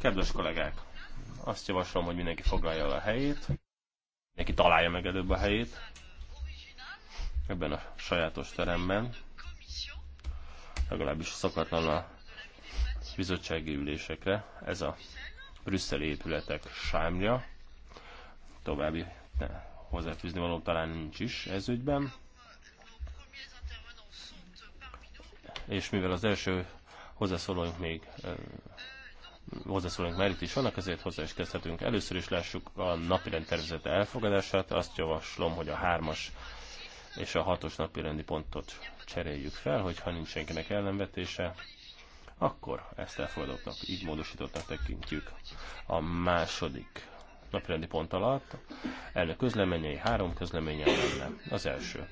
Kedves kollégák, azt javaslom, hogy mindenki foglalja el a helyét, mindenki találja meg előbb a helyét, ebben a sajátos teremben, legalábbis szokatlan a bizottsági ülésekre, ez a brüsszeli épületek sámja, további hozzáfűzni való talán nincs is ez ügyben. és mivel az első hozzászólóink még hozzászólóink már itt is vannak, ezért hozzá is kezdhetünk. Először is lássuk a napirend tervezete elfogadását. Azt javaslom, hogy a hármas és a hatos napirendi pontot cseréljük fel, hogyha nincs senkinek ellenvetése, akkor ezt elfogadottnak, így módosítottnak tekintjük. A második napirendi pont alatt elnök közleményei, három közleménye lenne. Az első.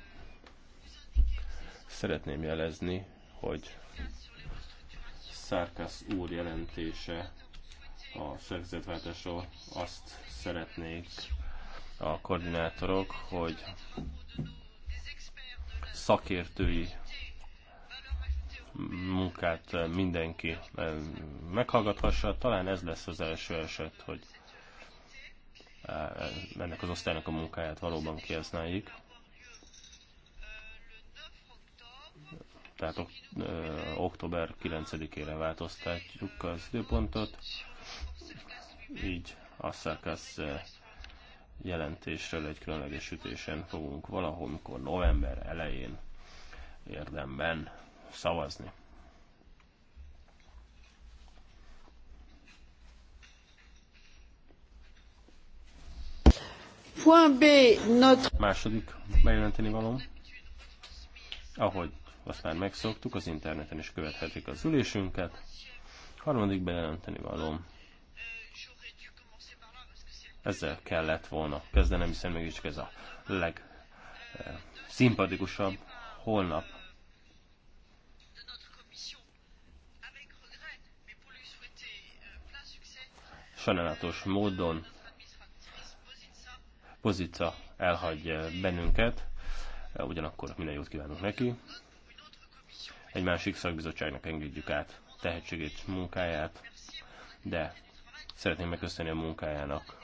Szeretném jelezni, hogy Szárkász úr jelentése a szervezetváltásról azt szeretnék a koordinátorok, hogy szakértői munkát mindenki eh, meghallgathassa. Talán ez lesz az első eset, hogy eh, ennek az osztálynak a munkáját valóban kihasználjuk. tehát október 9-ére változtatjuk az időpontot, így a szakasz jelentésről egy különleges ütésen fogunk valahol, november elején érdemben szavazni. Point B, notre... Második bejelenteni valom. Ahogy azt már megszoktuk, az interneten is követhetik az ülésünket. Harmadik bejelenteni valóm. Ezzel kellett volna kezdenem, hiszen mégiscsak ez a legszimpatikusabb. Eh, holnap sajnálatos módon Pozica elhagy eh, bennünket, eh, ugyanakkor minden jót kívánunk neki egy másik szakbizottságnak engedjük át tehetségét, munkáját, de szeretném megköszönni a munkájának.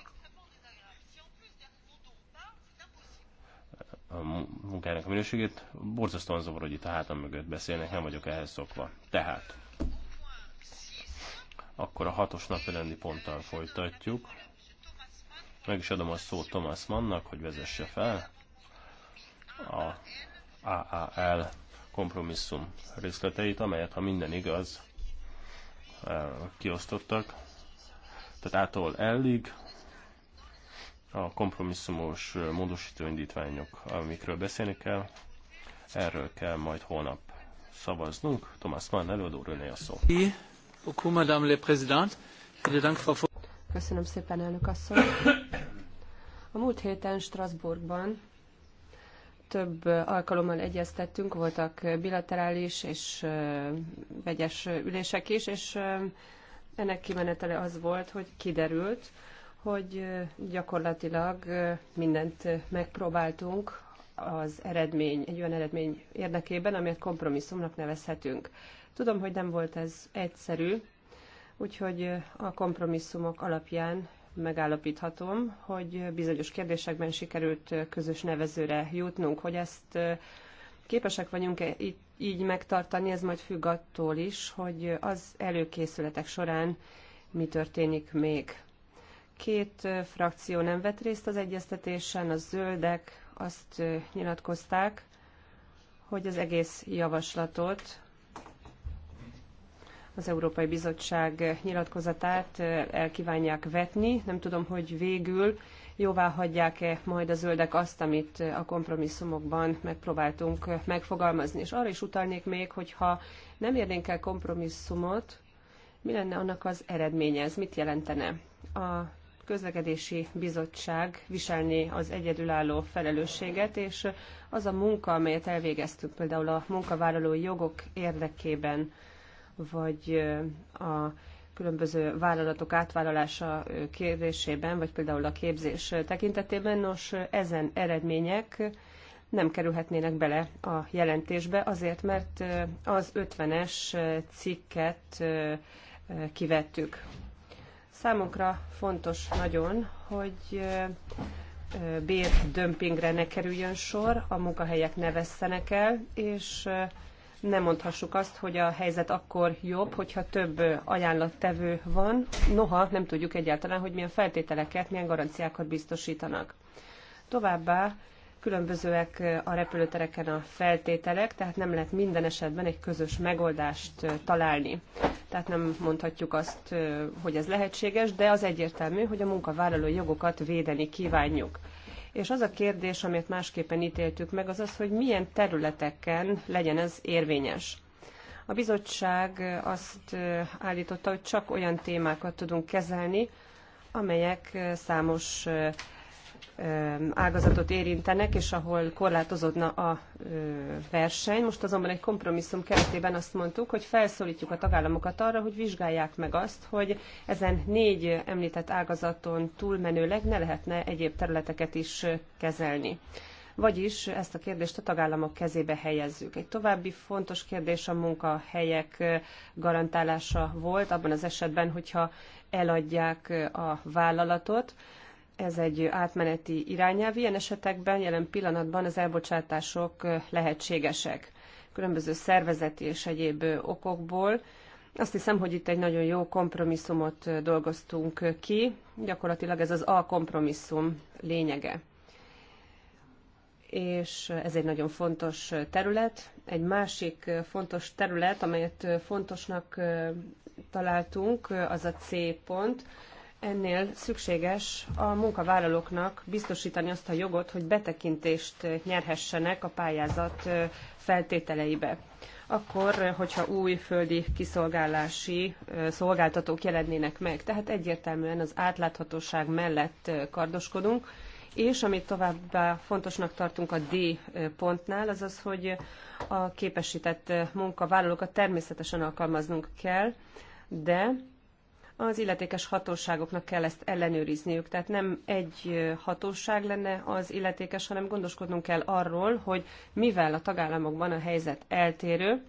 a munkájának a minőségét. Borzasztóan zavar, hogy itt a hátam mögött beszélnek, nem vagyok ehhez szokva. Tehát, akkor a hatos napirendi ponttal folytatjuk. Meg is adom a szót Thomas Mannnak, hogy vezesse fel a AAL kompromisszum részleteit, amelyet, ha minden igaz, kiosztottak. Tehát ától ellig a kompromisszumos módosító indítványok, amikről beszélni kell, erről kell majd holnap szavaznunk. Tomás Mann előadó René a szó. Köszönöm szépen, elnök asszony. A múlt héten Strasbourgban több alkalommal egyeztettünk, voltak bilaterális és vegyes ülések is, és ennek kimenetele az volt, hogy kiderült, hogy gyakorlatilag mindent megpróbáltunk az eredmény, egy olyan eredmény érdekében, amit kompromisszumnak nevezhetünk. Tudom, hogy nem volt ez egyszerű, úgyhogy a kompromisszumok alapján megállapíthatom, hogy bizonyos kérdésekben sikerült közös nevezőre jutnunk, hogy ezt képesek vagyunk-e így megtartani, ez majd függ attól is, hogy az előkészületek során mi történik még. Két frakció nem vett részt az egyeztetésen, a zöldek azt nyilatkozták, hogy az egész javaslatot az Európai Bizottság nyilatkozatát eh, elkívánják vetni. Nem tudom, hogy végül jóvá hagyják-e majd a zöldek azt, amit eh, a kompromisszumokban megpróbáltunk eh, megfogalmazni. És arra is utalnék még, hogyha nem érnénk el kompromisszumot, mi lenne annak az eredménye, ez mit jelentene? A közlekedési bizottság viselni az egyedülálló felelősséget, és az a munka, amelyet elvégeztünk például a munkavállalói jogok érdekében, vagy a különböző vállalatok átvállalása kérdésében, vagy például a képzés tekintetében. Nos, ezen eredmények nem kerülhetnének bele a jelentésbe, azért, mert az 50-es cikket kivettük. Számunkra fontos nagyon, hogy bérdömpingre ne kerüljön sor, a munkahelyek ne vesztenek el, és nem mondhassuk azt, hogy a helyzet akkor jobb, hogyha több ajánlattevő van, noha nem tudjuk egyáltalán, hogy milyen feltételeket, milyen garanciákat biztosítanak. Továbbá különbözőek a repülőtereken a feltételek, tehát nem lehet minden esetben egy közös megoldást találni. Tehát nem mondhatjuk azt, hogy ez lehetséges, de az egyértelmű, hogy a munkavállaló jogokat védeni kívánjuk. És az a kérdés, amit másképpen ítéltük meg, az az, hogy milyen területeken legyen ez érvényes. A bizottság azt állította, hogy csak olyan témákat tudunk kezelni, amelyek számos ágazatot érintenek, és ahol korlátozódna a verseny. Most azonban egy kompromisszum keretében azt mondtuk, hogy felszólítjuk a tagállamokat arra, hogy vizsgálják meg azt, hogy ezen négy említett ágazaton túlmenőleg ne lehetne egyéb területeket is kezelni. Vagyis ezt a kérdést a tagállamok kezébe helyezzük. Egy további fontos kérdés a munkahelyek garantálása volt, abban az esetben, hogyha eladják a vállalatot ez egy átmeneti irányelv. Ilyen esetekben jelen pillanatban az elbocsátások lehetségesek, különböző szervezeti és egyéb okokból. Azt hiszem, hogy itt egy nagyon jó kompromisszumot dolgoztunk ki. Gyakorlatilag ez az A kompromisszum lényege. És ez egy nagyon fontos terület. Egy másik fontos terület, amelyet fontosnak találtunk, az a C pont Ennél szükséges a munkavállalóknak biztosítani azt a jogot, hogy betekintést nyerhessenek a pályázat feltételeibe. Akkor, hogyha új földi kiszolgálási szolgáltatók jelennének meg. Tehát egyértelműen az átláthatóság mellett kardoskodunk, és amit továbbá fontosnak tartunk a D pontnál, az az, hogy a képesített munkavállalókat természetesen alkalmaznunk kell, de az illetékes hatóságoknak kell ezt ellenőrizniük. Tehát nem egy hatóság lenne az illetékes, hanem gondoskodnunk kell arról, hogy mivel a tagállamokban a helyzet eltérő,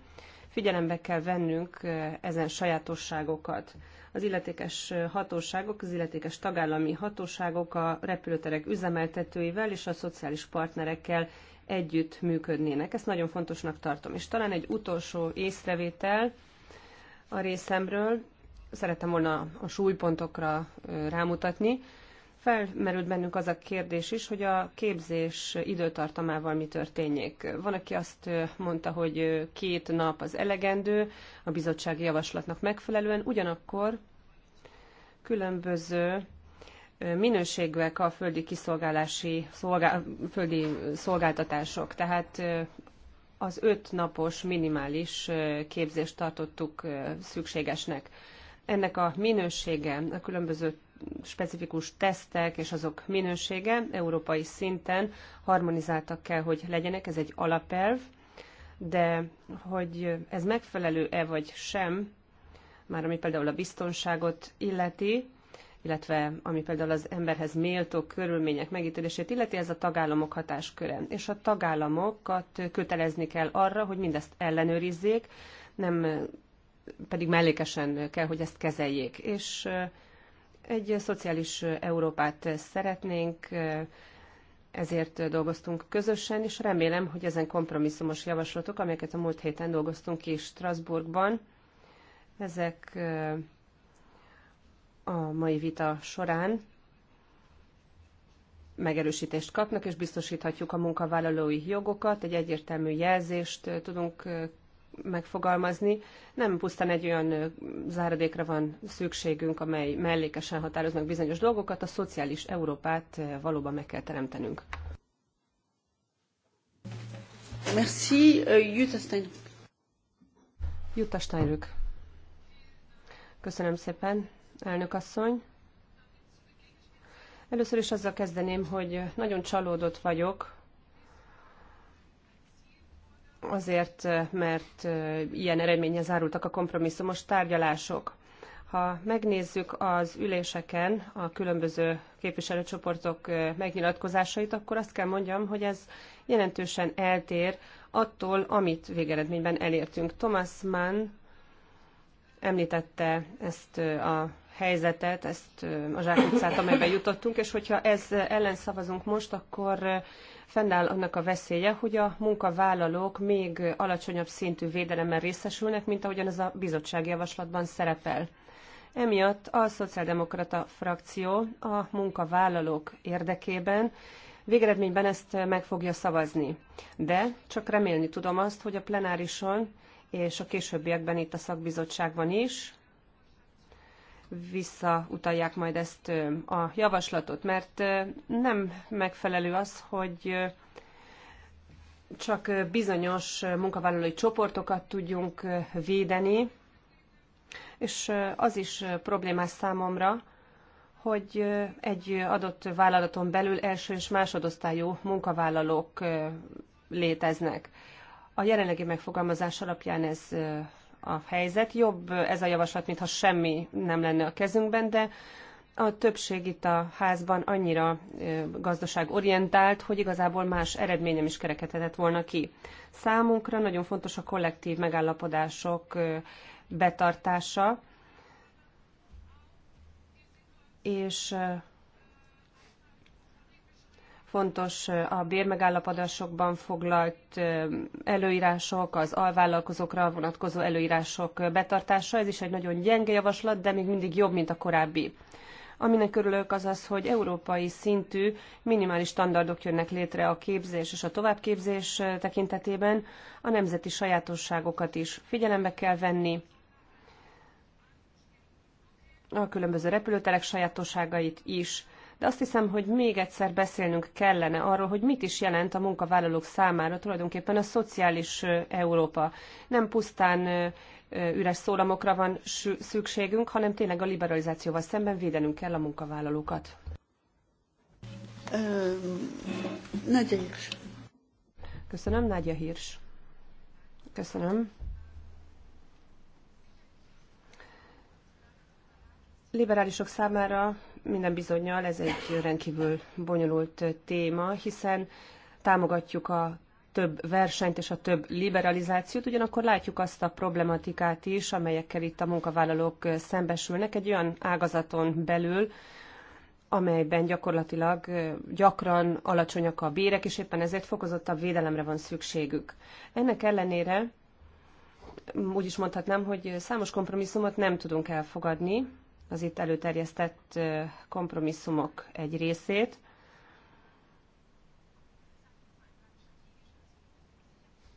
figyelembe kell vennünk ezen sajátosságokat. Az illetékes hatóságok, az illetékes tagállami hatóságok a repülőterek üzemeltetőivel és a szociális partnerekkel együtt működnének. Ezt nagyon fontosnak tartom. És talán egy utolsó észrevétel a részemről szerettem volna a súlypontokra rámutatni. Felmerült bennünk az a kérdés is, hogy a képzés időtartamával mi történjék. Van, aki azt mondta, hogy két nap az elegendő a bizottsági javaslatnak megfelelően, ugyanakkor különböző minőségűek a földi kiszolgálási szolgál, földi szolgáltatások. Tehát az öt napos minimális képzést tartottuk szükségesnek ennek a minősége, a különböző specifikus tesztek és azok minősége európai szinten harmonizáltak kell, hogy legyenek, ez egy alapelv, de hogy ez megfelelő-e vagy sem, már ami például a biztonságot illeti, illetve ami például az emberhez méltó körülmények megítélését illeti, ez a tagállamok hatásköre. És a tagállamokat kötelezni kell arra, hogy mindezt ellenőrizzék, nem pedig mellékesen kell, hogy ezt kezeljék. És egy szociális Európát szeretnénk, ezért dolgoztunk közösen, és remélem, hogy ezen kompromisszumos javaslatok, amelyeket a múlt héten dolgoztunk ki Strasbourgban, ezek a mai vita során megerősítést kapnak, és biztosíthatjuk a munkavállalói jogokat, egy egyértelmű jelzést tudunk megfogalmazni. Nem pusztán egy olyan záradékra van szükségünk, amely mellékesen határoznak bizonyos dolgokat, a szociális Európát valóban meg kell teremtenünk. Merci, Jutta Steinrück. Jutta Steinrück. Köszönöm szépen, elnök asszony. Először is azzal kezdeném, hogy nagyon csalódott vagyok, azért, mert ilyen eredménye zárultak a kompromisszumos tárgyalások. Ha megnézzük az üléseken a különböző képviselőcsoportok megnyilatkozásait, akkor azt kell mondjam, hogy ez jelentősen eltér attól, amit végeredményben elértünk. Thomas Mann említette ezt a helyzetet, ezt a zsákutcát, amelyben jutottunk, és hogyha ez ellen szavazunk most, akkor fennáll annak a veszélye, hogy a munkavállalók még alacsonyabb szintű védelemmel részesülnek, mint ahogyan ez a bizottsági javaslatban szerepel. Emiatt a szociáldemokrata frakció a munkavállalók érdekében végeredményben ezt meg fogja szavazni. De csak remélni tudom azt, hogy a plenárison és a későbbiekben itt a szakbizottságban is visszautalják majd ezt a javaslatot, mert nem megfelelő az, hogy csak bizonyos munkavállalói csoportokat tudjunk védeni, és az is problémás számomra, hogy egy adott vállalaton belül első és másodosztályú munkavállalók léteznek. A jelenlegi megfogalmazás alapján ez a helyzet. Jobb ez a javaslat, mintha semmi nem lenne a kezünkben, de a többség itt a házban annyira gazdaságorientált, hogy igazából más eredményem is kerekedhetett volna ki. Számunkra nagyon fontos a kollektív megállapodások betartása, és Fontos a bérmegállapodásokban foglalt előírások, az alvállalkozókra vonatkozó előírások betartása. Ez is egy nagyon gyenge javaslat, de még mindig jobb, mint a korábbi. Aminek örülök az az, hogy európai szintű minimális standardok jönnek létre a képzés és a továbbképzés tekintetében. A nemzeti sajátosságokat is figyelembe kell venni. A különböző repülőterek sajátosságait is de azt hiszem, hogy még egyszer beszélnünk kellene arról, hogy mit is jelent a munkavállalók számára tulajdonképpen a szociális Európa. Nem pusztán üres szólamokra van szükségünk, hanem tényleg a liberalizációval szemben védenünk kell a munkavállalókat. Nagy Hirs. Köszönöm, Nagyja Hirs. Köszönöm. liberálisok számára minden bizonyal ez egy rendkívül bonyolult téma, hiszen támogatjuk a több versenyt és a több liberalizációt, ugyanakkor látjuk azt a problematikát is, amelyekkel itt a munkavállalók szembesülnek egy olyan ágazaton belül, amelyben gyakorlatilag gyakran alacsonyak a bérek, és éppen ezért fokozottabb védelemre van szükségük. Ennek ellenére úgy is mondhatnám, hogy számos kompromisszumot nem tudunk elfogadni, az itt előterjesztett kompromisszumok egy részét.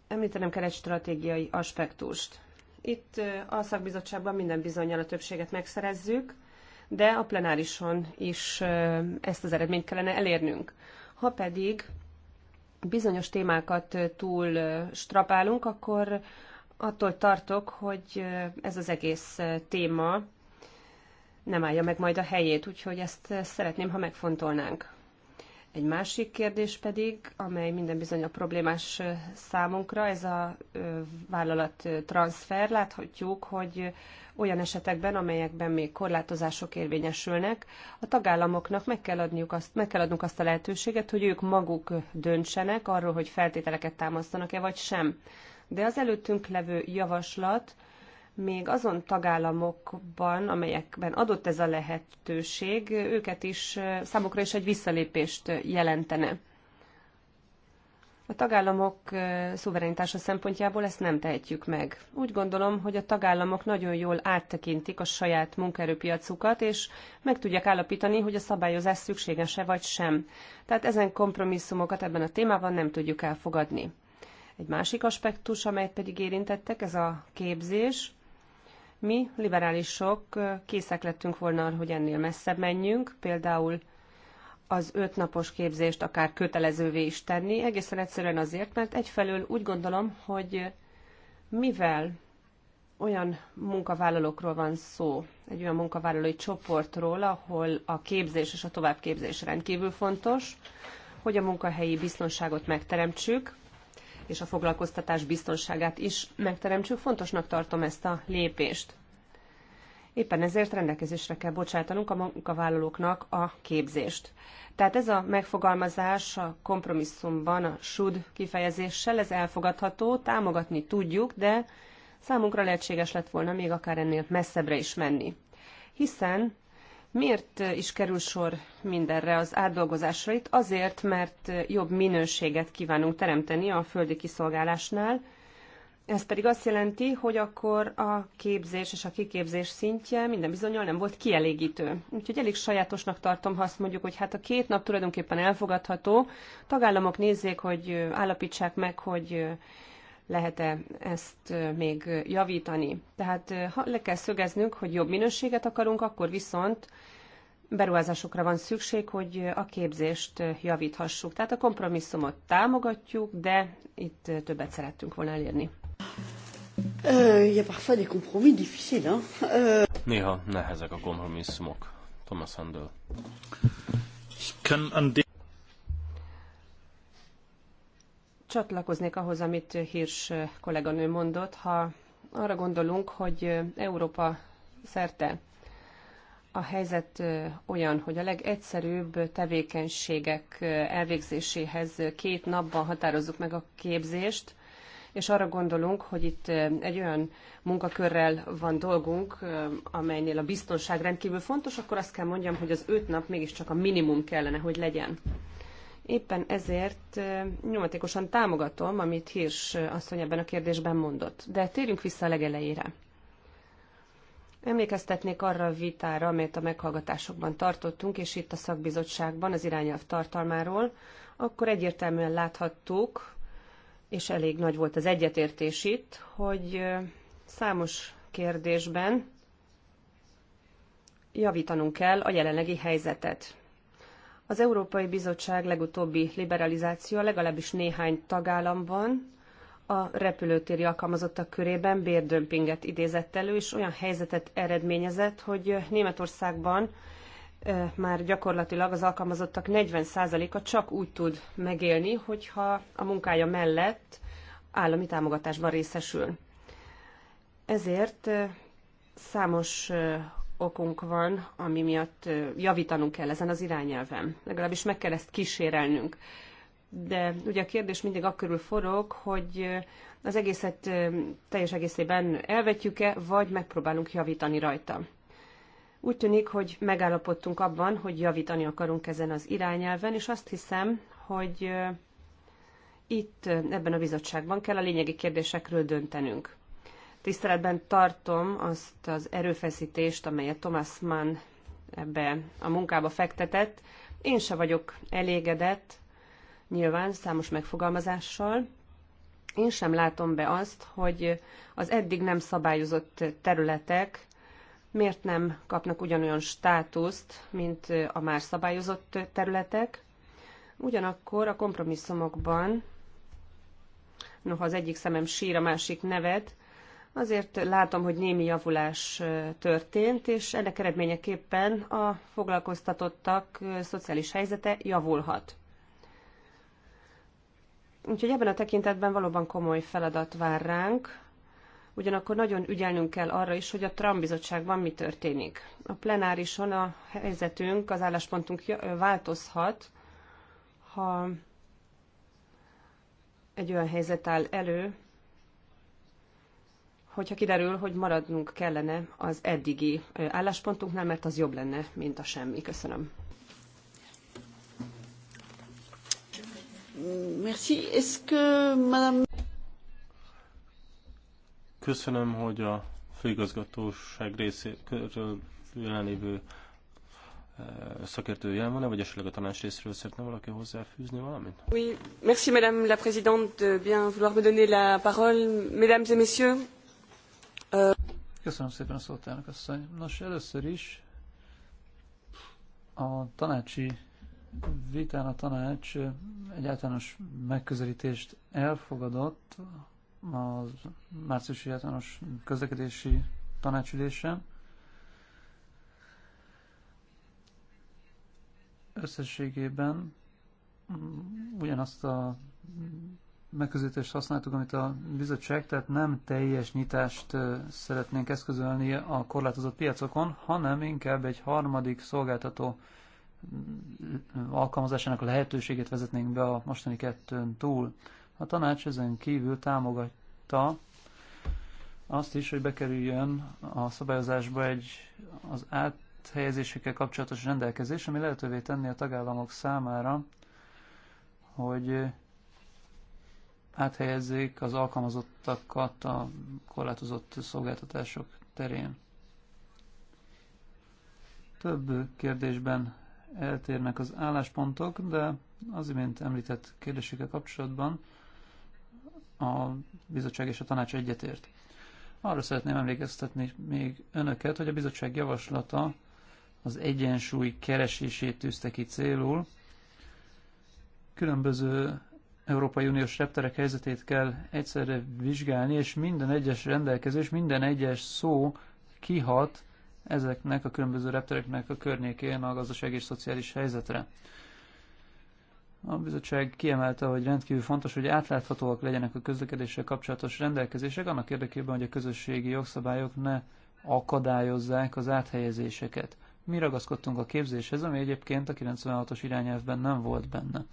Említenem kell egy stratégiai aspektust. Itt a szakbizottságban minden bizonyal a többséget megszerezzük, de a plenárison is ezt az eredményt kellene elérnünk. Ha pedig bizonyos témákat túl strapálunk, akkor attól tartok, hogy ez az egész téma nem állja meg majd a helyét, úgyhogy ezt szeretném, ha megfontolnánk. Egy másik kérdés pedig, amely minden bizony a problémás számunkra, ez a vállalat transfer. Láthatjuk, hogy olyan esetekben, amelyekben még korlátozások érvényesülnek, a tagállamoknak meg kell, adniuk azt, meg kell adnunk azt a lehetőséget, hogy ők maguk döntsenek arról, hogy feltételeket támasztanak-e vagy sem. De az előttünk levő javaslat még azon tagállamokban, amelyekben adott ez a lehetőség, őket is, számukra is egy visszalépést jelentene. A tagállamok szuverenitása szempontjából ezt nem tehetjük meg. Úgy gondolom, hogy a tagállamok nagyon jól áttekintik a saját munkaerőpiacukat, és meg tudják állapítani, hogy a szabályozás szükséges-e vagy sem. Tehát ezen kompromisszumokat ebben a témában nem tudjuk elfogadni. Egy másik aspektus, amelyet pedig érintettek, ez a képzés. Mi, liberálisok, készek lettünk volna hogy ennél messzebb menjünk, például az ötnapos képzést akár kötelezővé is tenni, egészen egyszerűen azért, mert egyfelől úgy gondolom, hogy mivel olyan munkavállalókról van szó, egy olyan munkavállalói csoportról, ahol a képzés és a továbbképzés rendkívül fontos, hogy a munkahelyi biztonságot megteremtsük, és a foglalkoztatás biztonságát is megteremtsük, fontosnak tartom ezt a lépést. Éppen ezért rendelkezésre kell bocsátanunk a munkavállalóknak a képzést. Tehát ez a megfogalmazás a kompromisszumban a should kifejezéssel, ez elfogadható, támogatni tudjuk, de számunkra lehetséges lett volna még akár ennél messzebbre is menni. Hiszen Miért is kerül sor mindenre az átdolgozásra itt? Azért, mert jobb minőséget kívánunk teremteni a földi kiszolgálásnál. Ez pedig azt jelenti, hogy akkor a képzés és a kiképzés szintje minden bizonyal nem volt kielégítő. Úgyhogy elég sajátosnak tartom, ha azt mondjuk, hogy hát a két nap tulajdonképpen elfogadható. Tagállamok nézzék, hogy állapítsák meg, hogy lehet-e ezt még javítani. Tehát ha le kell szögeznünk, hogy jobb minőséget akarunk, akkor viszont beruházásokra van szükség, hogy a képzést javíthassuk. Tehát a kompromisszumot támogatjuk, de itt többet szerettünk volna elérni. Néha nehezek a kompromisszumok. Thomas Handel. csatlakoznék ahhoz, amit Hirs kolléganő mondott, ha arra gondolunk, hogy Európa szerte a helyzet olyan, hogy a legegyszerűbb tevékenységek elvégzéséhez két napban határozzuk meg a képzést, és arra gondolunk, hogy itt egy olyan munkakörrel van dolgunk, amelynél a biztonság rendkívül fontos, akkor azt kell mondjam, hogy az öt nap mégiscsak a minimum kellene, hogy legyen. Éppen ezért nyomatékosan támogatom, amit Hirsch asszony ebben a kérdésben mondott. De térjünk vissza a legelejére. Emlékeztetnék arra a vitára, amelyet a meghallgatásokban tartottunk, és itt a szakbizottságban az irányelv tartalmáról, akkor egyértelműen láthattuk, és elég nagy volt az egyetértés itt, hogy számos kérdésben javítanunk kell a jelenlegi helyzetet. Az Európai Bizottság legutóbbi liberalizáció legalábbis néhány tagállamban a repülőtéri alkalmazottak körében bérdömpinget idézett elő, és olyan helyzetet eredményezett, hogy Németországban már gyakorlatilag az alkalmazottak 40%-a csak úgy tud megélni, hogyha a munkája mellett állami támogatásban részesül. Ezért számos okunk van, ami miatt javítanunk kell ezen az irányelven. Legalábbis meg kell ezt kísérelnünk. De ugye a kérdés mindig akkörül forog, hogy az egészet teljes egészében elvetjük-e, vagy megpróbálunk javítani rajta. Úgy tűnik, hogy megállapodtunk abban, hogy javítani akarunk ezen az irányelven, és azt hiszem, hogy itt ebben a bizottságban kell a lényegi kérdésekről döntenünk. Tiszteletben tartom azt az erőfeszítést, amelyet Thomas Mann ebbe a munkába fektetett. Én se vagyok elégedett, nyilván számos megfogalmazással. Én sem látom be azt, hogy az eddig nem szabályozott területek miért nem kapnak ugyanolyan státuszt, mint a már szabályozott területek. Ugyanakkor a kompromisszumokban, noha az egyik szemem sír, a másik nevet, Azért látom, hogy némi javulás történt, és ennek eredményeképpen a foglalkoztatottak szociális helyzete javulhat. Úgyhogy ebben a tekintetben valóban komoly feladat vár ránk, ugyanakkor nagyon ügyelnünk kell arra is, hogy a Trump bizottságban mi történik. A plenárison a helyzetünk, az álláspontunk változhat, ha egy olyan helyzet áll elő, hogyha kiderül, hogy maradnunk kellene az eddigi álláspontunknál, mert az jobb lenne, mint a semmi. Köszönöm. Merci. que madame... Köszönöm, hogy a főigazgatóság részéről jelenlévő szakértője van-e, vagy esetleg a tanács részéről szeretne valaki hozzáfűzni valamit? Oui, merci madame la présidente de bien vouloir me donner la parole. Mesdames et messieurs, Köszönöm szépen a szót, elnök asszony. Nos, először is a tanácsi vitán a tanács egy általános megközelítést elfogadott a márciusi általános közlekedési tanácsülésen. Összességében ugyanazt a megközelítést használtuk, amit a bizottság, tehát nem teljes nyitást szeretnénk eszközölni a korlátozott piacokon, hanem inkább egy harmadik szolgáltató mm, alkalmazásának lehetőségét vezetnénk be a mostani kettőn túl. A tanács ezen kívül támogatta azt is, hogy bekerüljön a szabályozásba egy az áthelyezésekkel kapcsolatos rendelkezés, ami lehetővé tenni a tagállamok számára, hogy áthelyezzék az alkalmazottakat a korlátozott szolgáltatások terén. Több kérdésben eltérnek az álláspontok, de az imént említett kérdésekkel kapcsolatban a bizottság és a tanács egyetért. Arra szeretném emlékeztetni még önöket, hogy a bizottság javaslata az egyensúly keresését tűzte ki célul. Különböző Európai Uniós repterek helyzetét kell egyszerre vizsgálni, és minden egyes rendelkezés, minden egyes szó kihat ezeknek a különböző reptereknek a környékén a gazdasági és szociális helyzetre. A bizottság kiemelte, hogy rendkívül fontos, hogy átláthatóak legyenek a közlekedéssel kapcsolatos rendelkezések, annak érdekében, hogy a közösségi jogszabályok ne akadályozzák az áthelyezéseket. Mi ragaszkodtunk a képzéshez, ami egyébként a 96-os irányelvben nem volt benne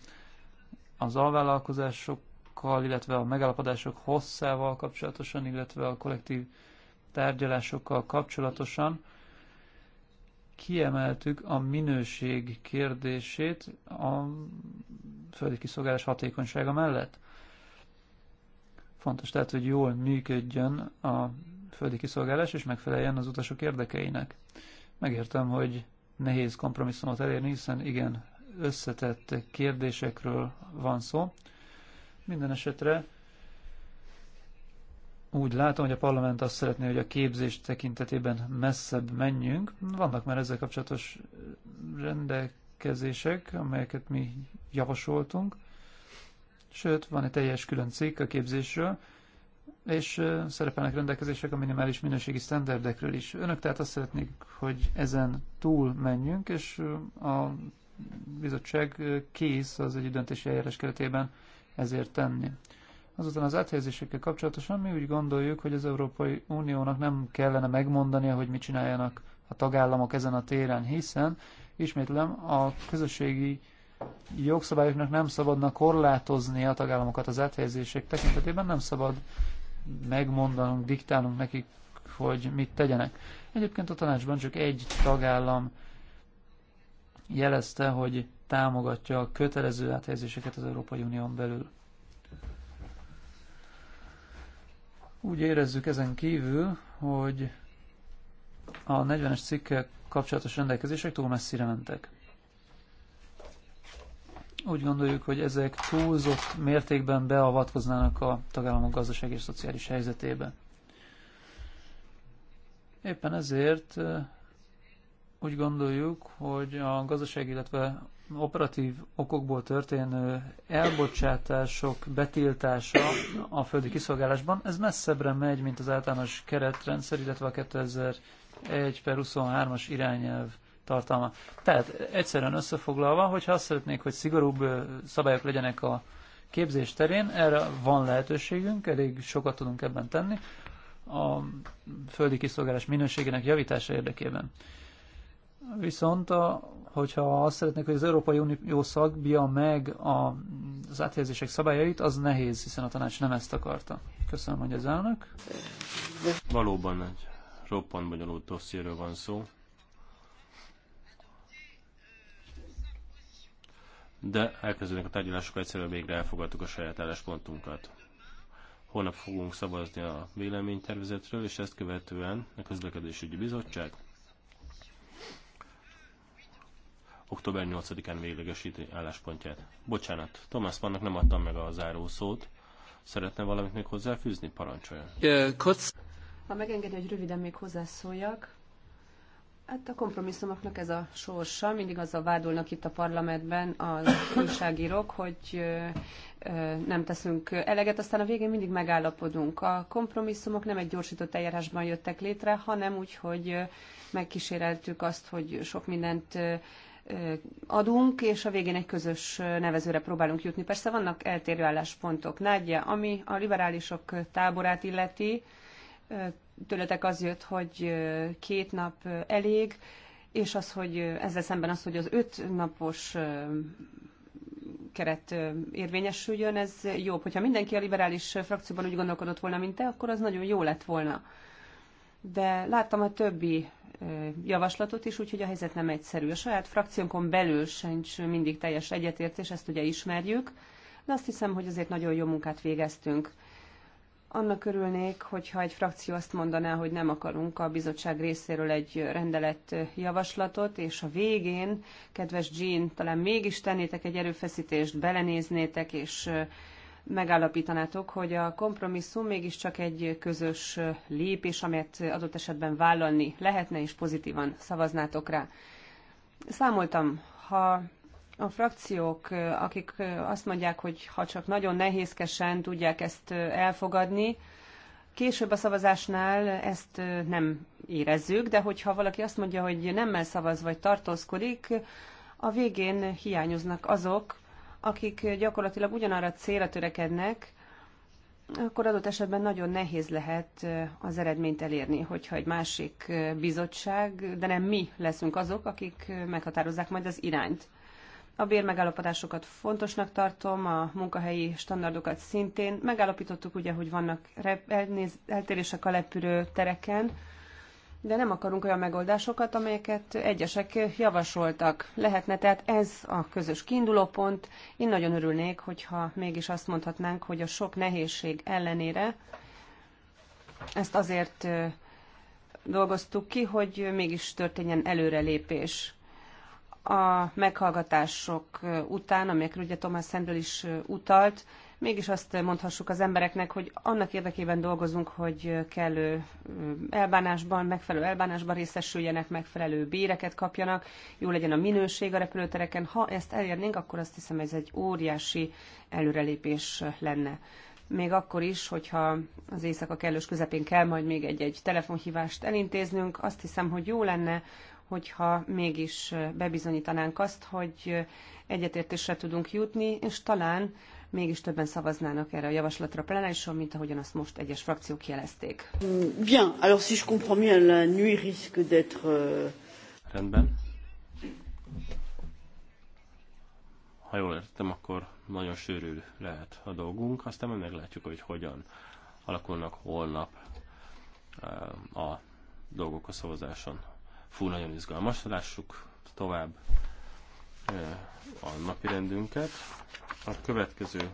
az alvállalkozásokkal, illetve a megállapodások hosszával kapcsolatosan, illetve a kollektív tárgyalásokkal kapcsolatosan kiemeltük a minőség kérdését a földi kiszolgálás hatékonysága mellett. Fontos tehát, hogy jól működjön a földi kiszolgálás, és megfeleljen az utasok érdekeinek. Megértem, hogy nehéz kompromisszumot elérni, hiszen igen, összetett kérdésekről van szó. Minden esetre úgy látom, hogy a parlament azt szeretné, hogy a képzés tekintetében messzebb menjünk. Vannak már ezzel kapcsolatos rendelkezések, amelyeket mi javasoltunk. Sőt, van egy teljes külön cikk a képzésről, és szerepelnek rendelkezések a minimális minőségi sztenderdekről is. Önök tehát azt szeretnék, hogy ezen túl menjünk, és a bizottság kész az egy döntési eljárás keretében ezért tenni. Azután az áthelyezésekkel kapcsolatosan mi úgy gondoljuk, hogy az Európai Uniónak nem kellene megmondania, hogy mit csináljanak a tagállamok ezen a téren, hiszen ismétlem, a közösségi jogszabályoknak nem szabadna korlátozni a tagállamokat az áthelyezések tekintetében, nem szabad megmondanunk, diktálnunk nekik, hogy mit tegyenek. Egyébként a tanácsban csak egy tagállam jelezte, hogy támogatja a kötelező áthelyezéseket az Európai Unión belül. Úgy érezzük ezen kívül, hogy a 40-es cikkel kapcsolatos rendelkezések túl messzire mentek. Úgy gondoljuk, hogy ezek túlzott mértékben beavatkoznának a tagállamok gazdasági és szociális helyzetébe. Éppen ezért úgy gondoljuk, hogy a gazdaság, illetve operatív okokból történő elbocsátások betiltása a földi kiszolgálásban, ez messzebbre megy, mint az általános keretrendszer, illetve a 2001 per 23-as irányelv tartalma. Tehát egyszerűen összefoglalva, hogyha azt szeretnék, hogy szigorúbb szabályok legyenek a képzés terén, erre van lehetőségünk, elég sokat tudunk ebben tenni a földi kiszolgálás minőségének javítása érdekében. Viszont, a, hogyha azt szeretnék, hogy az Európai Unió szakbia meg a, az áthelyezések szabályait, az nehéz, hiszen a tanács nem ezt akarta. Köszönöm, hogy az elnök. Valóban egy roppant bonyolult dossziéről van szó. De elkezdődnek a tárgyalások, egyszerűen végre elfogadtuk a saját álláspontunkat. Holnap fogunk szavazni a véleménytervezetről, és ezt követően a közlekedési bizottság október 8-án véglegesíti álláspontját. Bocsánat, Tomás Pannak nem adtam meg a záró szót. Szeretne valamit még hozzáfűzni? Parancsoljon. Ha megengedi, hogy röviden még hozzászóljak, Hát a kompromisszumoknak ez a sorsa. Mindig azzal vádolnak itt a parlamentben az újságírók, hogy nem teszünk eleget, aztán a végén mindig megállapodunk. A kompromisszumok nem egy gyorsított eljárásban jöttek létre, hanem úgy, hogy megkíséreltük azt, hogy sok mindent adunk, és a végén egy közös nevezőre próbálunk jutni. Persze vannak eltérő álláspontok. Nagyja, ami a liberálisok táborát illeti, tőletek az jött, hogy két nap elég, és az, hogy ezzel szemben az, hogy az öt napos keret érvényesüljön, ez jobb. Hogyha mindenki a liberális frakcióban úgy gondolkodott volna, mint te, akkor az nagyon jó lett volna. De láttam a többi javaslatot is, úgyhogy a helyzet nem egyszerű. A saját frakciónkon belül sincs mindig teljes egyetértés, ezt ugye ismerjük, de azt hiszem, hogy azért nagyon jó munkát végeztünk. Annak örülnék, hogyha egy frakció azt mondaná, hogy nem akarunk a bizottság részéről egy rendelet javaslatot, és a végén, kedves Jean, talán mégis tennétek egy erőfeszítést, belenéznétek, és megállapítanátok, hogy a kompromisszum mégiscsak egy közös lépés, amelyet adott esetben vállalni lehetne, és pozitívan szavaznátok rá. Számoltam, ha a frakciók, akik azt mondják, hogy ha csak nagyon nehézkesen tudják ezt elfogadni, Később a szavazásnál ezt nem érezzük, de hogyha valaki azt mondja, hogy nemmel szavaz vagy tartózkodik, a végén hiányoznak azok, akik gyakorlatilag ugyanarra célra törekednek, akkor adott esetben nagyon nehéz lehet az eredményt elérni, hogyha egy másik bizottság, de nem mi leszünk azok, akik meghatározzák majd az irányt. A bérmegállapodásokat fontosnak tartom, a munkahelyi standardokat szintén. Megállapítottuk ugye, hogy vannak eltérések a lepülő tereken, de nem akarunk olyan megoldásokat, amelyeket egyesek javasoltak. Lehetne tehát ez a közös kiindulópont. Én nagyon örülnék, hogyha mégis azt mondhatnánk, hogy a sok nehézség ellenére ezt azért dolgoztuk ki, hogy mégis történjen előrelépés. A meghallgatások után, amelyekről ugye Tomás Szendről is utalt, mégis azt mondhassuk az embereknek, hogy annak érdekében dolgozunk, hogy kellő elbánásban, megfelelő elbánásban részesüljenek, megfelelő béreket kapjanak, jó legyen a minőség a repülőtereken. Ha ezt elérnénk, akkor azt hiszem ez egy óriási előrelépés lenne még akkor is, hogyha az éjszaka kellős közepén kell majd még egy-egy telefonhívást elintéznünk, azt hiszem, hogy jó lenne, hogyha mégis bebizonyítanánk azt, hogy egyetértésre tudunk jutni, és talán mégis többen szavaznának erre a javaslatra plenárison, mint ahogyan azt most egyes frakciók jelezték. Bien, alors si je comprends bien, la nuit risque d'être... Euh, Rendben. Ha jól értem, akkor nagyon sűrű lehet a dolgunk, aztán majd meglátjuk, hogy hogyan alakulnak holnap eh, a dolgok a szavazáson. Fú, nagyon izgalmas, lássuk tovább eh, a napi rendünket. A következő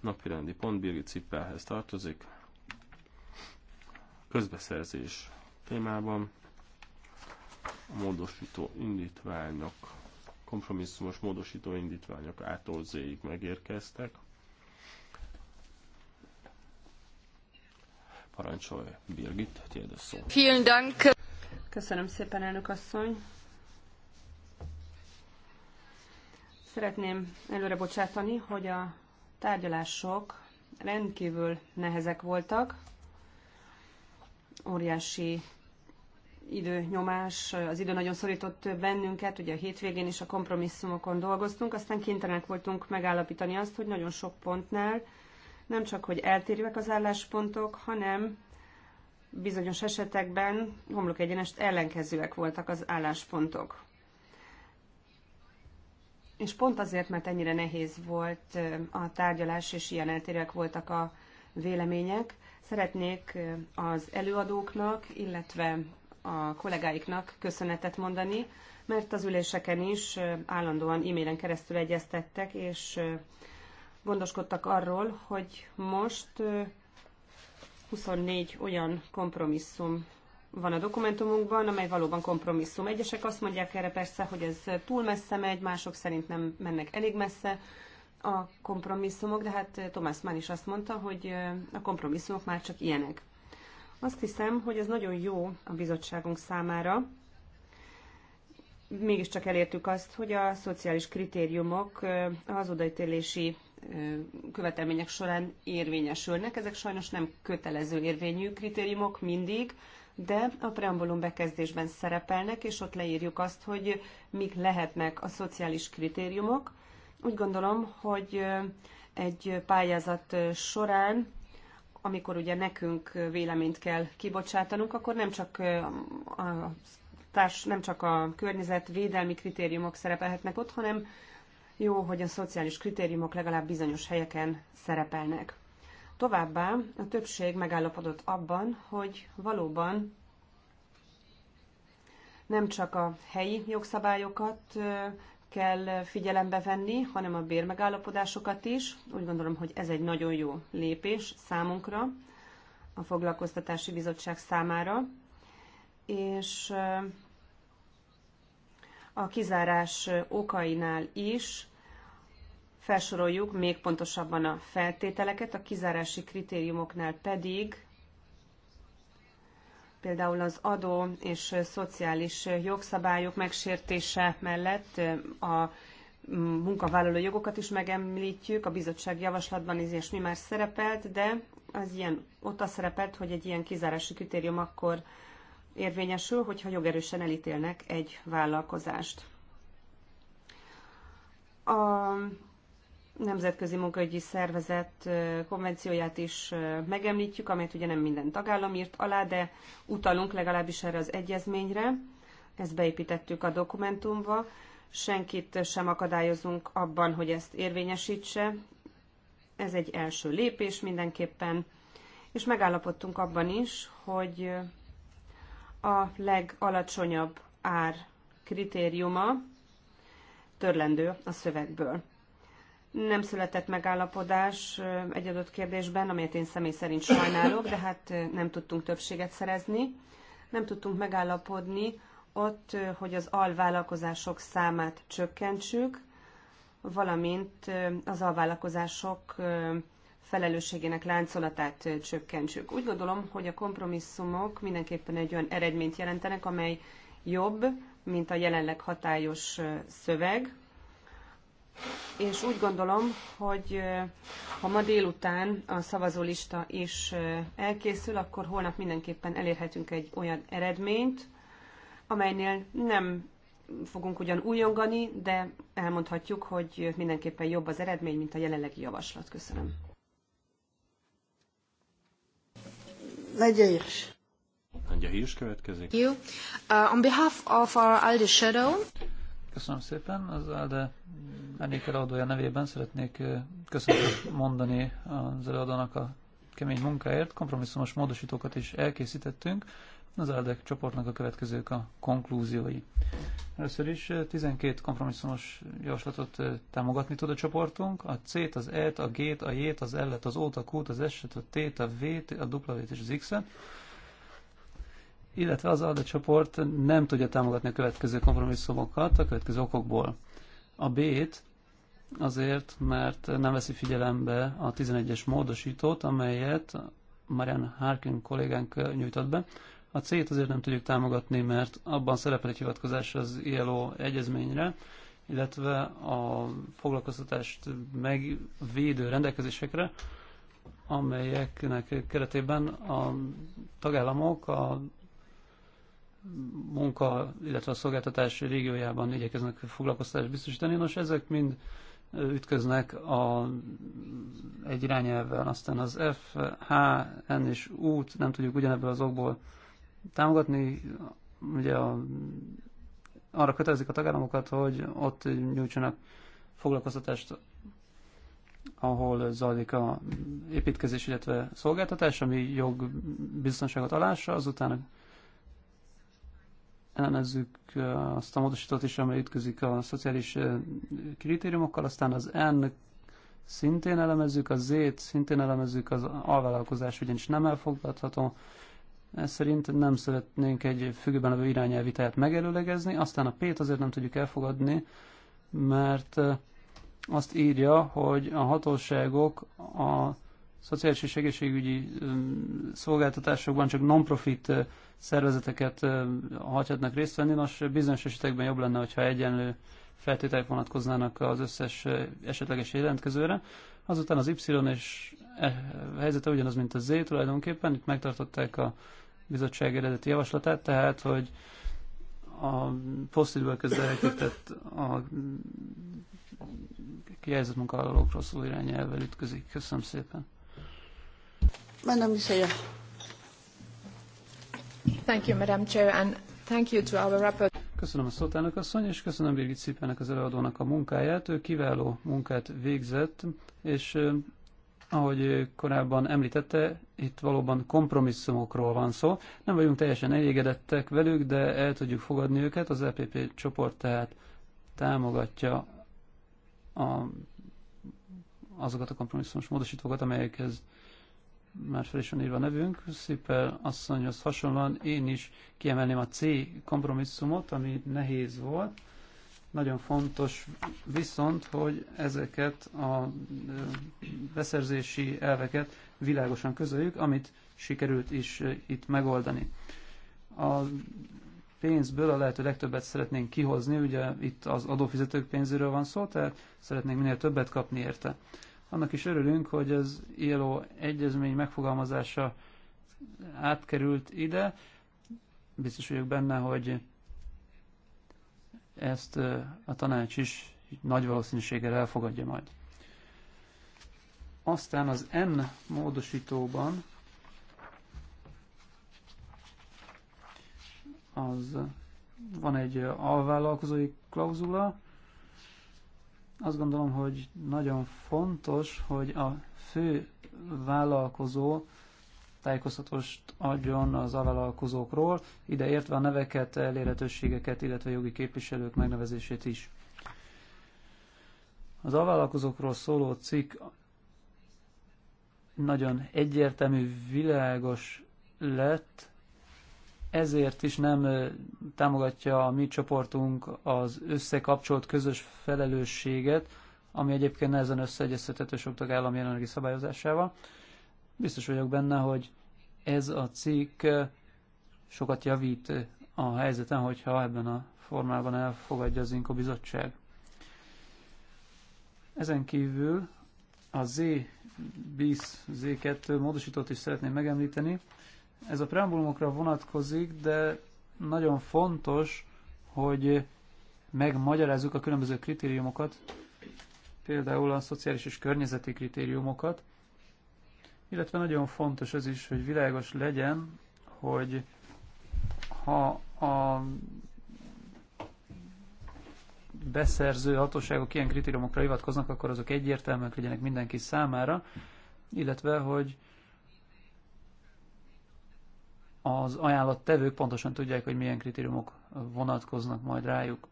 napirendi pont Birgit Cippelhez tartozik. Közbeszerzés témában a módosító indítványok, kompromisszumos módosító indítványok ától z megérkeztek. Parancsolj, Birgit, tiéd a szó. Köszönöm szépen, elnök asszony. Szeretném előre bocsátani, hogy a tárgyalások rendkívül nehezek voltak. Óriási időnyomás, az idő nagyon szorított bennünket, ugye a hétvégén is a kompromisszumokon dolgoztunk, aztán kénytelenek voltunk megállapítani azt, hogy nagyon sok pontnál nem csak, hogy eltérőek az álláspontok, hanem bizonyos esetekben homlok egyenest ellenkezőek voltak az álláspontok. És pont azért, mert ennyire nehéz volt a tárgyalás, és ilyen eltérőek voltak a vélemények, szeretnék az előadóknak, illetve a kollégáiknak köszönetet mondani, mert az üléseken is állandóan e-mailen keresztül egyeztettek, és gondoskodtak arról, hogy most 24 olyan kompromisszum van a dokumentumunkban, amely valóban kompromisszum. Egyesek azt mondják erre persze, hogy ez túl messze megy, mások szerint nem mennek elég messze a kompromisszumok, de hát eh, Thomas Mann is azt mondta, hogy eh, a kompromisszumok már csak ilyenek. Azt hiszem, hogy ez nagyon jó a bizottságunk számára. Mégiscsak elértük azt, hogy a szociális kritériumok a eh, hazudaítélési követelmények során érvényesülnek. Ezek sajnos nem kötelező érvényű kritériumok mindig, de a preambulum bekezdésben szerepelnek, és ott leírjuk azt, hogy mik lehetnek a szociális kritériumok. Úgy gondolom, hogy egy pályázat során amikor ugye nekünk véleményt kell kibocsátanunk, akkor nem csak a, társ, nem csak a környezet védelmi kritériumok szerepelhetnek ott, hanem jó, hogy a szociális kritériumok legalább bizonyos helyeken szerepelnek. Továbbá a többség megállapodott abban, hogy valóban nem csak a helyi jogszabályokat kell figyelembe venni, hanem a bérmegállapodásokat is. Úgy gondolom, hogy ez egy nagyon jó lépés számunkra, a Foglalkoztatási Bizottság számára. És a kizárás okainál is felsoroljuk még pontosabban a feltételeket, a kizárási kritériumoknál pedig például az adó és szociális jogszabályok megsértése mellett a munkavállaló jogokat is megemlítjük, a bizottság javaslatban is mi már szerepelt, de az ilyen, ott az szerepelt, hogy egy ilyen kizárási kritérium akkor érvényesül, hogyha jogerősen elítélnek egy vállalkozást. A Nemzetközi Munkaügyi Szervezet konvencióját is megemlítjük, amelyet ugye nem minden tagállam írt alá, de utalunk legalábbis erre az egyezményre. Ezt beépítettük a dokumentumba. Senkit sem akadályozunk abban, hogy ezt érvényesítse. Ez egy első lépés mindenképpen. És megállapodtunk abban is, hogy a legalacsonyabb ár kritériuma törlendő a szövegből. Nem született megállapodás egy adott kérdésben, amelyet én személy szerint sajnálok, de hát nem tudtunk többséget szerezni. Nem tudtunk megállapodni ott, hogy az alvállalkozások számát csökkentsük, valamint az alvállalkozások felelősségének láncolatát csökkentsük. Úgy gondolom, hogy a kompromisszumok mindenképpen egy olyan eredményt jelentenek, amely jobb, mint a jelenleg hatályos szöveg, és úgy gondolom, hogy ha ma délután a szavazólista is elkészül, akkor holnap mindenképpen elérhetünk egy olyan eredményt, amelynél nem fogunk ugyan újongani, de elmondhatjuk, hogy mindenképpen jobb az eredmény, mint a jelenlegi javaslat. Köszönöm. Nagyja Hirs. Nagyja következik. You. Uh, on behalf of our Aldi shadow. Köszönöm szépen. Az Elde ennék előadója nevében szeretnék köszönetet mondani az előadónak a kemény munkáért. Kompromisszumos módosítókat is elkészítettünk. Az Elde csoportnak a következők a konklúziói. Először is 12 kompromisszumos javaslatot támogatni tud a csoportunk. A C-t, az E-t, a G-t, a J-t, az L-et, az O-t, a Q-t, az S-et, a T-t, a V-t, a W-t és az X-et illetve az ALDE csoport nem tudja támogatni a következő kompromisszumokat a következő okokból. A B-t azért, mert nem veszi figyelembe a 11-es módosítót, amelyet Marian Harkin kollégánk nyújtott be. A C-t azért nem tudjuk támogatni, mert abban szerepel egy hivatkozás az ILO egyezményre, illetve a foglalkoztatást megvédő rendelkezésekre, amelyeknek keretében a tagállamok a munka, illetve a szolgáltatás régiójában igyekeznek foglalkoztatást biztosítani. Nos, ezek mind ütköznek a, egy irányelvvel, aztán az F, H, N és U-t nem tudjuk ugyanebből az okból támogatni. Ugye a, arra kötelezik a tagállamokat, hogy ott nyújtsanak foglalkoztatást, ahol zajlik a építkezés, illetve szolgáltatás, ami jogbiztonságot alássa, azután elemezzük azt a módosítót is, amely ütközik a szociális kritériumokkal, aztán az N szintén elemezzük, a Z-t szintén elemezzük, az alvállalkozás ugyanis nem elfogadható. Ez szerint nem szeretnénk egy függőben levő irányelvi tehát megelőlegezni, aztán a P-t azért nem tudjuk elfogadni, mert azt írja, hogy a hatóságok a szociális és egészségügyi szolgáltatásokban csak non-profit szervezeteket hagyhatnak részt venni, nos bizonyos esetekben jobb lenne, hogyha egyenlő feltételek vonatkoznának az összes esetleges jelentkezőre. Azután az Y és e helyzete ugyanaz, mint a Z tulajdonképpen, itt megtartották a bizottság eredeti javaslatát, tehát, hogy a posztidből közben a kijelzett munkavállalókról szóló irányelvvel ütközik. Köszönöm szépen. Isaya. Thank you, Madam Chair, and thank you to our rapporteur. Köszönöm a szót, elnök asszony, és köszönöm Birgit Szipelnek az előadónak a munkáját. Ő kiváló munkát végzett, és ahogy korábban említette, itt valóban kompromisszumokról van szó. Nem vagyunk teljesen elégedettek velük, de el tudjuk fogadni őket. Az EPP csoport tehát támogatja a, azokat a kompromisszumos módosítókat, amelyekhez már fel is van írva a nevünk, Szipel asszonyhoz hasonlóan én is kiemelném a C kompromisszumot, ami nehéz volt. Nagyon fontos viszont, hogy ezeket a beszerzési elveket világosan közöljük, amit sikerült is itt megoldani. A pénzből a lehető legtöbbet szeretnénk kihozni, ugye itt az adófizetők pénzéről van szó, tehát szeretnénk minél többet kapni érte. Annak is örülünk, hogy az ILO egyezmény megfogalmazása átkerült ide. Biztos vagyok benne, hogy ezt a tanács is nagy valószínűséggel elfogadja majd. Aztán az N módosítóban az van egy alvállalkozói klauzula, azt gondolom, hogy nagyon fontos, hogy a fő vállalkozó tájékoztatást adjon az alvállalkozókról, ide értve a neveket, elérhetőségeket, illetve jogi képviselők megnevezését is. Az alvállalkozókról szóló cikk nagyon egyértelmű, világos lett, ezért is nem támogatja a mi csoportunk az összekapcsolt közös felelősséget, ami egyébként nehezen összeegyeztethető sok tagállam jelenlegi szabályozásával. Biztos vagyok benne, hogy ez a cikk sokat javít a helyzeten, hogyha ebben a formában elfogadja az Inko bizottság. Ezen kívül a Z bis Z2 módosítót is szeretném megemlíteni. Ez a preambulumokra vonatkozik, de nagyon fontos, hogy megmagyarázzuk a különböző kritériumokat, például a szociális és környezeti kritériumokat, illetve nagyon fontos az is, hogy világos legyen, hogy ha a beszerző hatóságok ilyen kritériumokra hivatkoznak, akkor azok egyértelműek legyenek mindenki számára, illetve hogy az tevők pontosan tudják, hogy milyen kritériumok vonatkoznak majd rájuk.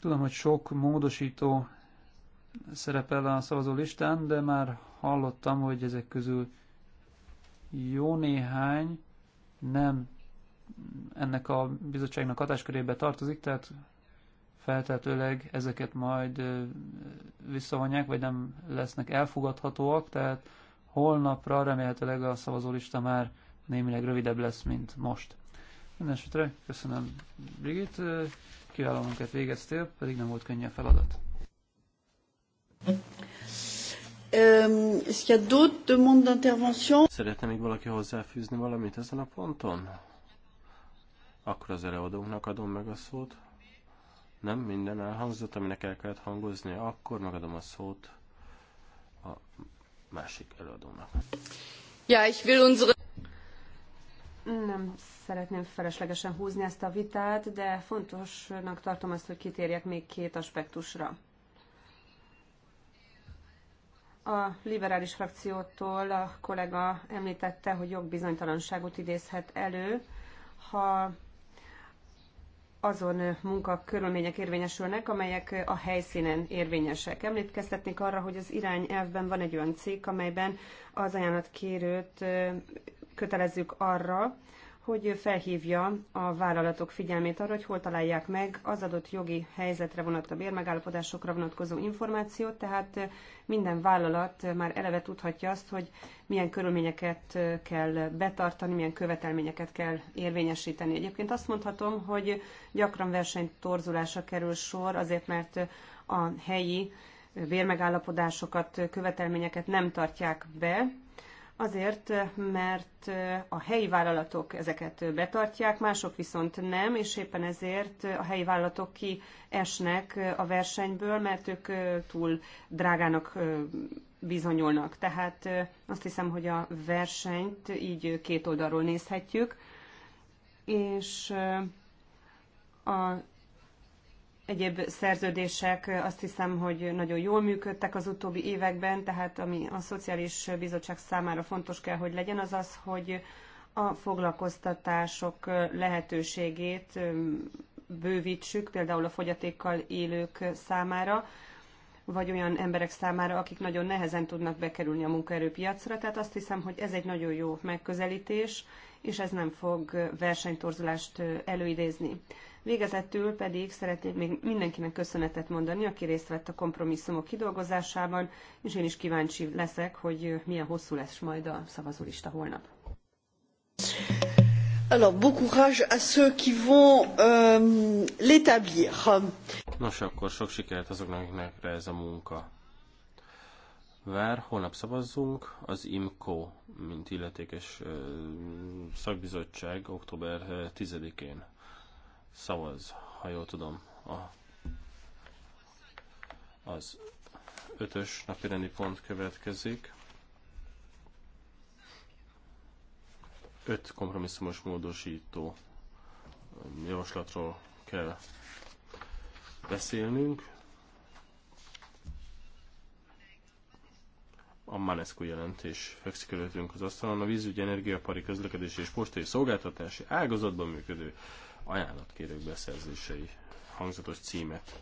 Tudom, hogy sok módosító szerepel a szavazó listán, de már hallottam, hogy ezek közül jó néhány nem ennek a bizottságnak hatáskörébe tartozik, tehát feltetőleg ezeket majd visszavonják, vagy nem lesznek elfogadhatóak, tehát holnapra, remélhetőleg a szavazólista már némileg rövidebb lesz, mint most. Mindenesetre köszönöm Brigit, kiváló munkát végeztél, pedig nem volt könnyű a feladat. Szeretne még valaki hozzáfűzni valamit ezen a ponton? Akkor az előadónknak adom meg a szót. Nem minden elhangzott, aminek el kellett hangozni, akkor megadom a szót a másik előadónak. Ja, ich will unsere... Nem szeretném feleslegesen húzni ezt a vitát, de fontosnak tartom azt, hogy kitérjek még két aspektusra. A liberális frakciótól a kollega említette, hogy jogbizonytalanságot idézhet elő, ha azon munkakörülmények érvényesülnek, amelyek a helyszínen érvényesek. Emlékeztetnék arra, hogy az irányelvben van egy olyan cikk, amelyben az ajánlatkérőt kötelezzük arra, hogy felhívja a vállalatok figyelmét arra, hogy hol találják meg az adott jogi helyzetre vonatkozó bérmegállapodásokra vonatkozó információt, tehát eh, minden vállalat eh, már eleve tudhatja azt, hogy milyen körülményeket eh, kell betartani, milyen követelményeket kell érvényesíteni. Egyébként azt mondhatom, hogy gyakran versenytorzulása kerül sor, azért mert a helyi bérmegállapodásokat, követelményeket nem tartják be, Azért, mert a helyi vállalatok ezeket betartják, mások viszont nem, és éppen ezért a helyi vállalatok ki esnek a versenyből, mert ők túl drágának bizonyulnak. Tehát azt hiszem, hogy a versenyt így két oldalról nézhetjük, és a Egyéb szerződések azt hiszem, hogy nagyon jól működtek az utóbbi években, tehát ami a Szociális Bizottság számára fontos kell, hogy legyen, az az, hogy a foglalkoztatások lehetőségét bővítsük, például a fogyatékkal élők számára, vagy olyan emberek számára, akik nagyon nehezen tudnak bekerülni a munkaerőpiacra. Tehát azt hiszem, hogy ez egy nagyon jó megközelítés, és ez nem fog versenytorzulást előidézni. Végezetül pedig szeretnék még mindenkinek köszönetet mondani, aki részt vett a kompromisszumok kidolgozásában, és én is kíváncsi leszek, hogy milyen hosszú lesz majd a szavazólista holnap. Alors, bon courage à ceux qui vont euh, l'établir. Nos, akkor sok sikert azoknak, akiknek ez a munka vár, holnap szavazzunk, az IMCO, mint illetékes szakbizottság október 10-én szavaz, ha jól tudom, a, az ötös napirendi pont következik. Öt kompromisszumos módosító javaslatról kell beszélnünk. a Manescu jelentés fekszik előttünk az asztalon, a vízügyi, energiapari, közlekedési és postai szolgáltatási ágazatban működő ajánlatkérők beszerzései hangzatos címet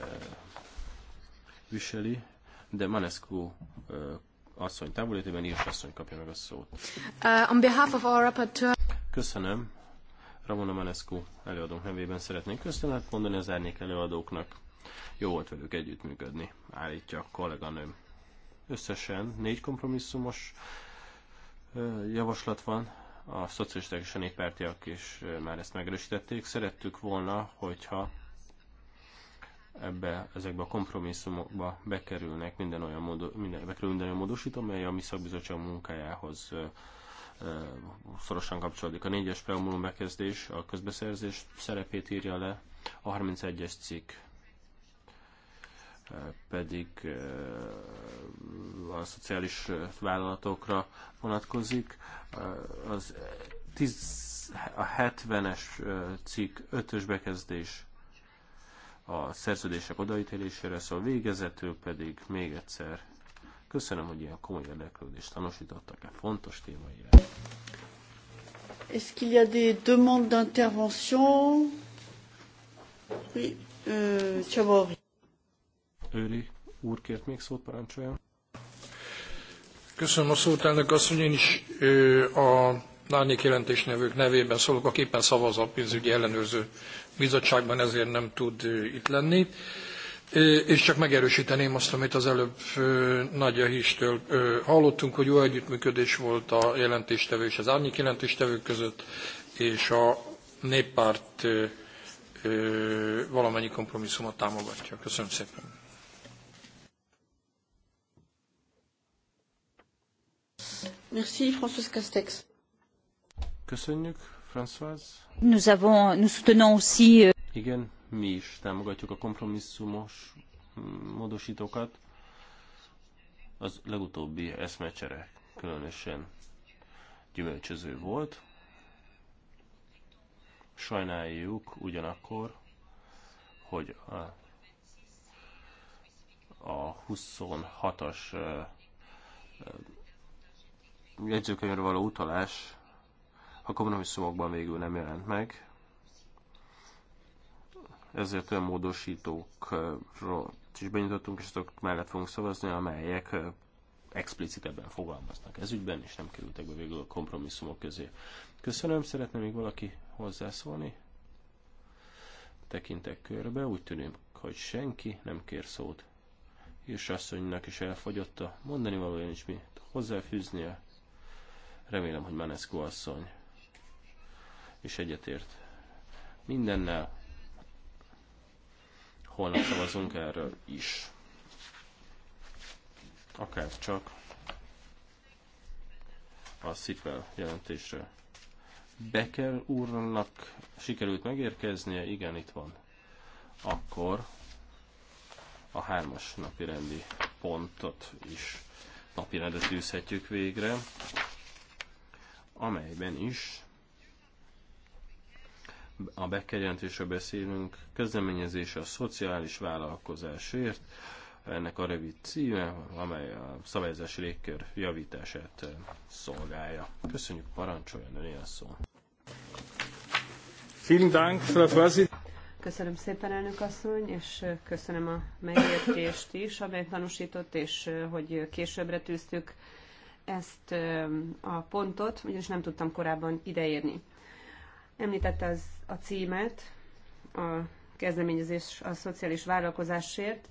eh, viseli, de Manescu eh, asszony távolítében Írs asszony kapja meg a szót. Uh, on behalf of our rapporteur... Köszönöm. Ramona Manescu előadónk nevében szeretnék köszönet mondani az árnyék előadóknak. Jó volt velük együttműködni, állítja a kolléganőm. Összesen négy kompromisszumos eh, javaslat van, a szocialisták és a néppártiak is már ezt megerősítették. Szerettük volna, hogyha ebbe, ezekbe a kompromisszumokba bekerülnek minden olyan, módo, minden, bekerül minden olyan módosító, amely a mi szakbizottság munkájához ö, ö, szorosan kapcsolódik. A 4-es preambulum bekezdés a közbeszerzés szerepét írja le, a 31-es cikk pedig eh, a szociális vállalatokra vonatkozik. Eh, az tíz, a 70-es eh, cikk 5-ös bekezdés a szerződések odaítélésére szól, végezetül pedig még egyszer köszönöm, hogy ilyen komoly érdeklődést tanúsítottak a e fontos témaira. Est-ce qu'il y a des demandes d'intervention Oui, euh, Őri úr kért még szót, parancsoljon. Köszönöm a szót, elnök asszony. Én is a Lányék jelentésnevők nevében szólok, aki éppen szavaz a pénzügyi ellenőrző bizottságban, ezért nem tud itt lenni. És csak megerősíteném azt, amit az előbb Nagyja Histől hallottunk, hogy jó együttműködés volt a jelentéstevő és az árnyék jelentéstevő között, és a néppárt valamennyi kompromisszumot támogatja. Köszönöm szépen. Merci, Françoise Castex. Köszönjük, Françoise. Nous avons, nous soutenons aussi... Euh, Igen, mi is támogatjuk a kompromisszumos mm, módosítókat. Az legutóbbi eszmecsere különösen gyümölcsöző volt. Sajnáljuk ugyanakkor, hogy a, a 26-as jegyzőkönyvre való utalás a kompromisszumokban végül nem jelent meg, ezért olyan módosítókról is benyitottunk, és azok mellett fogunk szavazni, amelyek explicitebben fogalmaznak ez ügyben, és nem kerültek be végül a kompromisszumok közé. Köszönöm, szeretne még valaki hozzászólni? Tekintek körbe, úgy tűnik, hogy senki nem kér szót. És asszonynak is elfogyott a mondani valója nincs mit hozzáfűznie. Remélem, hogy Manescu asszony és egyetért mindennel. Holnap szavazunk erről is. Akár csak a Szipel jelentésről. Becker úrnak sikerült megérkeznie, igen, itt van. Akkor a hármas napi rendi pontot is napirendet tűzhetjük végre amelyben is a bekerjelentésről beszélünk, kezdeményezése a szociális vállalkozásért, ennek a rövid címe, amely a szabályozási légkör javítását eh, szolgálja. Köszönjük, parancsoljon, ön a szó. Köszönöm szépen, elnök asszony, és eh, köszönöm a megértést is, amelyet tanúsított, és eh, hogy későbbre tűztük ezt a pontot, ugyanis nem tudtam korábban ideérni. Említette az a címet, a kezdeményezés a szociális vállalkozásért.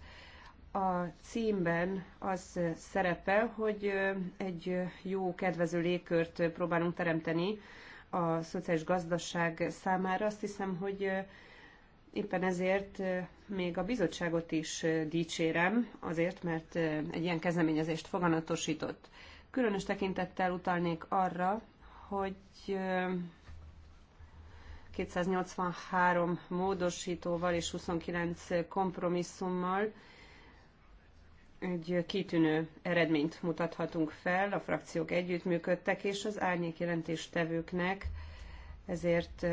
A címben az szerepel, hogy egy jó, kedvező légkört próbálunk teremteni a szociális gazdaság számára. Azt hiszem, hogy éppen ezért még a bizottságot is dicsérem, azért, mert egy ilyen kezdeményezést foganatosított. Különös tekintettel utalnék arra, hogy 283 módosítóval és 29 kompromisszummal egy kitűnő eredményt mutathatunk fel, a frakciók együttműködtek, és az árnyék jelentéstevőknek, ezért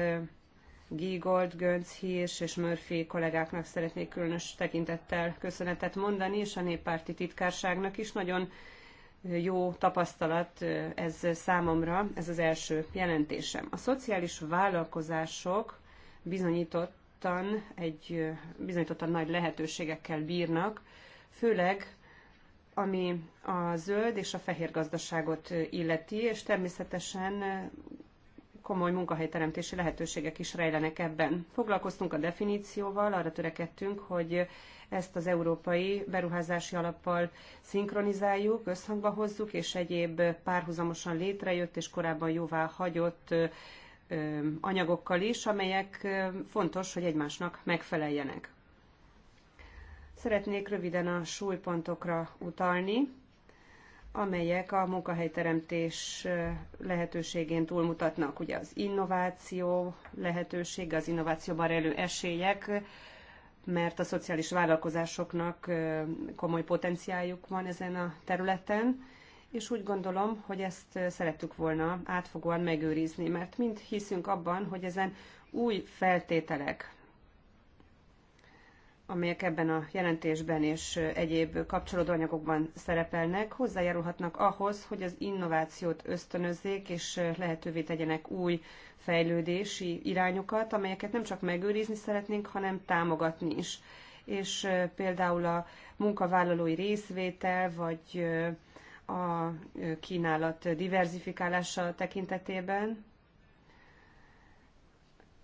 Gigold, Gönc, Hirsch és Murphy kollégáknak szeretnék különös tekintettel köszönetet mondani, és a néppárti titkárságnak is nagyon jó tapasztalat ez számomra, ez az első jelentésem. A szociális vállalkozások bizonyítottan, egy, bizonyítottan nagy lehetőségekkel bírnak, főleg ami a zöld és a fehér gazdaságot illeti, és természetesen komoly munkahelyteremtési lehetőségek is rejlenek ebben. Foglalkoztunk a definícióval, arra törekedtünk, hogy ezt az európai beruházási alappal szinkronizáljuk, összhangba hozzuk, és egyéb párhuzamosan létrejött és korábban jóvá hagyott anyagokkal is, amelyek fontos, hogy egymásnak megfeleljenek. Szeretnék röviden a súlypontokra utalni amelyek a munkahelyteremtés lehetőségén túlmutatnak. Ugye az innováció lehetősége, az innovációban elő esélyek, mert a szociális vállalkozásoknak komoly potenciáljuk van ezen a területen, és úgy gondolom, hogy ezt szerettük volna átfogóan megőrizni, mert mind hiszünk abban, hogy ezen új feltételek, amelyek ebben a jelentésben és egyéb kapcsolódó anyagokban szerepelnek, hozzájárulhatnak ahhoz, hogy az innovációt ösztönözzék és lehetővé tegyenek új fejlődési irányokat, amelyeket nem csak megőrizni szeretnénk, hanem támogatni is. És például a munkavállalói részvétel, vagy a kínálat diversifikálása tekintetében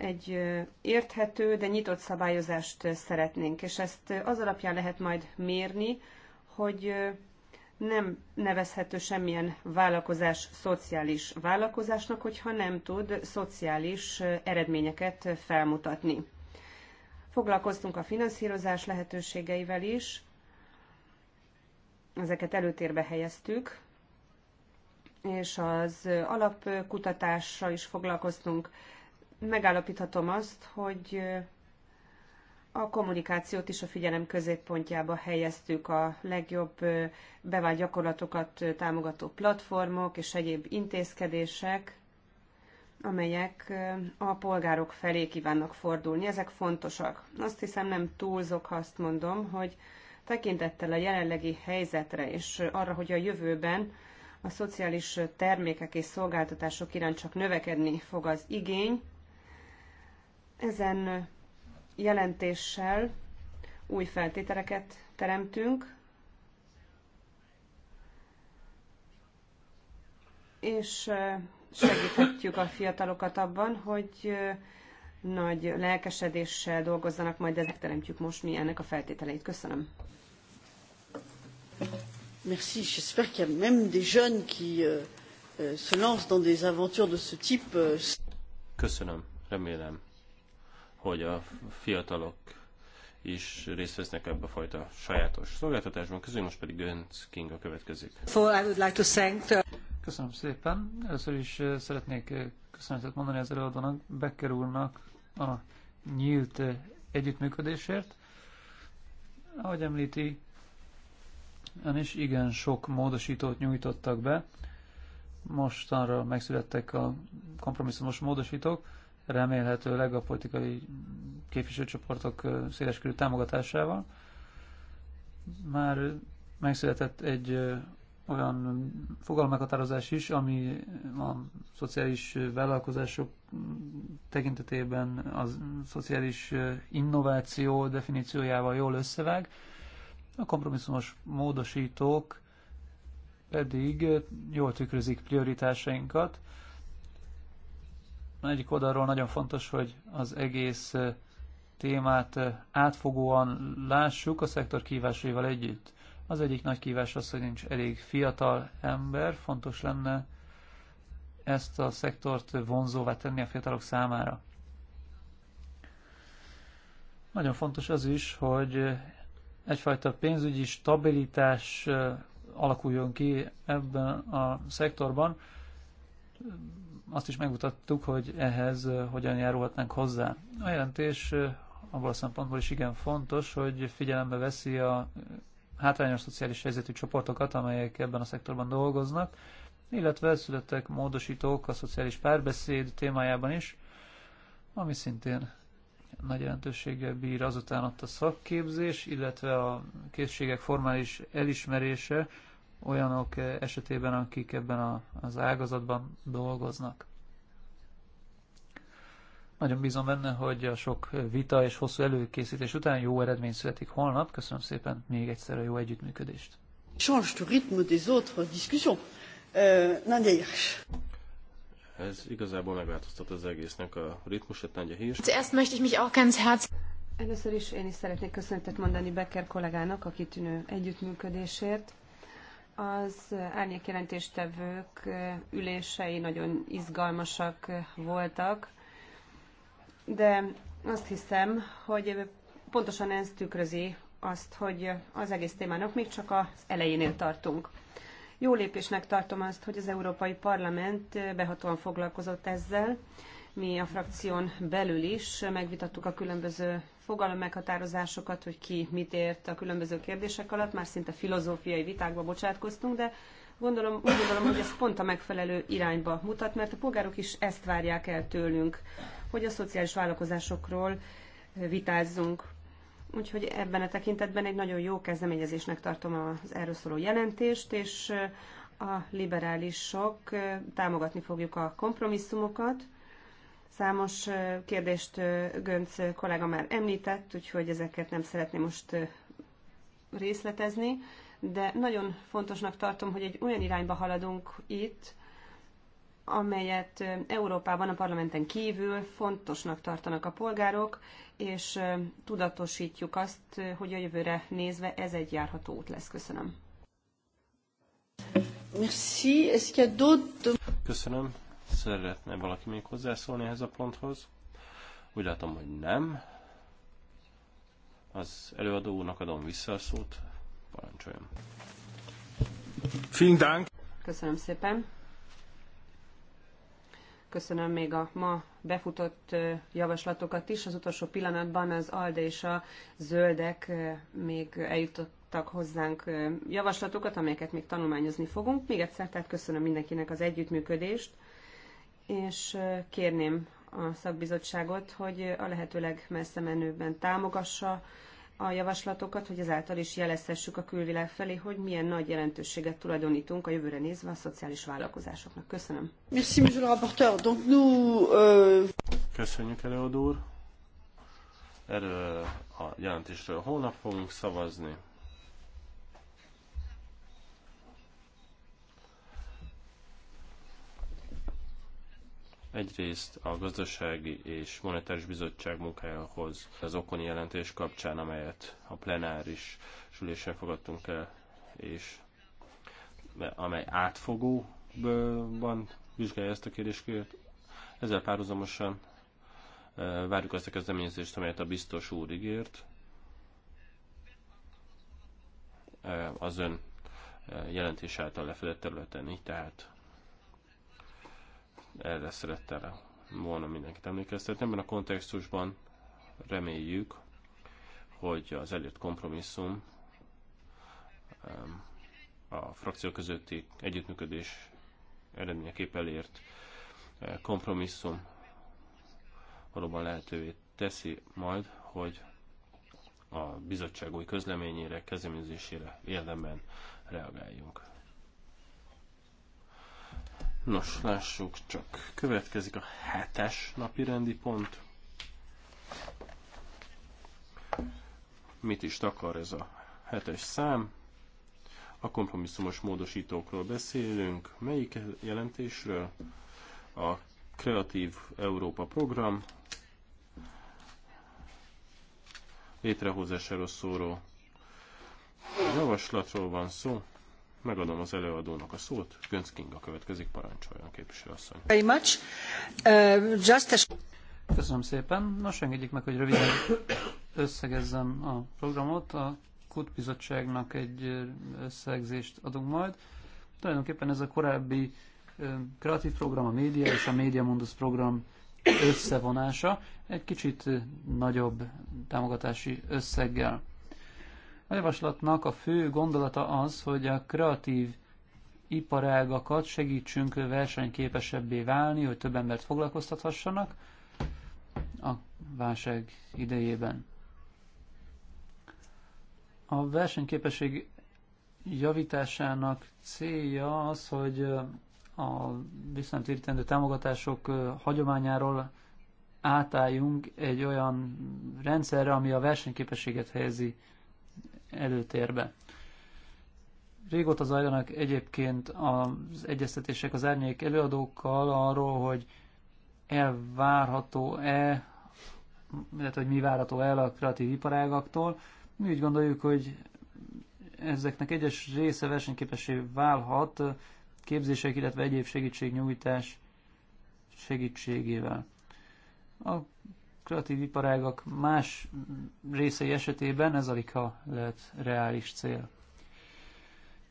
egy érthető, de nyitott szabályozást szeretnénk, és ezt az alapján lehet majd mérni, hogy nem nevezhető semmilyen vállalkozás szociális vállalkozásnak, hogyha nem tud szociális eredményeket felmutatni. Foglalkoztunk a finanszírozás lehetőségeivel is, ezeket előtérbe helyeztük, és az alapkutatással is foglalkoztunk, megállapíthatom azt, hogy a kommunikációt is a figyelem középpontjába helyeztük a legjobb bevált gyakorlatokat támogató platformok és egyéb intézkedések, amelyek a polgárok felé kívánnak fordulni. Ezek fontosak. Azt hiszem nem túlzok, ha azt mondom, hogy tekintettel a jelenlegi helyzetre és arra, hogy a jövőben a szociális termékek és szolgáltatások iránt csak növekedni fog az igény, ezen jelentéssel új feltételeket teremtünk, és segíthetjük a fiatalokat abban, hogy nagy lelkesedéssel dolgozzanak, majd ezek teremtjük most mi ennek a feltételeit. Köszönöm. Merci. J'espère qu'il y a même des jeunes qui euh, euh se lancent dans des aventures de ce type. Euh. Köszönöm. Remélem, hogy a fiatalok is részt vesznek ebbe a fajta sajátos szolgáltatásban. Közül most pedig Gönc a következik. Köszönöm szépen. Először is eh, szeretnék eh, köszönetet mondani az előadónak, Becker úrnak a nyílt eh, együttműködésért. Ahogy említi, is igen sok módosítót nyújtottak be. Mostanra megszülettek a kompromisszumos módosítók remélhetőleg a politikai képviselőcsoportok széleskörű támogatásával. Már megszületett egy olyan fogalmeghatározás is, ami a szociális vállalkozások tekintetében a szociális innováció definíciójával jól összevág. A kompromisszumos módosítók pedig jól tükrözik prioritásainkat, egyik oldalról nagyon fontos, hogy az egész témát átfogóan lássuk a szektor kívásaival együtt. Az egyik nagy kívás az, hogy nincs elég fiatal ember, fontos lenne ezt a szektort vonzóvá tenni a fiatalok számára. Nagyon fontos az is, hogy egyfajta pénzügyi stabilitás alakuljon ki ebben a szektorban azt is megmutattuk, hogy ehhez hogyan járulhatnánk hozzá. A jelentés abból a szempontból is igen fontos, hogy figyelembe veszi a hátrányos szociális helyzetű csoportokat, amelyek ebben a szektorban dolgoznak, illetve születtek módosítók a szociális párbeszéd témájában is, ami szintén nagy jelentőséggel bír azután ott a szakképzés, illetve a készségek formális elismerése, olyanok eh, esetében, akik ebben a, az ágazatban dolgoznak. Nagyon bízom benne, hogy a sok vita és hosszú előkészítés után jó eredmény születik holnap. Köszönöm szépen még egyszer a jó együttműködést. Change rythme des autres discussions. Euh, Ez igazából megváltoztat az egésznek a ritmusát, Nagy Hirsch. Először is én is szeretnék köszönetet mondani Becker kollégának a kitűnő együttműködésért. Az árnyékjelentéstevők ülései nagyon izgalmasak voltak, de azt hiszem, hogy pontosan ez tükrözi azt, hogy az egész témának még csak az elejénél tartunk. Jó lépésnek tartom azt, hogy az Európai Parlament behatóan foglalkozott ezzel, mi a frakción belül is megvitattuk a különböző meghatározásokat, hogy ki mit ért a különböző kérdések alatt, már szinte filozófiai vitákba bocsátkoztunk, de gondolom, úgy gondolom, hogy ez pont a megfelelő irányba mutat, mert a polgárok is ezt várják el tőlünk, hogy a szociális vállalkozásokról vitázzunk. Úgyhogy ebben a tekintetben egy nagyon jó kezdeményezésnek tartom az erről szóló jelentést, és a liberálisok támogatni fogjuk a kompromisszumokat, Számos kérdést Gönc kollega már említett, úgyhogy ezeket nem szeretném most részletezni, de nagyon fontosnak tartom, hogy egy olyan irányba haladunk itt, amelyet Európában a parlamenten kívül fontosnak tartanak a polgárok, és tudatosítjuk azt, hogy a jövőre nézve ez egy járható út lesz. Köszönöm. Merci. Köszönöm. Szeretne valaki még hozzászólni ehhez a ponthoz? Úgy látom, hogy nem. Az előadó úrnak adom vissza a szót. Parancsoljon. Vielen Dank. Köszönöm szépen. Köszönöm még a ma befutott javaslatokat is. Az utolsó pillanatban az ALDE és a zöldek még eljutottak hozzánk javaslatokat, amelyeket még tanulmányozni fogunk. Még egyszer tehát köszönöm mindenkinek az együttműködést és kérném a szakbizottságot, hogy a lehetőleg messze menőben támogassa a javaslatokat, hogy ezáltal is jelezhessük a külvilág felé, hogy milyen nagy jelentőséget tulajdonítunk a jövőre nézve a szociális vállalkozásoknak. Köszönöm. Merci, monsieur le rapporteur. Donc nous, euh, Köszönjük, előadó úr. Erről a jelentésről holnap fogunk szavazni. Egyrészt a Gazdasági és Monetáris Bizottság munkájához az okoni jelentés kapcsán, amelyet a plenáris sülésen fogadtunk el, és amely átfogóban vizsgálja ezt a kérdéskört. Ezzel párhuzamosan e, várjuk azt a kezdeményezést, amelyet a biztos úr ígért, e, az ön e, jelentés által lefedett területen, így tehát erre szerettem volna mindenkit emlékeztetni. Ebben a kontextusban reméljük, hogy az előtt kompromisszum a frakció közötti együttműködés eredményeképp elért e, kompromisszum valóban lehetővé teszi majd, hogy a bizottság új közleményére, kezdeményezésére érdemben reagáljunk. Nos, lássuk csak. Következik a hetes napi rendi pont. Mit is takar ez a hetes szám? A kompromisszumos módosítókról beszélünk. Melyik jelentésről? A Kreatív Európa program létrehozásáról szóró javaslatról van szó. Megadom az előadónak a szót, Gönc Kinga következik, parancsoljon képviselőasszony. Very much. Uh, just a... Köszönöm szépen. Nos, engedjék meg, hogy röviden összegezzem a programot. A KUT bizottságnak egy összegzést adunk majd. Tulajdonképpen ez a korábbi kreatív program, a média és a média Mundus program összevonása egy kicsit nagyobb támogatási összeggel. A javaslatnak a fő gondolata az, hogy a kreatív iparágakat segítsünk versenyképesebbé válni, hogy több embert foglalkoztathassanak a válság idejében. A versenyképesség javításának célja az, hogy a visszatérítendő támogatások hagyományáról átálljunk egy olyan rendszerre, ami a versenyképességet helyezi előtérbe. Régóta zajlanak egyébként az egyeztetések az árnyék előadókkal arról, hogy elvárható-e, illetve hogy mi várható el a kreatív iparágaktól. Mi úgy gondoljuk, hogy ezeknek egyes része versenyképessé válhat képzések, illetve egyéb segítségnyújtás segítségével. A kreatív iparágak más részei esetében ez alig ha lehet reális cél.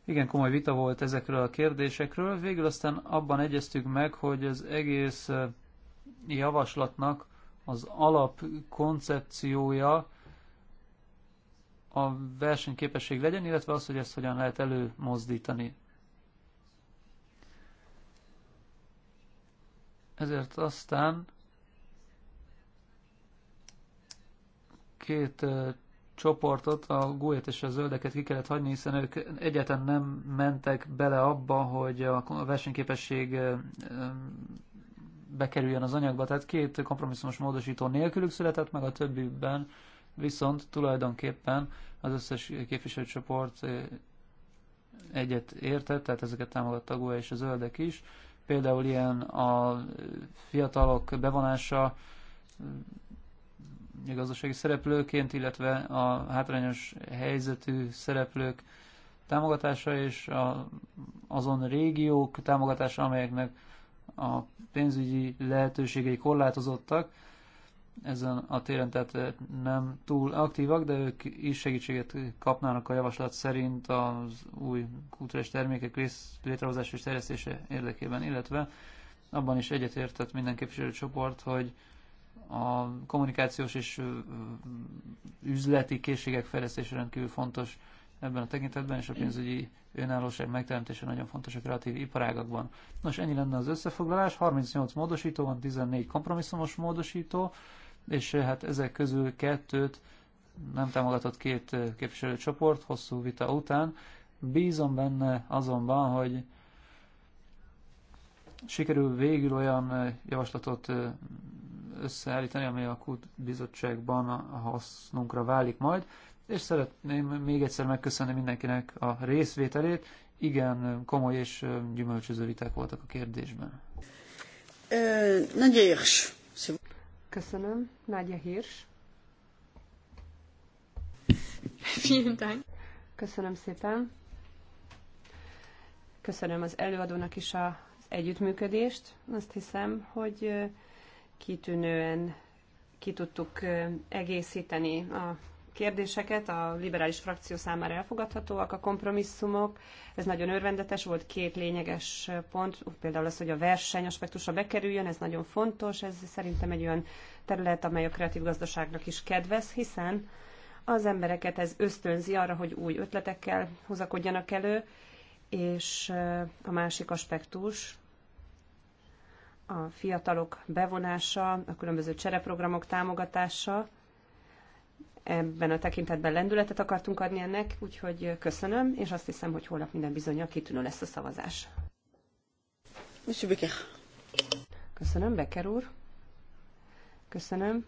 Igen, komoly vita volt ezekről a kérdésekről, végül aztán abban egyeztük meg, hogy az egész javaslatnak az alap koncepciója a versenyképesség legyen, illetve az, hogy ezt hogyan lehet előmozdítani. Ezért aztán két csoportot, a gújat és a zöldeket ki kellett hagyni, hiszen ők egyáltalán nem mentek bele abba, hogy a versenyképesség bekerüljön az anyagba. Tehát két kompromisszumos módosító nélkülük született, meg a többiben viszont tulajdonképpen az összes képviselőcsoport egyet értett, tehát ezeket támogatta a GUE és a zöldek is. Például ilyen a fiatalok bevonása gazdasági szereplőként, illetve a hátrányos helyzetű szereplők támogatása és a, azon régiók támogatása, amelyeknek a pénzügyi lehetőségei korlátozottak. Ezen a téren tehát nem túl aktívak, de ők is segítséget kapnának a javaslat szerint az új kulturális termékek létrehozása és terjesztése érdekében, illetve abban is egyetértett minden képviselőcsoport, hogy a kommunikációs és üzleti készségek fejlesztése rendkívül fontos ebben a tekintetben, és a pénzügyi önállóság megteremtése nagyon fontos a kreatív iparágakban. Nos, ennyi lenne az összefoglalás, 38 módosító van, 14 kompromisszumos módosító, és hát ezek közül kettőt nem támogatott két képviselőcsoport hosszú vita után. Bízom benne azonban, hogy sikerül végül olyan javaslatot összeállítani, amely a KUT bizottságban a hasznunkra válik majd, és szeretném még egyszer megköszönni mindenkinek a részvételét. Igen, komoly és gyümölcsöző viták voltak a kérdésben. Nagyja Hirsch. Köszönöm, Nagyja Hirsch. Köszönöm szépen. Köszönöm az előadónak is az együttműködést. Azt hiszem, hogy kitűnően ki tudtuk egészíteni a kérdéseket, a liberális frakció számára elfogadhatóak a kompromisszumok. Ez nagyon örvendetes volt, két lényeges pont, például az, hogy a verseny aspektusa bekerüljön, ez nagyon fontos, ez szerintem egy olyan terület, amely a kreatív gazdaságnak is kedvez, hiszen az embereket ez ösztönzi arra, hogy új ötletekkel hozakodjanak elő, és a másik aspektus, a fiatalok bevonása, a különböző csereprogramok támogatása. Ebben a tekintetben lendületet akartunk adni ennek, úgyhogy köszönöm, és azt hiszem, hogy holnap minden bizonyal kitűnő lesz a szavazás. Köszönöm, Becker úr. Köszönöm.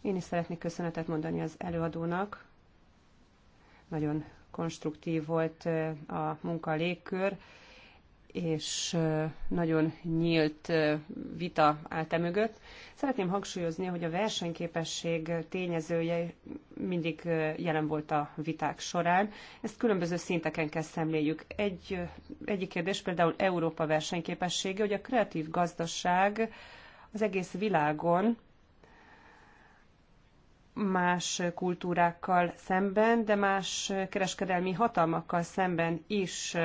Én is szeretnék köszönetet mondani az előadónak. Nagyon konstruktív volt eh, a munka légkör és nagyon nyílt vita állt e mögött. Szeretném hangsúlyozni, hogy a versenyképesség tényezője mindig jelen volt a viták során. Ezt különböző szinteken kell szemléljük. Egy, egyik kérdés például Európa versenyképessége, hogy a kreatív gazdaság az egész világon más kultúrákkal szemben, de más kereskedelmi hatalmakkal szemben is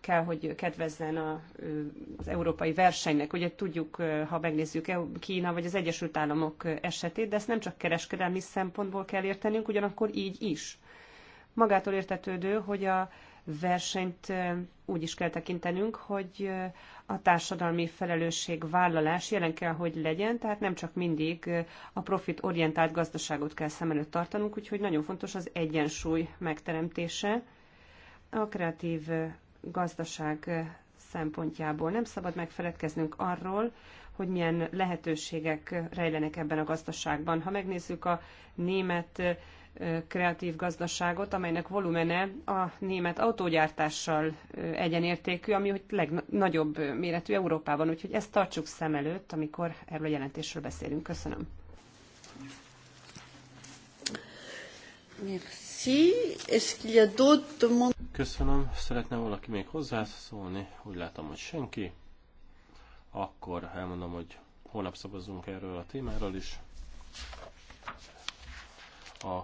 kell, hogy kedvezzen az európai versenynek. Ugye tudjuk, ha megnézzük e Kína vagy az Egyesült Államok esetét, de ezt nem csak kereskedelmi szempontból kell értenünk, ugyanakkor így is. Magától értetődő, hogy a versenyt úgy is kell tekintenünk, hogy a társadalmi vállalás jelen kell, hogy legyen, tehát nem csak mindig a profit orientált gazdaságot kell szem előtt tartanunk, úgyhogy nagyon fontos az egyensúly megteremtése a kreatív gazdaság szempontjából. Nem szabad megfeledkeznünk arról, hogy milyen lehetőségek rejlenek ebben a gazdaságban. Ha megnézzük a német kreatív gazdaságot, amelynek volumene a német autógyártással egyenértékű, ami hogy legnagyobb méretű Európában. Úgyhogy ezt tartsuk szem előtt, amikor erről a jelentésről beszélünk. Köszönöm. Köszönöm. Szeretne valaki még hozzászólni? Úgy látom, hogy senki. Akkor elmondom, hogy holnap szavazunk erről a témáról is. A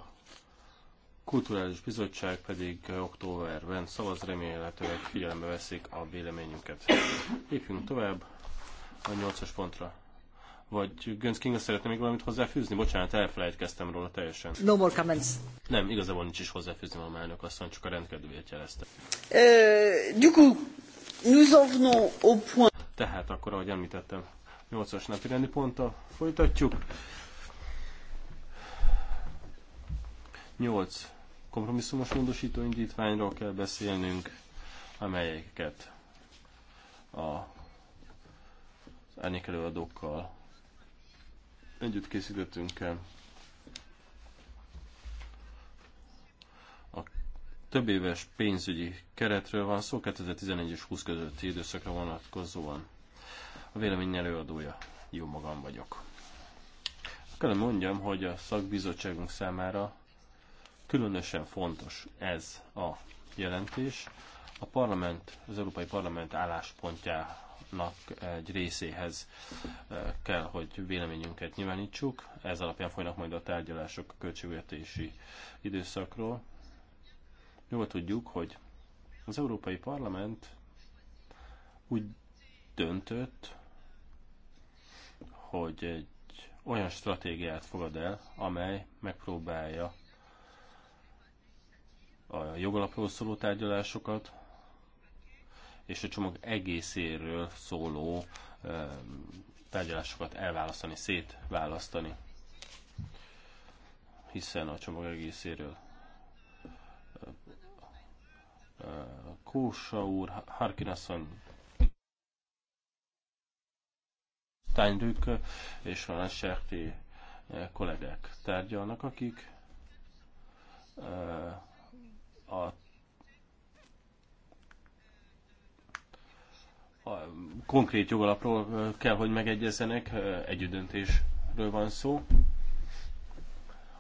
Kulturális Bizottság pedig eh, októberben szavaz, remélhetőleg figyelembe veszik a véleményünket. Lépjünk tovább a nyolcas pontra. Vagy Gönc Kinga szeretne még valamit hozzáfűzni? Bocsánat, elfelejtkeztem róla teljesen. No more comments. Nem, igazából nincs is hozzáfűzni a elnök asszony, csak a rendkedvéért jelezte. Uh, du coup, nous en venons au point. Tehát akkor, ahogy említettem, 8-as napi rendi ponttal folytatjuk. 8 kompromisszumos módosító indítványról kell beszélnünk, amelyeket a előadókkal. együtt készítettünk el. A több éves pénzügyi keretről van szó, 2011 és 20 közötti időszakra vonatkozóan. A vélemény előadója jó magam vagyok. Kellene mondjam, hogy a szakbizottságunk számára Különösen fontos ez a jelentés. A parlament, az Európai Parlament álláspontjának egy részéhez eh, kell, hogy véleményünket nyilvánítsuk. Ez alapján folynak majd a tárgyalások a költségvetési időszakról. Jól tudjuk, hogy az Európai Parlament úgy döntött, hogy egy olyan stratégiát fogad el, amely megpróbálja a jogalapról szóló tárgyalásokat, és a csomag egészéről szóló tárgyalásokat elválasztani, szétválasztani. Hiszen a csomag egészéről Kósa úr, Harkinasson, asszony, és a Serti kollégák tárgyalnak, akik a, a konkrét jogalapról kell, hogy megegyezzenek, együttdöntésről van szó.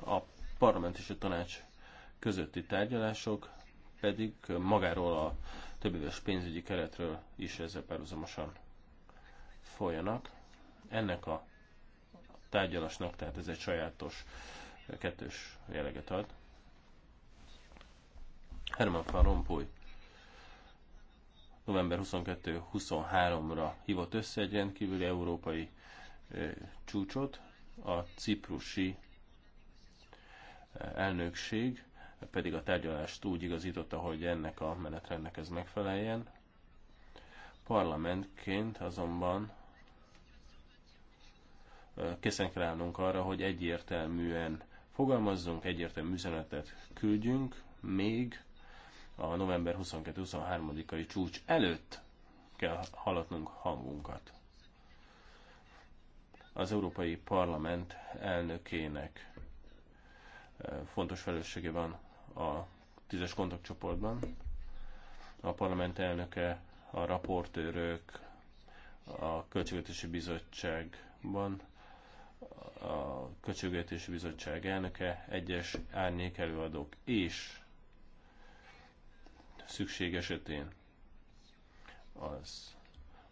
A parlament és a tanács közötti tárgyalások pedig magáról a többéves pénzügyi keretről is ezzel párhuzamosan folyanak. Ennek a tárgyalásnak, tehát ez egy sajátos kettős jelleget ad. Herman van Rompuy november 22-23-ra hívott össze egy rendkívüli európai ö, csúcsot. A ciprusi elnökség pedig a tárgyalást úgy igazította, hogy ennek a menetrendnek ez megfeleljen. Parlamentként azonban készen kell állnunk arra, hogy egyértelműen fogalmazzunk, egyértelmű üzenetet küldjünk, még a november 22-23-ai csúcs előtt kell hallatnunk hangunkat. Az Európai Parlament elnökének e, fontos felelőssége van a tízes kontaktcsoportban. A parlament elnöke, a raportőrök, a Költségvetési Bizottságban, a Költségvetési Bizottság elnöke, egyes árnyék előadók és szükség esetén az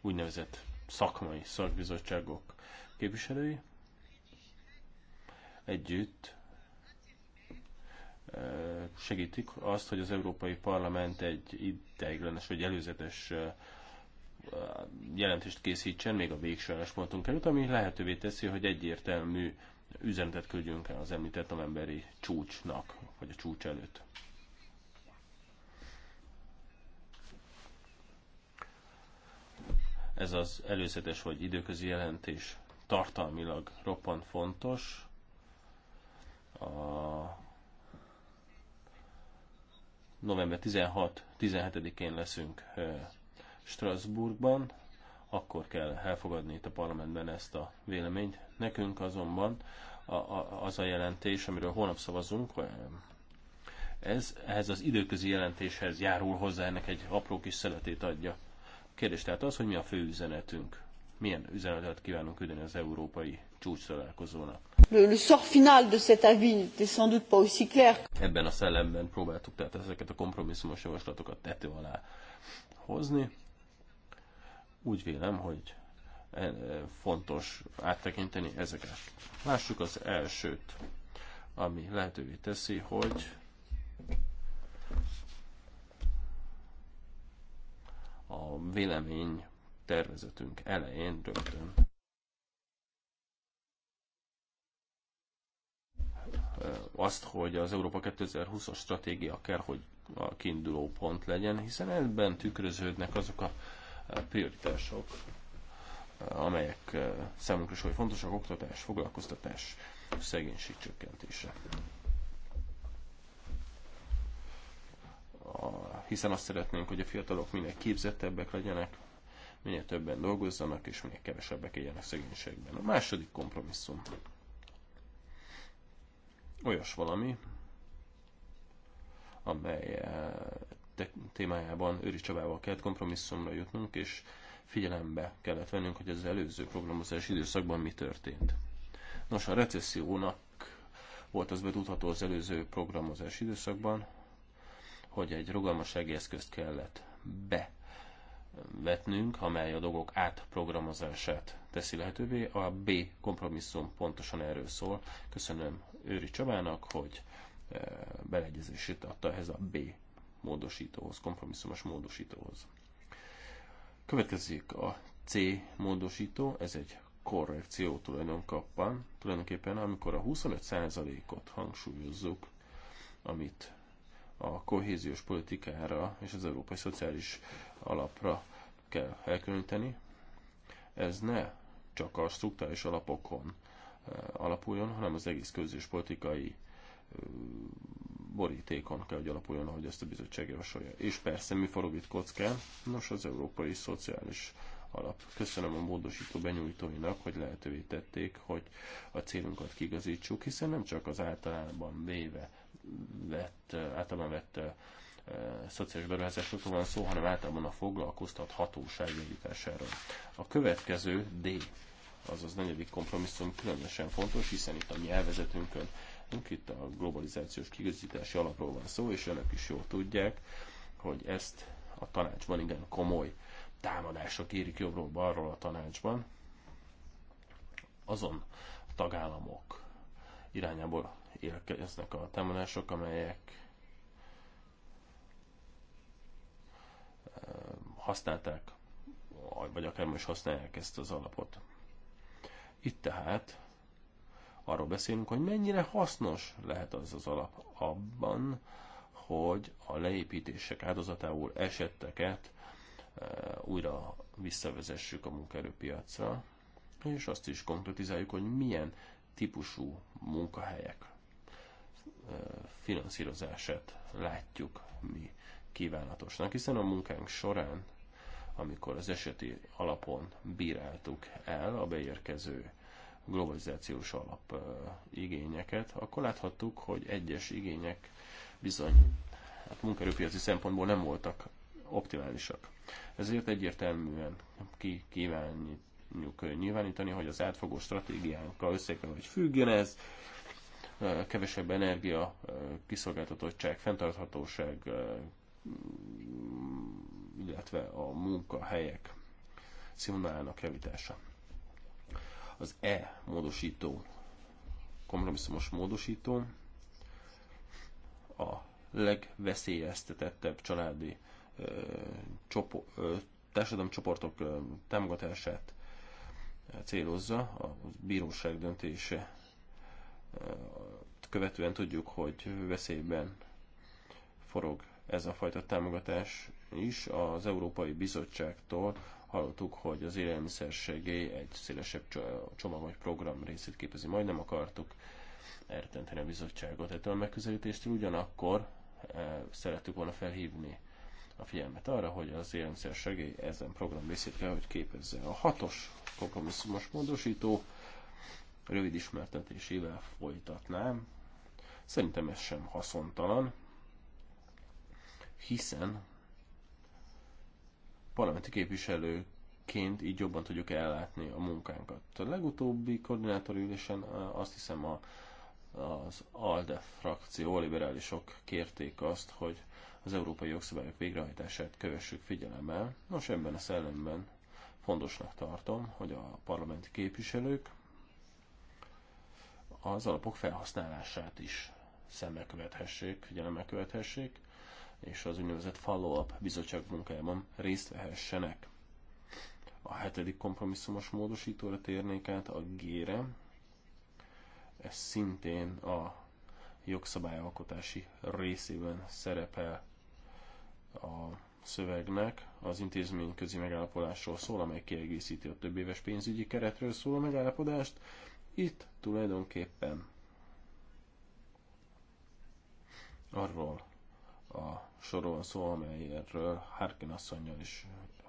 úgynevezett szakmai szakbizottságok képviselői együtt segítik azt, hogy az Európai Parlament egy ideiglenes vagy előzetes jelentést készítsen még a végső álláspontunk előtt, ami lehetővé teszi, hogy egyértelmű üzenetet küldjünk el az említett novemberi csúcsnak, vagy a csúcs előtt. ez az előzetes vagy időközi jelentés tartalmilag roppant fontos. A november 16-17-én leszünk Strasbourgban, akkor kell elfogadni itt a parlamentben ezt a véleményt. Nekünk azonban a, a, az a jelentés, amiről holnap szavazunk, ez ehhez az időközi jelentéshez járul hozzá, ennek egy apró kis szeletét adja. Kérdés tehát az, hogy mi a fő üzenetünk. Milyen üzenetet kívánunk küldeni az európai csúcs találkozónak? Le, le sort final de cet avis n'était sans doute pas aussi clair. Ebben a szellemben próbáltuk tehát ezeket a kompromisszumos javaslatokat tető alá hozni. Úgy vélem, hogy e, fontos áttekinteni ezeket. Lássuk az elsőt, ami lehetővé teszi, hogy a vélemény tervezetünk elején rögtön. azt, hogy az Európa 2020-as stratégia kell, hogy a kiinduló pont legyen, hiszen ebben tükröződnek azok a prioritások, amelyek számunkra is, hogy fontosak, oktatás, foglalkoztatás, szegénység csökkentése. hiszen azt szeretnénk, hogy a fiatalok minél képzettebbek legyenek, minél többen dolgozzanak, és minél kevesebbek éljenek szegénységben. A második kompromisszum. Olyas valami, amely eh, témájában Őri Csabával kellett kompromisszumra jutnunk, és figyelembe kellett vennünk, hogy az előző programozási időszakban mi történt. Nos, a recessziónak volt az betudható az előző programozási időszakban, hogy egy rugalmas segélyeszközt kellett bevetnünk, amely a dolgok átprogramozását teszi lehetővé. A B kompromisszum pontosan erről szól. Köszönöm Őri Csabának, hogy eh, beleegyezését adta ehhez a B módosítóhoz, kompromisszumos módosítóhoz. Következik a C módosító, ez egy korrekció tulajdonképpen, tulajdonképpen amikor a 25%-ot hangsúlyozzuk, amit a kohéziós politikára és az európai szociális alapra kell elkülöníteni. Ez ne csak a struktúrális alapokon eh, alapuljon, hanem az egész közös politikai eh, borítékon kell, hogy alapuljon, ahogy ezt a bizottság javasolja. És persze mi forog itt kockán? Nos, az európai szociális alap. Köszönöm a módosító benyújtóinak, hogy lehetővé tették, hogy a célunkat kigazítsuk, hiszen nem csak az általában véve vett, általában vett szociális beruházásokról van szó, hanem általában a foglalkoztat hatóság javításáról. A következő D, azaz negyedik kompromisszum különösen fontos, hiszen itt a mi elvezetünkön, itt a globalizációs kigazítási alapról van szó, és önök is jól tudják, hogy ezt a tanácsban igen komoly támadások érik jobbról-balról a tanácsban. Azon tagállamok irányából érkeznek a támadások, amelyek eh, használták, vagy akár most használják ezt az alapot. Itt tehát arról beszélünk, hogy mennyire hasznos lehet az az alap abban, hogy a leépítések áldozatául esetteket eh, újra visszavezessük a munkaerőpiacra, és azt is konkretizáljuk, hogy milyen típusú munkahelyek finanszírozását látjuk mi kívánatosnak, hiszen a munkánk során, amikor az eseti alapon bíráltuk el a beérkező globalizációs alap igényeket, akkor láthattuk, hogy egyes igények bizony hát munkerőpiaci szempontból nem voltak optimálisak. Ezért egyértelműen ki kívánjuk nyilvánítani, hogy az átfogó stratégiánkkal össze hogy függjön ez, kevesebb energia, kiszolgáltatottság, fenntarthatóság, illetve a munkahelyek színvonalának javítása. Az E módosító, kompromisszumos módosító, a legveszélyeztetettebb családi ö, csopo, ö, ö, támogatását célozza, a bíróság döntése követően tudjuk, hogy veszélyben forog ez a fajta támogatás is. Az Európai Bizottságtól hallottuk, hogy az élelmiszersegély egy szélesebb csomag vagy program részét képezi. Majd nem akartuk eltenteni a bizottságot ettől a megközelítéstől, ugyanakkor eh, szerettük volna felhívni a figyelmet arra, hogy az élelmiszer segély ezen program részét kell, hogy képezze. A hatos kompromisszumos módosító rövid ismertetésével folytatnám. Szerintem ez sem haszontalan, hiszen parlamenti képviselőként így jobban tudjuk ellátni a munkánkat. A legutóbbi koordinátori ülésen azt hiszem a, az ALDE frakció, a liberálisok kérték azt, hogy az európai jogszabályok végrehajtását kövessük figyelemmel. Nos, ebben a szellemben fontosnak tartom, hogy a parlamenti képviselők az alapok felhasználását is szemmel követhessék, figyelemmel követhessék, és az úgynevezett follow-up bizottság munkájában részt vehessenek. A hetedik kompromisszumos módosítóra térnék át, a G-re. Ez szintén a jogszabályalkotási részében szerepel a szövegnek az közi megállapodásról szól, amely kiegészíti a több éves pénzügyi keretről szóló megállapodást. Itt tulajdonképpen arról a sorról szó, amelyről Harkin asszonynal is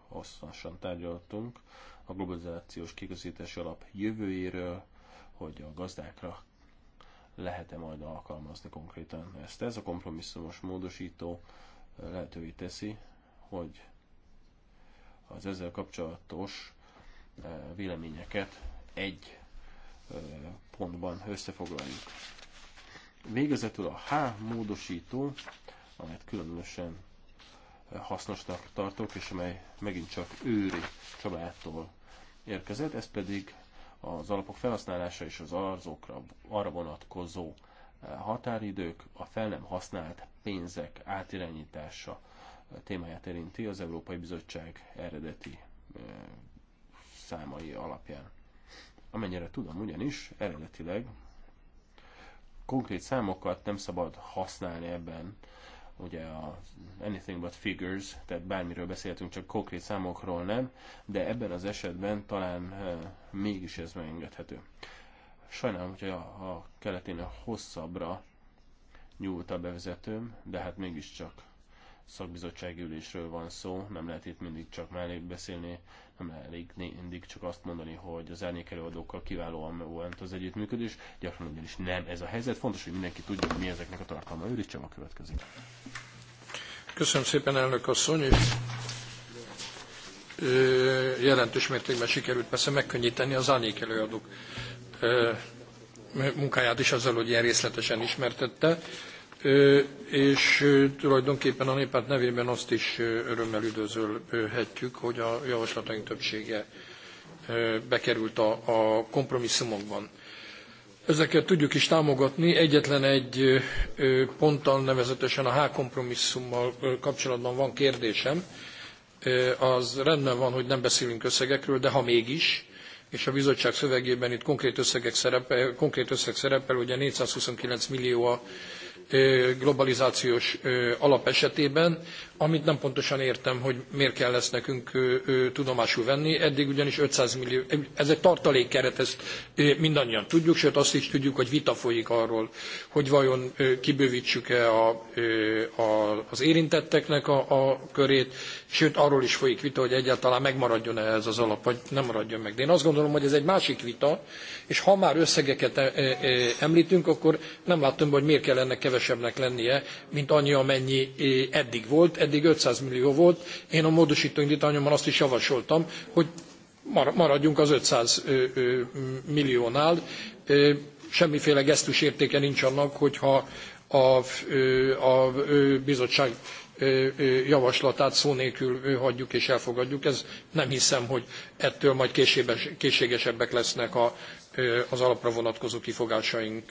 hosszasan tárgyaltunk, a globalizációs kiközítés alap jövőjéről, hogy a gazdákra lehet-e majd alkalmazni konkrétan ezt. Ez a kompromisszumos módosító lehetővé teszi, hogy az ezzel kapcsolatos eh, véleményeket egy eh, pontban összefoglaljuk. Végezetül a H módosító, amelyet különösen hasznosnak tartok, és amely megint csak őri Csabától érkezett, ez pedig az alapok felhasználása és az arzókra arra vonatkozó eh, határidők, a fel nem használt pénzek átirányítása témáját érinti az Európai Bizottság eredeti eh, számai alapján. Amennyire tudom, ugyanis eredetileg konkrét számokat nem szabad használni ebben, ugye a anything but figures, tehát bármiről beszéltünk, csak konkrét számokról nem, de ebben az esetben talán eh, mégis ez megengedhető. Sajnálom, hogy a, a a hosszabbra nyúlt a bevezetőm, de hát mégiscsak szakbizottsági ülésről van szó, nem lehet itt mindig csak mellé beszélni nem elég mindig csak azt mondani, hogy az előadókkal kiválóan volt az együttműködés, gyakran ugyanis nem ez a helyzet. Fontos, hogy mindenki tudja, hogy mi ezeknek a tartalma. Őrítsem a következik. Köszönöm szépen, elnök asszony, és jelentős mértékben sikerült persze megkönnyíteni az árnyék előadók munkáját is azzal, hogy ilyen részletesen ismertette és tulajdonképpen a néppárt nevében azt is örömmel üdvözölhetjük, hogy a javaslataink többsége bekerült a, a kompromisszumokban. Ezeket tudjuk is támogatni, egyetlen egy ponttal, nevezetesen a H kompromisszummal kapcsolatban van kérdésem. Az rendben van, hogy nem beszélünk összegekről, de ha mégis, és a bizottság szövegében itt konkrét, összegek szerepel, konkrét összeg szerepel, ugye 429 millió a globalizációs alap esetében, amit nem pontosan értem, hogy miért kell ezt nekünk tudomásul venni. Eddig ugyanis 500 millió, ez egy tartalékkeret, ezt mindannyian tudjuk, sőt azt is tudjuk, hogy vita folyik arról, hogy vajon kibővítsük-e a, a, az érintetteknek a, a körét, sőt arról is folyik vita, hogy egyáltalán megmaradjon-e ez az alap, vagy nem maradjon meg. De én azt gondolom, hogy ez egy másik vita, és ha már összegeket e, e, e, említünk, akkor nem látom, hogy miért kell ennek kevesebbnek lennie, mint annyi, amennyi eddig volt. Eddig 500 millió volt. Én a módosító indítványomban azt is javasoltam, hogy maradjunk az 500 milliónál. Semmiféle gesztus értéke nincs annak, hogyha a, a bizottság javaslatát szó nélkül hagyjuk és elfogadjuk. Ez nem hiszem, hogy ettől majd készséges, készségesebbek lesznek a, az alapra vonatkozó kifogásaink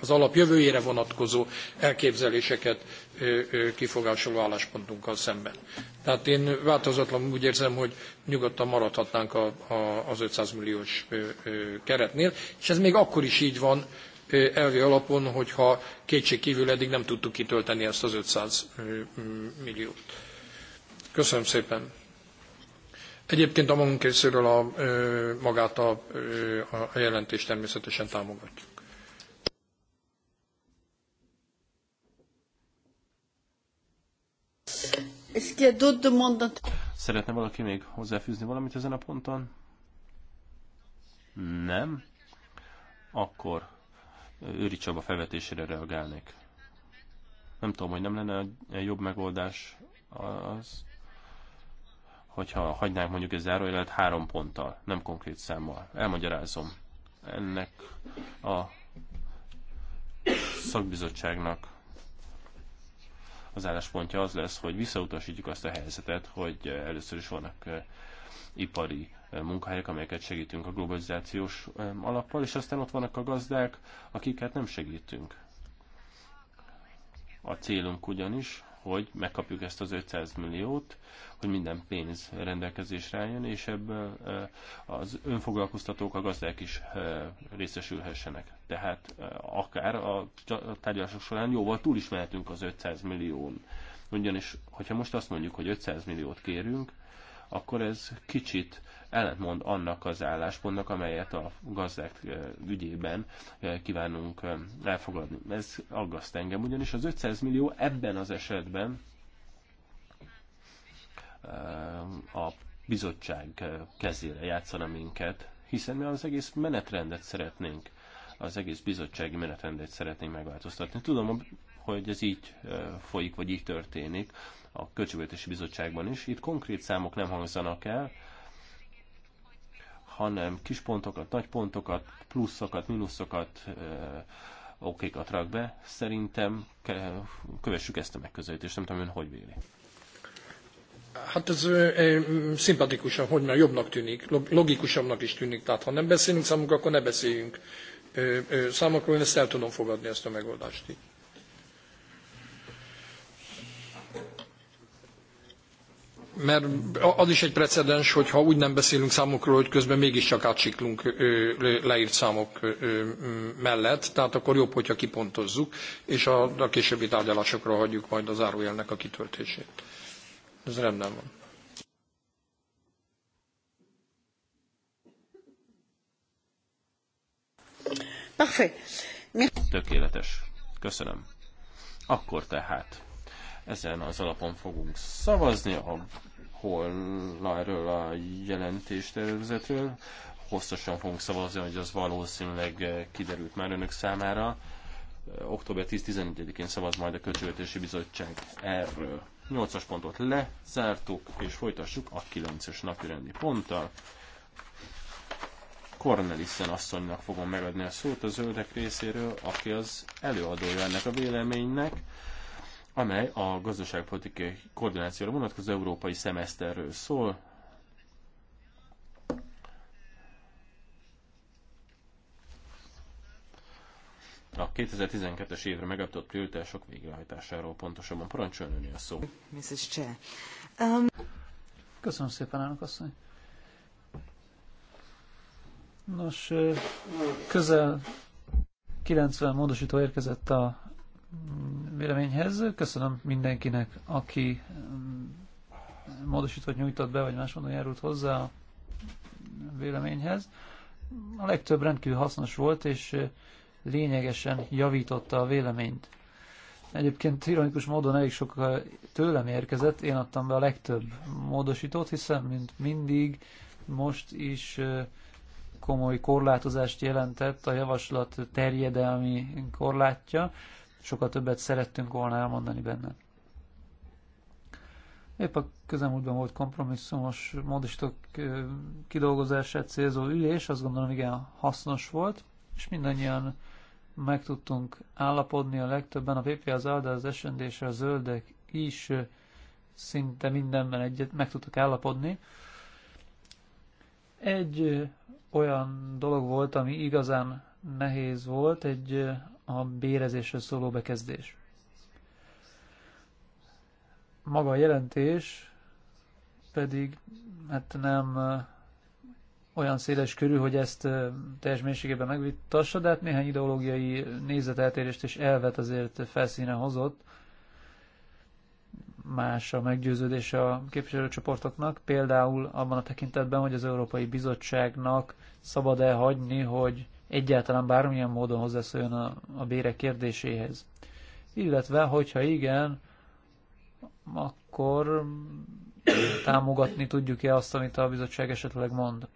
az alap jövőjére vonatkozó elképzeléseket kifogásoló álláspontunkkal szemben. Tehát én változatlanul úgy érzem, hogy nyugodtan maradhatnánk a, a, az 500 milliós keretnél, és ez még akkor is így van elvi alapon, hogyha kétségkívül eddig nem tudtuk kitölteni ezt az 500 milliót. Köszönöm szépen! Egyébként a magunk részéről a, magát a, a jelentést természetesen támogatjuk. Szeretne valaki még hozzáfűzni valamit ezen a ponton? Nem? Akkor Őri Csaba felvetésére reagálnék. Nem tudom, hogy nem lenne egy jobb megoldás az, hogyha hagynánk mondjuk egy zárójelet három ponttal, nem konkrét számmal. Elmagyarázom. Ennek a szakbizottságnak az álláspontja az lesz, hogy visszautasítjuk azt a helyzetet, hogy először is vannak eh, ipari eh, munkahelyek, amelyeket segítünk a globalizációs alappal, és aztán ott vannak a gazdák, akiket nem segítünk. A célunk ugyanis, hogy megkapjuk ezt az 500 milliót, hogy minden pénz rendelkezésre álljon, és ebből eh, az önfoglalkoztatók, a gazdák is eh, részesülhessenek. Tehát eh, akár a tárgyalások során jóval túl is mehetünk az 500 millión. Ugyanis, hogyha most azt mondjuk, hogy 500 milliót kérünk, akkor ez kicsit ellentmond annak az álláspontnak, amelyet a gazdák ügyében kívánunk elfogadni. Ez aggaszt engem, ugyanis az 500 millió ebben az esetben a bizottság kezére játszana minket, hiszen mi az egész menetrendet szeretnénk, az egész bizottsági menetrendet szeretnénk megváltoztatni. Tudom, hogy ez így folyik, vagy így történik a Költségvetési Bizottságban is. Itt konkrét számok nem hangzanak el, hanem kis pontokat, nagy pontokat, pluszokat, mínuszokat, okékat rak be. Szerintem kövessük ezt a megközelítést, nem tudom ön hogy véli. Hát ez szimpatikusan, hogy már jobbnak tűnik, logikusabbnak is tűnik. Tehát ha nem beszélünk számokról, akkor ne beszéljünk számokról. Én ezt el tudom fogadni, ezt a megoldást. Így. mert az is egy precedens, hogy ha úgy nem beszélünk számokról, hogy közben mégiscsak átsiklunk leírt számok mellett, tehát akkor jobb, hogyha kipontozzuk, és a, a későbbi tárgyalásokra hagyjuk majd az árujelnek a kitöltését. Ez rendben van. Tökéletes. Köszönöm. Akkor tehát ezen az alapon fogunk szavazni, a holna erről a jelentéstervezetről. Hosszasan fogunk szavazni, hogy az valószínűleg kiderült már önök számára. Október 10-11-én szavaz majd a Költségvetési Bizottság erről. 8-as pontot lezártuk, és folytassuk a 9-es napirendi ponttal. Cornelissen asszonynak fogom megadni a szót a zöldek részéről, aki az előadója ennek a véleménynek amely a gazdaságpolitikai koordinációra vonatkozó európai szemeszterről szól. A 2012-es évre megadott prioritások végrehajtásáról pontosabban parancsolni a szó. Mrs. Chair. Um... Köszönöm szépen, elnök asszony. Nos, közel 90 módosító érkezett a véleményhez. Köszönöm mindenkinek, aki mm, módosított nyújtott be, vagy máshonnan járult hozzá a véleményhez. A legtöbb rendkívül hasznos volt, és lényegesen javította a véleményt. Egyébként ironikus módon elég sok tőlem érkezett, én adtam be a legtöbb módosítót, hiszen mint mindig most is komoly korlátozást jelentett a javaslat terjedelmi korlátja sokkal többet szerettünk volna elmondani benne. Épp a közelmúltban volt kompromisszumos módistok kidolgozását célzó ülés, azt gondolom igen hasznos volt, és mindannyian meg tudtunk állapodni a legtöbben, a PP, az ALDA, az SND és a Zöldek is szinte mindenben egyet meg tudtak állapodni. Egy olyan dolog volt, ami igazán nehéz volt, egy a bérezésről szóló bekezdés. Maga a jelentés pedig hát nem olyan széles körül, hogy ezt teljes mélységében megvitassa, de hát néhány ideológiai nézeteltérést és elvet azért felszíne hozott. Más a meggyőződése a képviselőcsoportoknak, például abban a tekintetben, hogy az Európai Bizottságnak szabad-e hagyni, hogy egyáltalán bármilyen módon hozzászóljon a, a bére kérdéséhez. Illetve, hogyha igen, akkor támogatni tudjuk-e azt, amit a bizottság esetleg mond.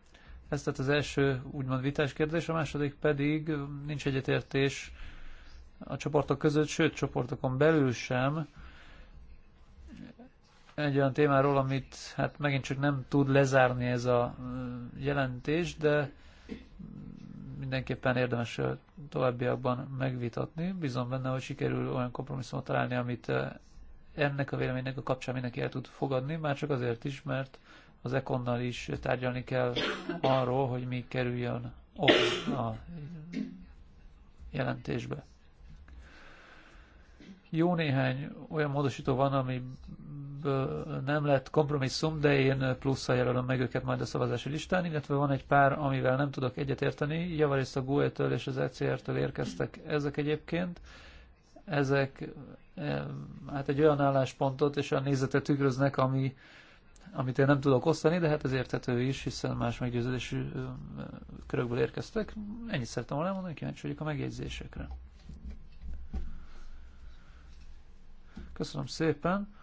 Ez tehát az első úgymond vitás kérdés, a második pedig nincs egyetértés a csoportok között, sőt csoportokon belül sem egy olyan témáról, amit hát megint csak nem tud lezárni ez a jelentés, de mindenképpen érdemes továbbiakban megvitatni. Bízom benne, hogy sikerül olyan kompromisszumot találni, amit ennek a véleménynek a kapcsán mindenki el tud fogadni, már csak azért is, mert az Ekonnal is tárgyalni kell arról, hogy mi kerüljön ott a jelentésbe. Jó néhány olyan módosító van, ami nem lett kompromisszum, de én plusszal jelölöm meg őket majd a szavazási listán, illetve van egy pár, amivel nem tudok egyetérteni. Javarészt a GUE-től és az ECR-től érkeztek ezek egyébként. Ezek hát egy olyan álláspontot és a nézetet tükröznek, ami, amit én nem tudok osztani, de hát ez érthető is, hiszen más meggyőződésű körökből érkeztek. Ennyit szerettem volna elmondani, kíváncsi vagyok a megjegyzésekre. Köszönöm szépen.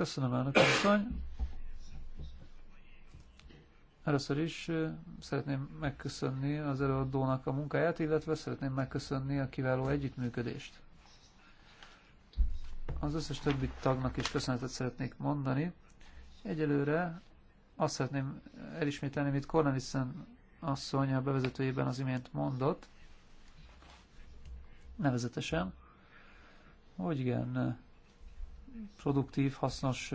Köszönöm, elnök asszony. Először is szeretném megköszönni az előadónak a munkáját, illetve szeretném megköszönni a kiváló együttműködést. Az összes többi tagnak is köszönetet szeretnék mondani. Egyelőre azt szeretném elismételni, amit Cornelissen asszony a bevezetőjében az imént mondott, nevezetesen, hogy igen, produktív, hasznos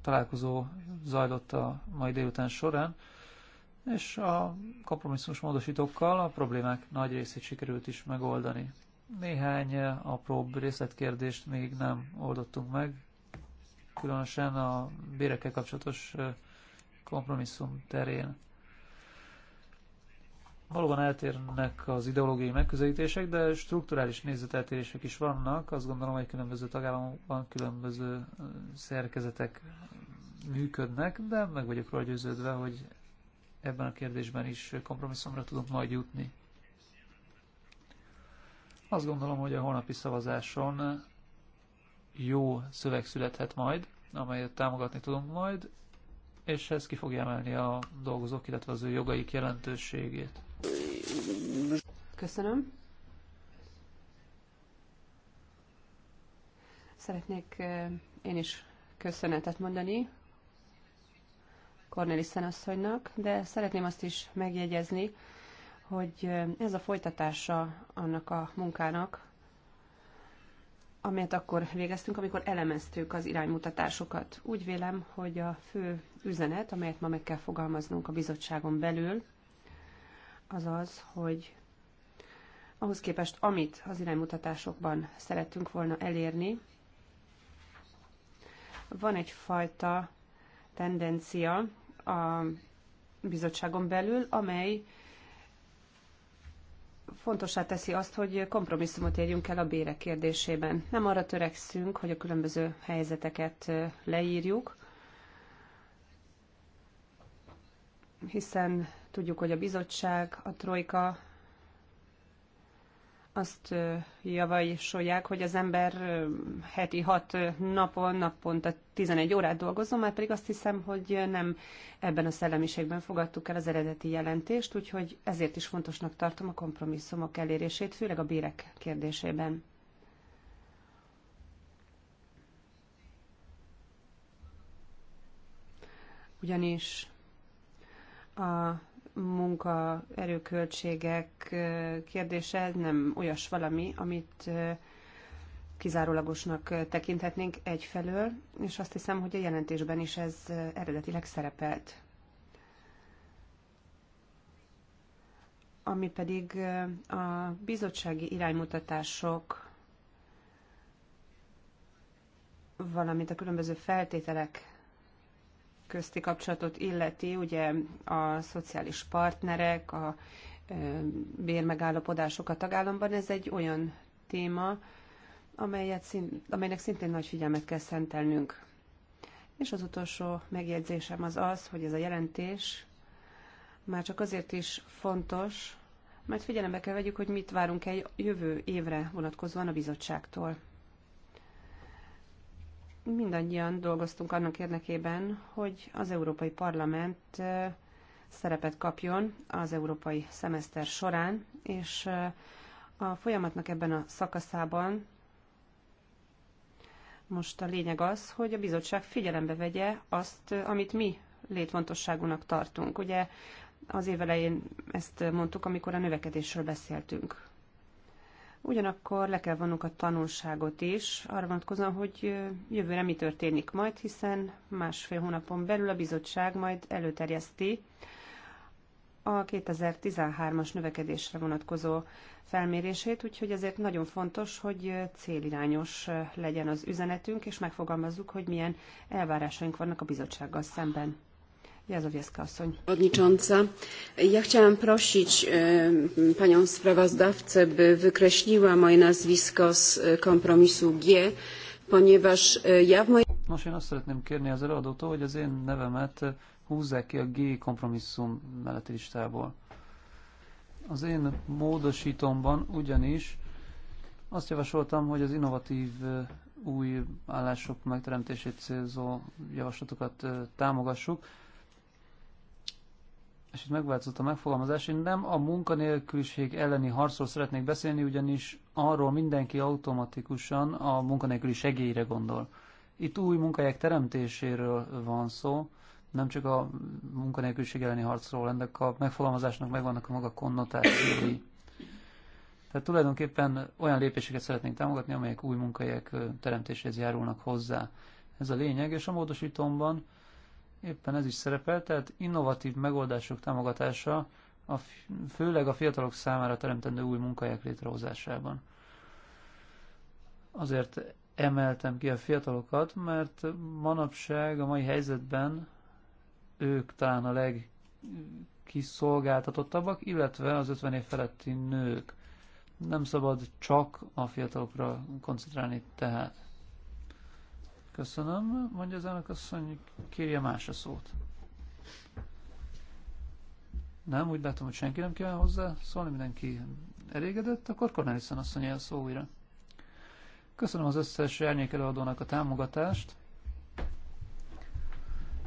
találkozó zajlott a mai délután során, és a kompromisszumos módosítókkal a problémák nagy részét sikerült is megoldani. Néhány apróbb részletkérdést még nem oldottunk meg, különösen a bérekkel kapcsolatos kompromisszum terén valóban eltérnek az ideológiai megközelítések, de strukturális nézeteltérések is vannak. Azt gondolom, hogy különböző tagállamokban különböző szerkezetek működnek, de meg vagyok róla győződve, hogy ebben a kérdésben is kompromisszumra tudunk majd jutni. Azt gondolom, hogy a holnapi szavazáson jó szöveg születhet majd, amelyet támogatni tudunk majd, és ez ki fogja emelni a dolgozók, illetve az ő jogaik jelentőségét. Köszönöm. Szeretnék én is köszönetet mondani Cornelissen asszonynak, de szeretném azt is megjegyezni, hogy ez a folytatása annak a munkának, amelyet akkor végeztünk, amikor elemeztük az iránymutatásokat. Úgy vélem, hogy a fő üzenet, amelyet ma meg kell fogalmaznunk a bizottságon belül, az az, hogy ahhoz képest, amit az iránymutatásokban szerettünk volna elérni, van egyfajta tendencia a bizottságon belül, amely fontossá teszi azt, hogy kompromisszumot érjünk el a bérek kérdésében. Nem arra törekszünk, hogy a különböző helyzeteket leírjuk, hiszen Tudjuk, hogy a bizottság, a trojka azt javasolják, hogy az ember heti hat napon, naponta 11 órát dolgozom, már pedig azt hiszem, hogy nem ebben a szellemiségben fogadtuk el az eredeti jelentést, úgyhogy ezért is fontosnak tartom a kompromisszumok elérését, főleg a bérek kérdésében. Ugyanis a munkaerőköltségek kérdése ez nem olyas valami, amit kizárólagosnak tekinthetnénk egyfelől, és azt hiszem, hogy a jelentésben is ez eredetileg szerepelt. Ami pedig a bizottsági iránymutatások, valamint a különböző feltételek közti kapcsolatot illeti, ugye a szociális partnerek, a bérmegállapodások a tagállamban, ez egy olyan téma, amelyet szint, amelynek szintén nagy figyelmet kell szentelnünk. És az utolsó megjegyzésem az az, hogy ez a jelentés már csak azért is fontos, mert figyelembe kell vegyük, hogy mit várunk egy jövő évre vonatkozóan a bizottságtól mindannyian dolgoztunk annak érdekében, hogy az Európai Parlament szerepet kapjon az európai szemeszter során, és a folyamatnak ebben a szakaszában most a lényeg az, hogy a bizottság figyelembe vegye azt, amit mi létfontosságúnak tartunk. Ugye az év elején ezt mondtuk, amikor a növekedésről beszéltünk. Ugyanakkor le kell vonnunk a tanulságot is, arra vonatkozóan, hogy jövőre mi történik majd, hiszen másfél hónapon belül a bizottság majd előterjeszti a 2013-as növekedésre vonatkozó felmérését, úgyhogy ezért nagyon fontos, hogy célirányos legyen az üzenetünk, és megfogalmazzuk, hogy milyen elvárásaink vannak a bizottsággal szemben. Jazowiecka Przewodnicząca, ja chciałam prosić e, panią sprawozdawcę, by wykreśliła moje nazwisko z e, kompromisu G, ponieważ e, ja w mojej... Nos, én azt szeretném kérni az előadótól, hogy az én nevemet húzzák ki a G kompromisszum melletti listából. Az én módosítomban ugyanis azt javasoltam, hogy az innovatív új állások megteremtését célzó javaslatokat támogassuk, és itt megváltozott a megfogalmazás, én nem a munkanélküliség elleni harcról szeretnék beszélni, ugyanis arról mindenki automatikusan a munkanélküli segélyre gondol. Itt új munkahelyek teremtéséről van szó, nem csak a munkanélküliség elleni harcról, ennek a megfogalmazásnak megvannak a maga konnotációi. Tehát tulajdonképpen olyan lépéseket szeretnénk támogatni, amelyek új munkahelyek teremtéséhez járulnak hozzá. Ez a lényeg, és a módosítomban éppen ez is szerepel, tehát innovatív megoldások támogatása, a, főleg a fiatalok számára teremtendő új munkahelyek létrehozásában. Azért emeltem ki a fiatalokat, mert manapság a mai helyzetben ők talán a legkiszolgáltatottabbak, illetve az 50 év feletti nők. Nem szabad csak a fiatalokra koncentrálni tehát. Köszönöm, mondja az elnök asszony, kérje más a szót. Nem, úgy látom, hogy senki nem kíván hozzá szólni, mindenki elégedett, akkor Cornelissen asszony el szó újra. Köszönöm az összes árnyékelőadónak a támogatást.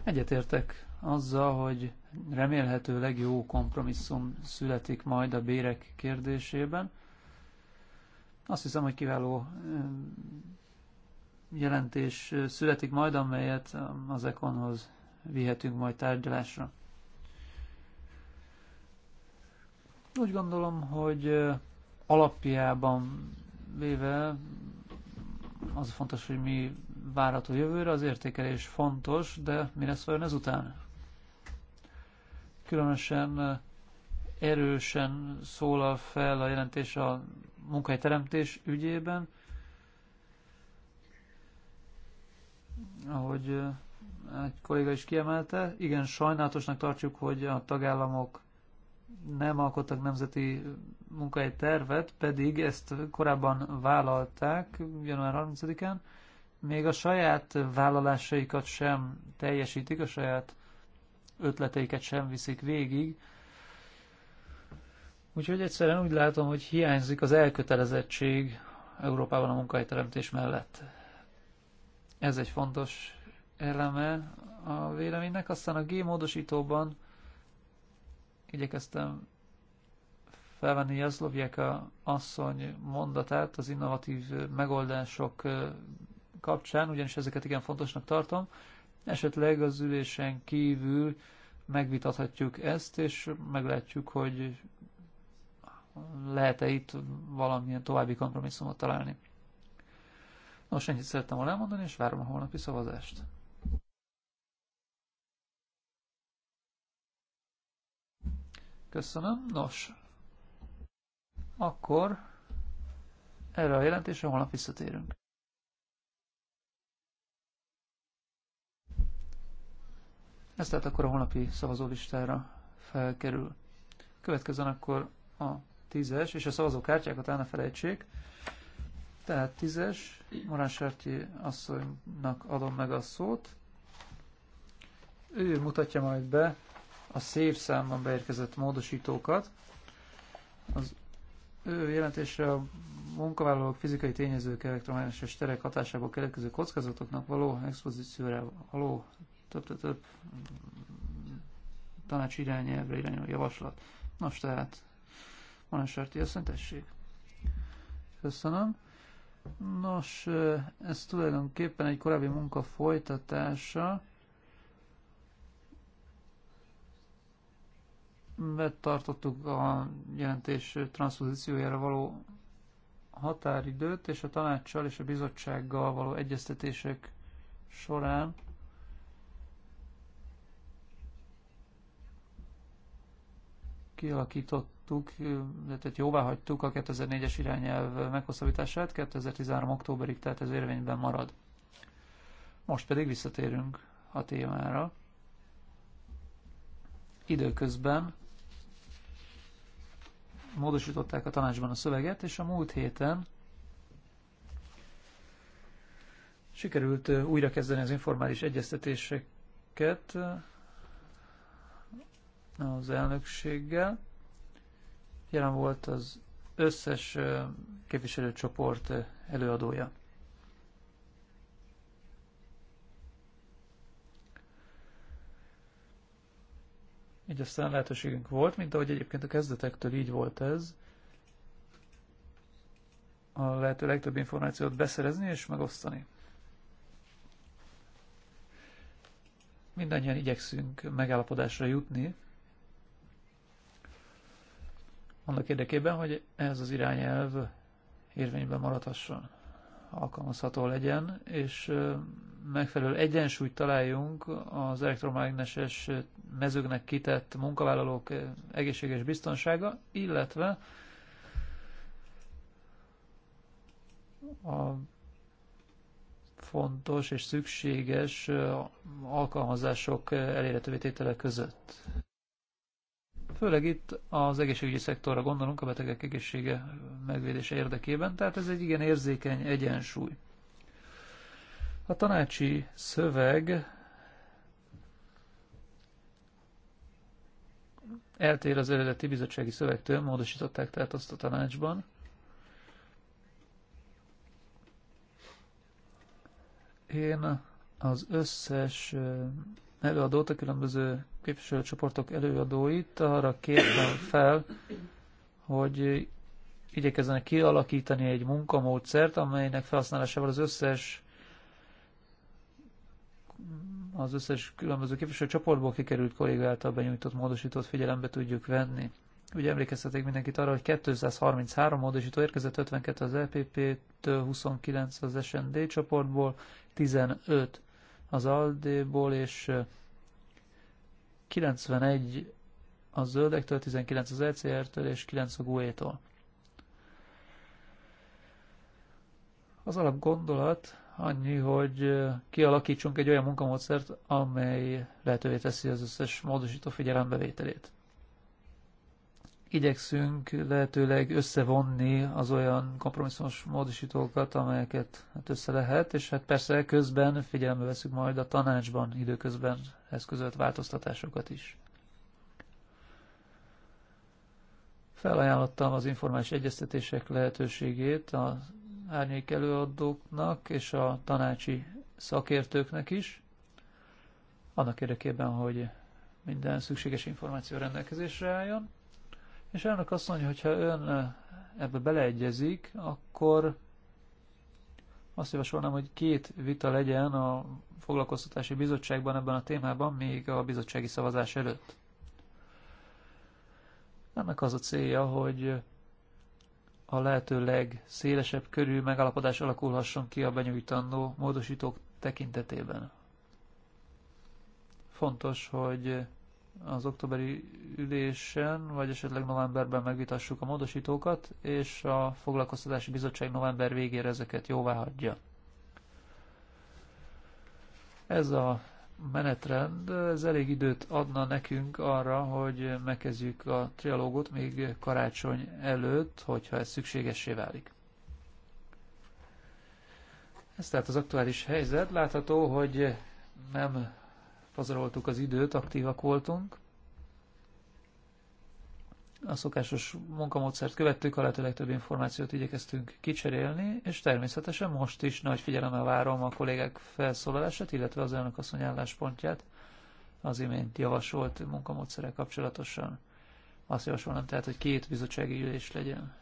Egyetértek azzal, hogy remélhetőleg jó kompromisszum születik majd a bérek kérdésében. Azt hiszem, hogy kiváló jelentés születik majd, amelyet um, az Econhoz vihetünk majd tárgyalásra. Úgy gondolom, hogy alapjában véve az fontos, hogy mi várható jövőre, az értékelés fontos, de mi lesz vajon ezután? Különösen erősen szólal fel a jelentés a munkahelyteremtés ügyében, ahogy egy kolléga is kiemelte, igen, sajnálatosnak tartjuk, hogy a tagállamok nem alkottak nemzeti munkai tervet, pedig ezt korábban vállalták január 30-án, még a saját vállalásaikat sem teljesítik, a saját ötleteiket sem viszik végig. Úgyhogy egyszerűen úgy látom, hogy hiányzik az elkötelezettség Európában a munkahelyteremtés mellett. Ez egy fontos eleme a véleménynek. Aztán a G-módosítóban igyekeztem felvenni a asszony mondatát az innovatív megoldások kapcsán, ugyanis ezeket igen fontosnak tartom. Esetleg az ülésen kívül megvitathatjuk ezt, és meglátjuk, hogy lehet-e itt valamilyen további kompromisszumot találni. Nos, ennyit szerettem volna elmondani, és várom a holnapi szavazást. Köszönöm. Nos, akkor erre a jelentésre holnap visszatérünk. Ez tehát akkor a holnapi szavazólistára felkerül. Következzen akkor a tízes, és a szavazókártyákat el ne felejtsék. Tehát tízes, Morán Sartyi asszonynak adom meg a szót. Ő mutatja majd be a szép számban beérkezett módosítókat. Az ő jelentésre a munkavállalók fizikai tényezők elektromágneses terek hatásából keletkező kockázatoknak való expozícióra való több-több tanács irányelvre irányuló javaslat. Nos tehát, Manasárti, asszony, tessék. Köszönöm. Nos, ez tulajdonképpen egy korábbi munka folytatása. Betartottuk a jelentés transzpozíciójára való határidőt, és a tanácssal és a bizottsággal való egyeztetések során kialakított hagytuk, tehát jóvá hagytuk a 2004-es irányelv meghosszabbítását, 2013. októberig, tehát ez érvényben marad. Most pedig visszatérünk a témára. Időközben módosították a tanácsban a szöveget, és a múlt héten sikerült újrakezdeni az informális egyeztetéseket az elnökséggel jelen volt az összes képviselőcsoport előadója. Így aztán lehetőségünk volt, mint ahogy egyébként a kezdetektől így volt ez, a lehető legtöbb információt beszerezni és megosztani. Mindannyian igyekszünk megállapodásra jutni, annak érdekében, hogy ez az irányelv érvényben maradhasson, alkalmazható legyen, és megfelelő egyensúlyt találjunk az elektromágneses mezőknek kitett munkavállalók egészséges biztonsága, illetve a fontos és szükséges alkalmazások elérhetővé tétele között. Főleg itt az egészségügyi szektorra gondolunk a betegek egészsége megvédése érdekében, tehát ez egy igen érzékeny egyensúly. A tanácsi szöveg eltér az eredeti bizottsági szövegtől, módosították tehát azt a tanácsban. Én az összes előadót, a különböző képviselőcsoportok előadóit arra kértem fel, hogy igyekezzenek kialakítani egy munkamódszert, amelynek felhasználásával az összes az összes különböző képviselőcsoportból kikerült kolléga által benyújtott módosítót figyelembe tudjuk venni. Ugye emlékeztetek mindenkit arra, hogy 233 módosító érkezett, 52 az EPP-től, 29 az SND csoportból, 15 az Aldéból, és 91 a zöldektől, 19 az ECR-től, és 9 a GUE-tól. Az alap gondolat annyi, hogy kialakítsunk egy olyan munkamódszert, amely lehetővé teszi az összes módosító figyelembevételét igyekszünk lehetőleg összevonni az olyan kompromisszumos módosítókat, amelyeket hát össze lehet, és hát persze közben figyelembe veszük majd a tanácsban időközben eszközölt változtatásokat is. Felajánlottam az informális egyeztetések lehetőségét az árnyék előadóknak és a tanácsi szakértőknek is, annak érdekében, hogy minden szükséges információ rendelkezésre álljon. És elnök azt mondja, hogyha ön ebbe beleegyezik, akkor azt javasolnám, hogy két vita legyen a foglalkoztatási bizottságban ebben a témában, még a bizottsági szavazás előtt. Ennek az a célja, hogy a lehető legszélesebb körű megállapodás alakulhasson ki a benyújtandó módosítók tekintetében. Fontos, hogy az októberi ülésen, vagy esetleg novemberben megvitassuk a módosítókat, és a foglalkoztatási bizottság november végére ezeket jóvá hagyja. Ez a menetrend, ez elég időt adna nekünk arra, hogy megkezdjük a trialógot még karácsony előtt, hogyha ez szükségessé válik. Ez tehát az aktuális helyzet. Látható, hogy nem pazaroltuk az időt, aktívak voltunk. A szokásos munkamódszert követtük, a lehető legtöbb információt igyekeztünk kicserélni, és természetesen most is nagy figyelemmel várom a kollégák felszólalását, illetve az elnök asszony álláspontját az imént javasolt munkamódszerek kapcsolatosan. Azt javasolnám tehát, hogy két bizottsági ülés legyen.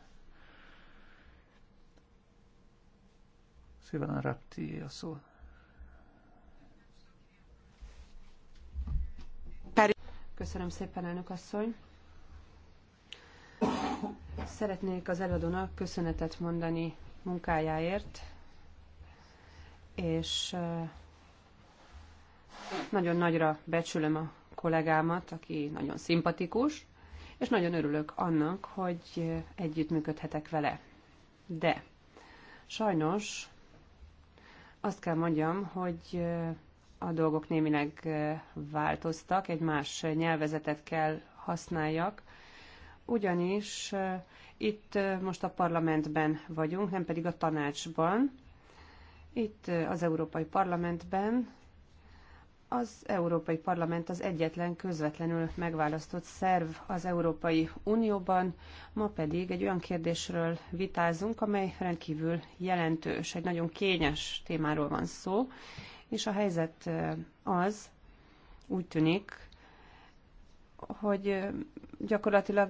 Szíven a rapti szó. Köszönöm szépen, elnök asszony. Szeretnék az előadónak köszönetet mondani munkájáért, és nagyon nagyra becsülöm a kollégámat, aki nagyon szimpatikus, és nagyon örülök annak, hogy együttműködhetek vele. De sajnos azt kell mondjam, hogy a dolgok némileg változtak, egy más nyelvezetet kell használjak, ugyanis itt most a parlamentben vagyunk, nem pedig a tanácsban. Itt az Európai Parlamentben az Európai Parlament az egyetlen közvetlenül megválasztott szerv az Európai Unióban, ma pedig egy olyan kérdésről vitázunk, amely rendkívül jelentős, egy nagyon kényes témáról van szó, és a helyzet az, úgy tűnik, hogy gyakorlatilag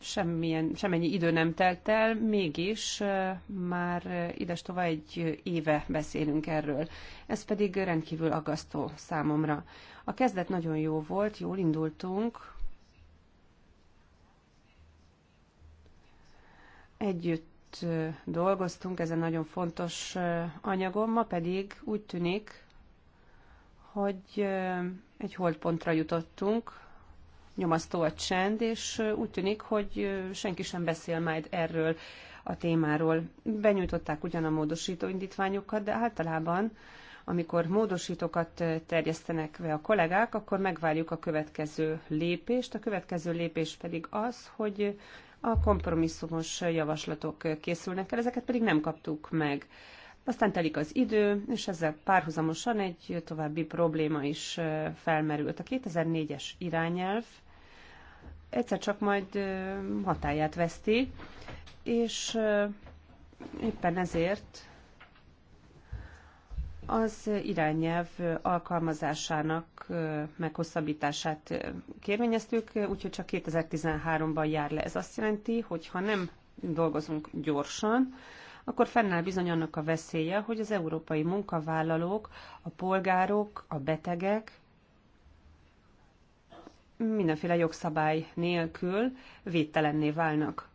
semmilyen, semmennyi idő nem telt el, mégis már ides tova egy éve beszélünk erről. Ez pedig rendkívül aggasztó számomra. A kezdet nagyon jó volt, jól indultunk. Együtt együtt dolgoztunk ezen nagyon fontos anyagon, ma pedig úgy tűnik, hogy egy holdpontra jutottunk, nyomasztó a csend, és úgy tűnik, hogy senki sem beszél majd erről a témáról. Benyújtották ugyan a módosító indítványokat, de általában, amikor módosítókat terjesztenek be a kollégák, akkor megvárjuk a következő lépést. A következő lépés pedig az, hogy a kompromisszumos javaslatok készülnek el, ezeket pedig nem kaptuk meg. Aztán telik az idő, és ezzel párhuzamosan egy további probléma is felmerült. A 2004-es irányelv egyszer csak majd hatáját veszti, és éppen ezért az irányelv alkalmazásának meghosszabbítását kérvényeztük, úgyhogy csak 2013-ban jár le. Ez azt jelenti, hogy ha nem dolgozunk gyorsan, akkor fennáll bizony annak a veszélye, hogy az európai munkavállalók, a polgárok, a betegek mindenféle jogszabály nélkül védtelenné válnak.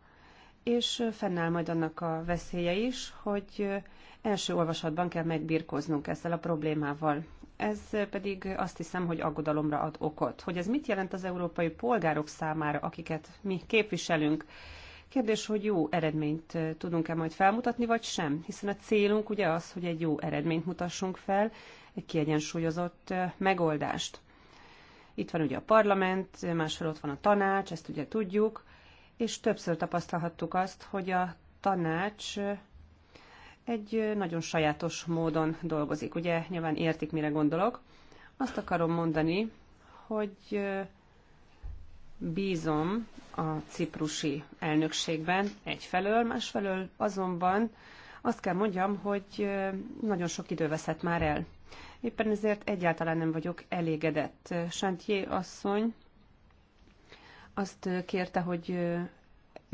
És fennáll majd annak a veszélye is, hogy első olvasatban kell megbirkóznunk ezzel a problémával ez pedig azt hiszem, hogy aggodalomra ad okot. Hogy ez mit jelent az európai polgárok számára, akiket mi képviselünk? Kérdés, hogy jó eredményt tudunk-e majd felmutatni, vagy sem? Hiszen a célunk ugye az, hogy egy jó eredményt mutassunk fel, egy kiegyensúlyozott megoldást. Itt van ugye a parlament, másfél ott van a tanács, ezt ugye tudjuk, és többször tapasztalhattuk azt, hogy a tanács egy nagyon sajátos módon dolgozik. Ugye nyilván értik, mire gondolok. Azt akarom mondani, hogy bízom a ciprusi elnökségben egyfelől, másfelől azonban azt kell mondjam, hogy nagyon sok idő veszett már el. Éppen ezért egyáltalán nem vagyok elégedett. Santier asszony azt kérte, hogy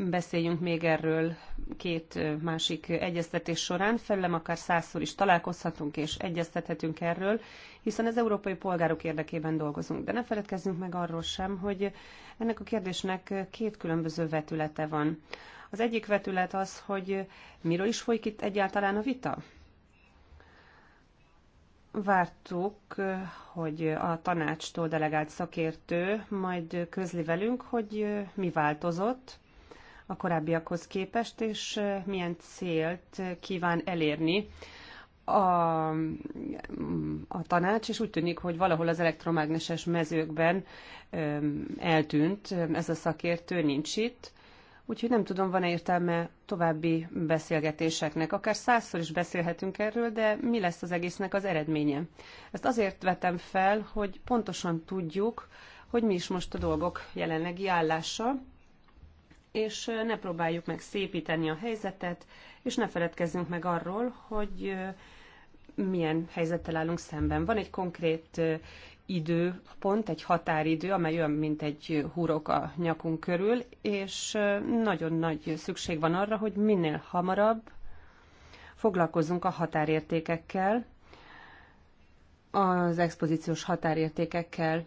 beszéljünk még erről két másik egyeztetés során. Felem akár százszor is találkozhatunk és egyeztethetünk erről, hiszen az európai polgárok érdekében dolgozunk. De ne feledkezzünk meg arról sem, hogy ennek a kérdésnek két különböző vetülete van. Az egyik vetület az, hogy miről is folyik itt egyáltalán a vita? Vártuk, hogy a tanácstól delegált szakértő majd közli velünk, hogy mi változott, a korábbiakhoz képest, és milyen célt kíván elérni a, a tanács, és úgy tűnik, hogy valahol az elektromágneses mezőkben eltűnt ez a szakértő, nincs itt. Úgyhogy nem tudom, van-e értelme további beszélgetéseknek. Akár százszor is beszélhetünk erről, de mi lesz az egésznek az eredménye? Ezt azért vetem fel, hogy pontosan tudjuk, hogy mi is most a dolgok jelenlegi állása, és ne próbáljuk meg szépíteni a helyzetet, és ne feledkezzünk meg arról, hogy milyen helyzettel állunk szemben. Van egy konkrét időpont, egy határidő, amely olyan, mint egy hurok a nyakunk körül, és nagyon nagy szükség van arra, hogy minél hamarabb foglalkozunk a határértékekkel, az expozíciós határértékekkel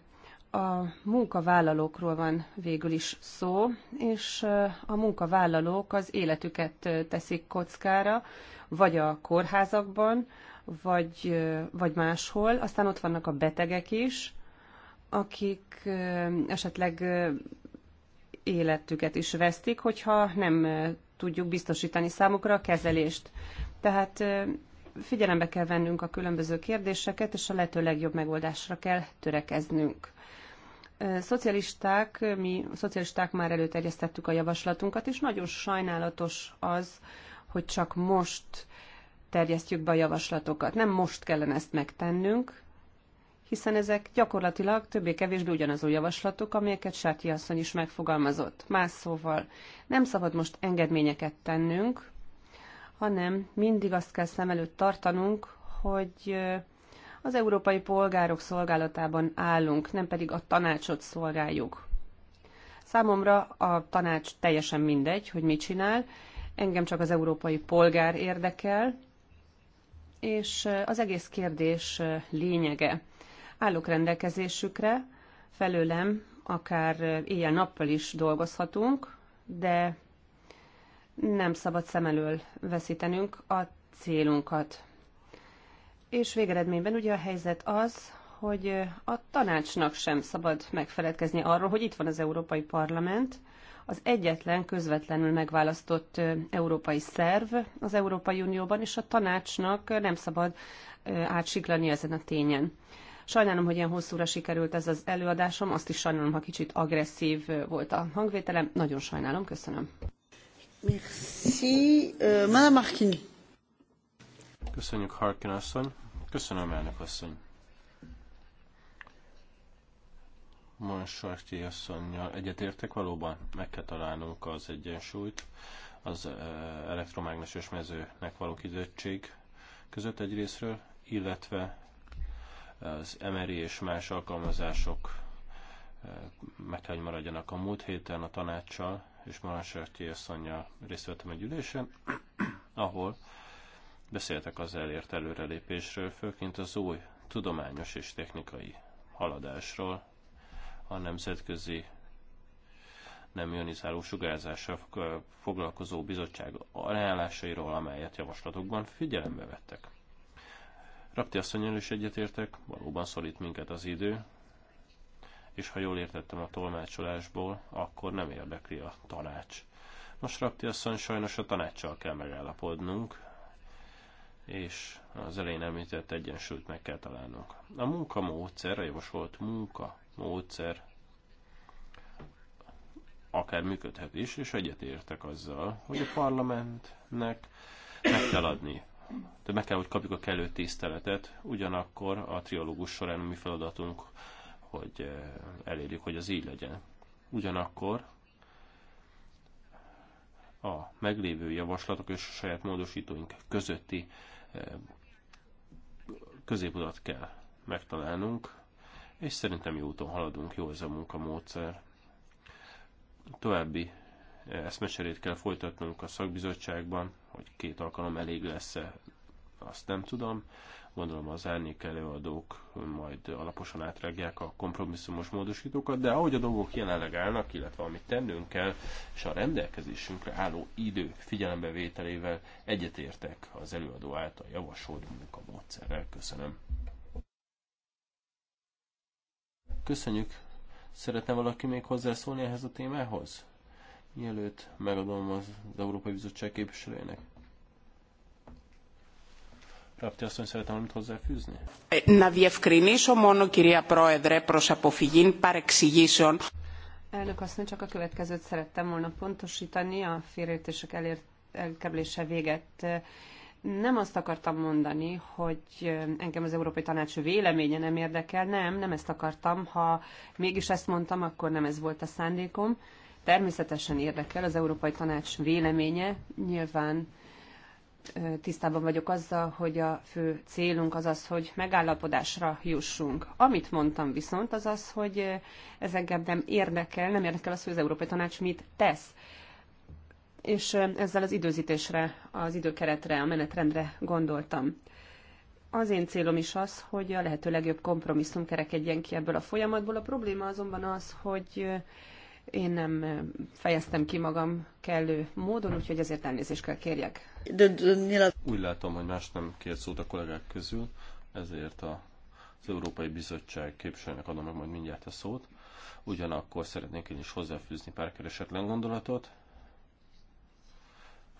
a munkavállalókról van végül is szó, és a munkavállalók az életüket teszik kockára, vagy a kórházakban, vagy, vagy máshol. Aztán ott vannak a betegek is, akik esetleg életüket is vesztik, hogyha nem tudjuk biztosítani számukra a kezelést. Tehát figyelembe kell vennünk a különböző kérdéseket, és a lehető legjobb megoldásra kell törekeznünk. Szocialisták, mi szocialisták már előterjesztettük a javaslatunkat, és nagyon sajnálatos az, hogy csak most terjesztjük be a javaslatokat. Nem most kellene ezt megtennünk, hiszen ezek gyakorlatilag többé-kevésbé ugyanazó javaslatok, amelyeket Sáti asszony is megfogalmazott. Más szóval nem szabad most engedményeket tennünk, hanem mindig azt kell szem előtt tartanunk, hogy az európai polgárok szolgálatában állunk, nem pedig a tanácsot szolgáljuk. Számomra a tanács teljesen mindegy, hogy mit csinál, engem csak az európai polgár érdekel, és az egész kérdés lényege. Állok rendelkezésükre, felőlem akár éjjel-nappal is dolgozhatunk, de nem szabad szem elől veszítenünk a célunkat és végeredményben ugye a helyzet az, hogy a tanácsnak sem szabad megfeledkezni arról, hogy itt van az Európai Parlament, az egyetlen közvetlenül megválasztott európai szerv az Európai Unióban, és a tanácsnak nem szabad átsiklani ezen a tényen. Sajnálom, hogy ilyen hosszúra sikerült ez az előadásom, azt is sajnálom, ha kicsit agresszív volt a hangvételem. Nagyon sajnálom, köszönöm. Merci. Madame Harkin. Köszönjük, Harkin asszony. Köszönöm, elnök asszony. Monsorti asszonynal egyetértek valóban, meg kell találnunk az egyensúlyt az elektromágneses mezőnek való kizettség között egy részről, illetve az MRI és más alkalmazások meg kell, hogy maradjanak a múlt héten a tanácssal, és Monsarti asszonynal részt vettem egy ülésen, ahol Beszéltek az elért előrelépésről, főként az új tudományos és technikai haladásról, a nemzetközi nem ionizáló sugárzással foglalkozó bizottság ajánlásairól, amelyet javaslatokban figyelembe vettek. Rapti asszonyjal is egyetértek, valóban szorít minket az idő, és ha jól értettem a tolmácsolásból, akkor nem érdekli a tanács. Most Rapti asszony sajnos a tanácssal kell megállapodnunk, és az elején említett egyensúlyt meg kell találnunk. A munkamódszer, a javasolt munkamódszer akár működhet is, és egyetértek azzal, hogy a parlamentnek meg kell adni. De meg kell, hogy kapjuk a kellő tiszteletet, ugyanakkor a triológus során mi feladatunk, hogy eh, elérjük, hogy az így legyen. Ugyanakkor a meglévő javaslatok és a saját módosítóink közötti középutat kell megtalálnunk, és szerintem jó úton haladunk, jó ez a munkamódszer. További eh, eszmeserét kell folytatnunk a szakbizottságban, hogy két alkalom elég lesz-e, azt nem tudom. Gondolom az elnék előadók majd alaposan átrágják a kompromisszumos módosítókat, de ahogy a dolgok jelenleg állnak, illetve amit tennünk kell, és a rendelkezésünkre álló idő figyelembevételével egyetértek az előadó által javasolt munkamódszerrel. Köszönöm. Köszönjük. Szeretne valaki még hozzászólni ehhez a témához? Mielőtt megadom az Európai Bizottság képviselőjének. Ραπτή Αστόν, szeretem valamit hozzáfűzni. Να διευκρινίσω μόνο, κυρία Πρόεδρε, προς αποφυγήν παρεξηγήσεων. Elnök asszony, csak a következőt szerettem volna pontosítani, a félreértések elért, elkerülése véget. Nem azt akartam mondani, hogy engem az Európai Tanács véleménye nem érdekel, nem, nem ezt akartam. Ha mégis ezt mondtam, akkor nem ez volt a szándékom. Természetesen érdekel az Európai Tanács véleménye, nyilván tisztában vagyok azzal, hogy a fő célunk az az, hogy megállapodásra jussunk. Amit mondtam viszont, az az, hogy ez engem nem érdekel, nem érdekel az, hogy az Európai Tanács mit tesz. És ezzel az időzítésre, az időkeretre, a menetrendre gondoltam. Az én célom is az, hogy a lehető legjobb kompromisszum kerekedjen ki ebből a folyamatból. A probléma azonban az, hogy én nem fejeztem ki magam kellő módon, úgyhogy ezért elnézést kell kérjek. De Úgy látom, hogy más nem kért szót a kollégák közül, ezért a, az Európai Bizottság képviselőnek adom meg majd mindjárt a szót. Ugyanakkor szeretnék én is hozzáfűzni pár keresetlen gondolatot.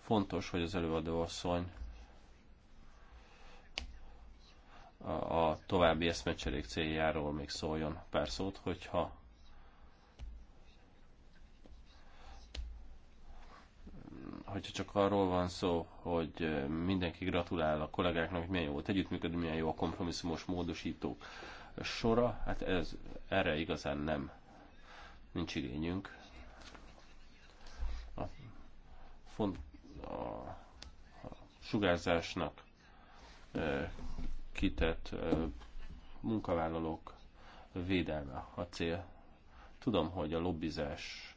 Fontos, hogy az előadó asszony a további eszmecserék céljáról még szóljon pár szót, hogyha hogyha csak arról van szó, hogy mindenki gratulál a kollégáknak, hogy milyen jó volt együttműködni, milyen jó a kompromisszumos módosítók sora, hát ez, erre igazán nem nincs igényünk. A, font, a, a sugárzásnak e, kitett e, munkavállalók védelme a cél. Tudom, hogy a lobbizás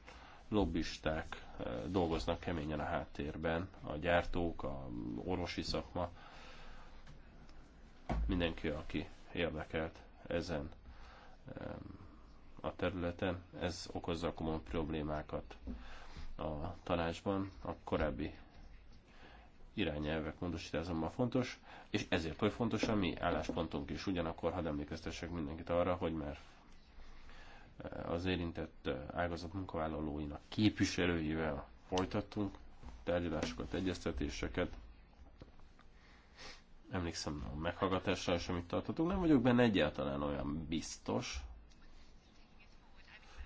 lobbisták eh, dolgoznak keményen a háttérben, a gyártók, a orvosi szakma, mindenki, aki érdekelt ezen a területen, ez okozza a komoly problémákat a tanácsban, a korábbi irányelvek módosításomban fontos, és ezért hogy fontos a mi álláspontunk is. Ugyanakkor hadd emlékeztessek mindenkit arra, hogy már az érintett ágazat munkavállalóinak képviselőivel folytattunk tárgyalásokat, egyeztetéseket. Emlékszem a meghallgatásra is, amit tartottunk. Nem vagyok benne egyáltalán olyan biztos,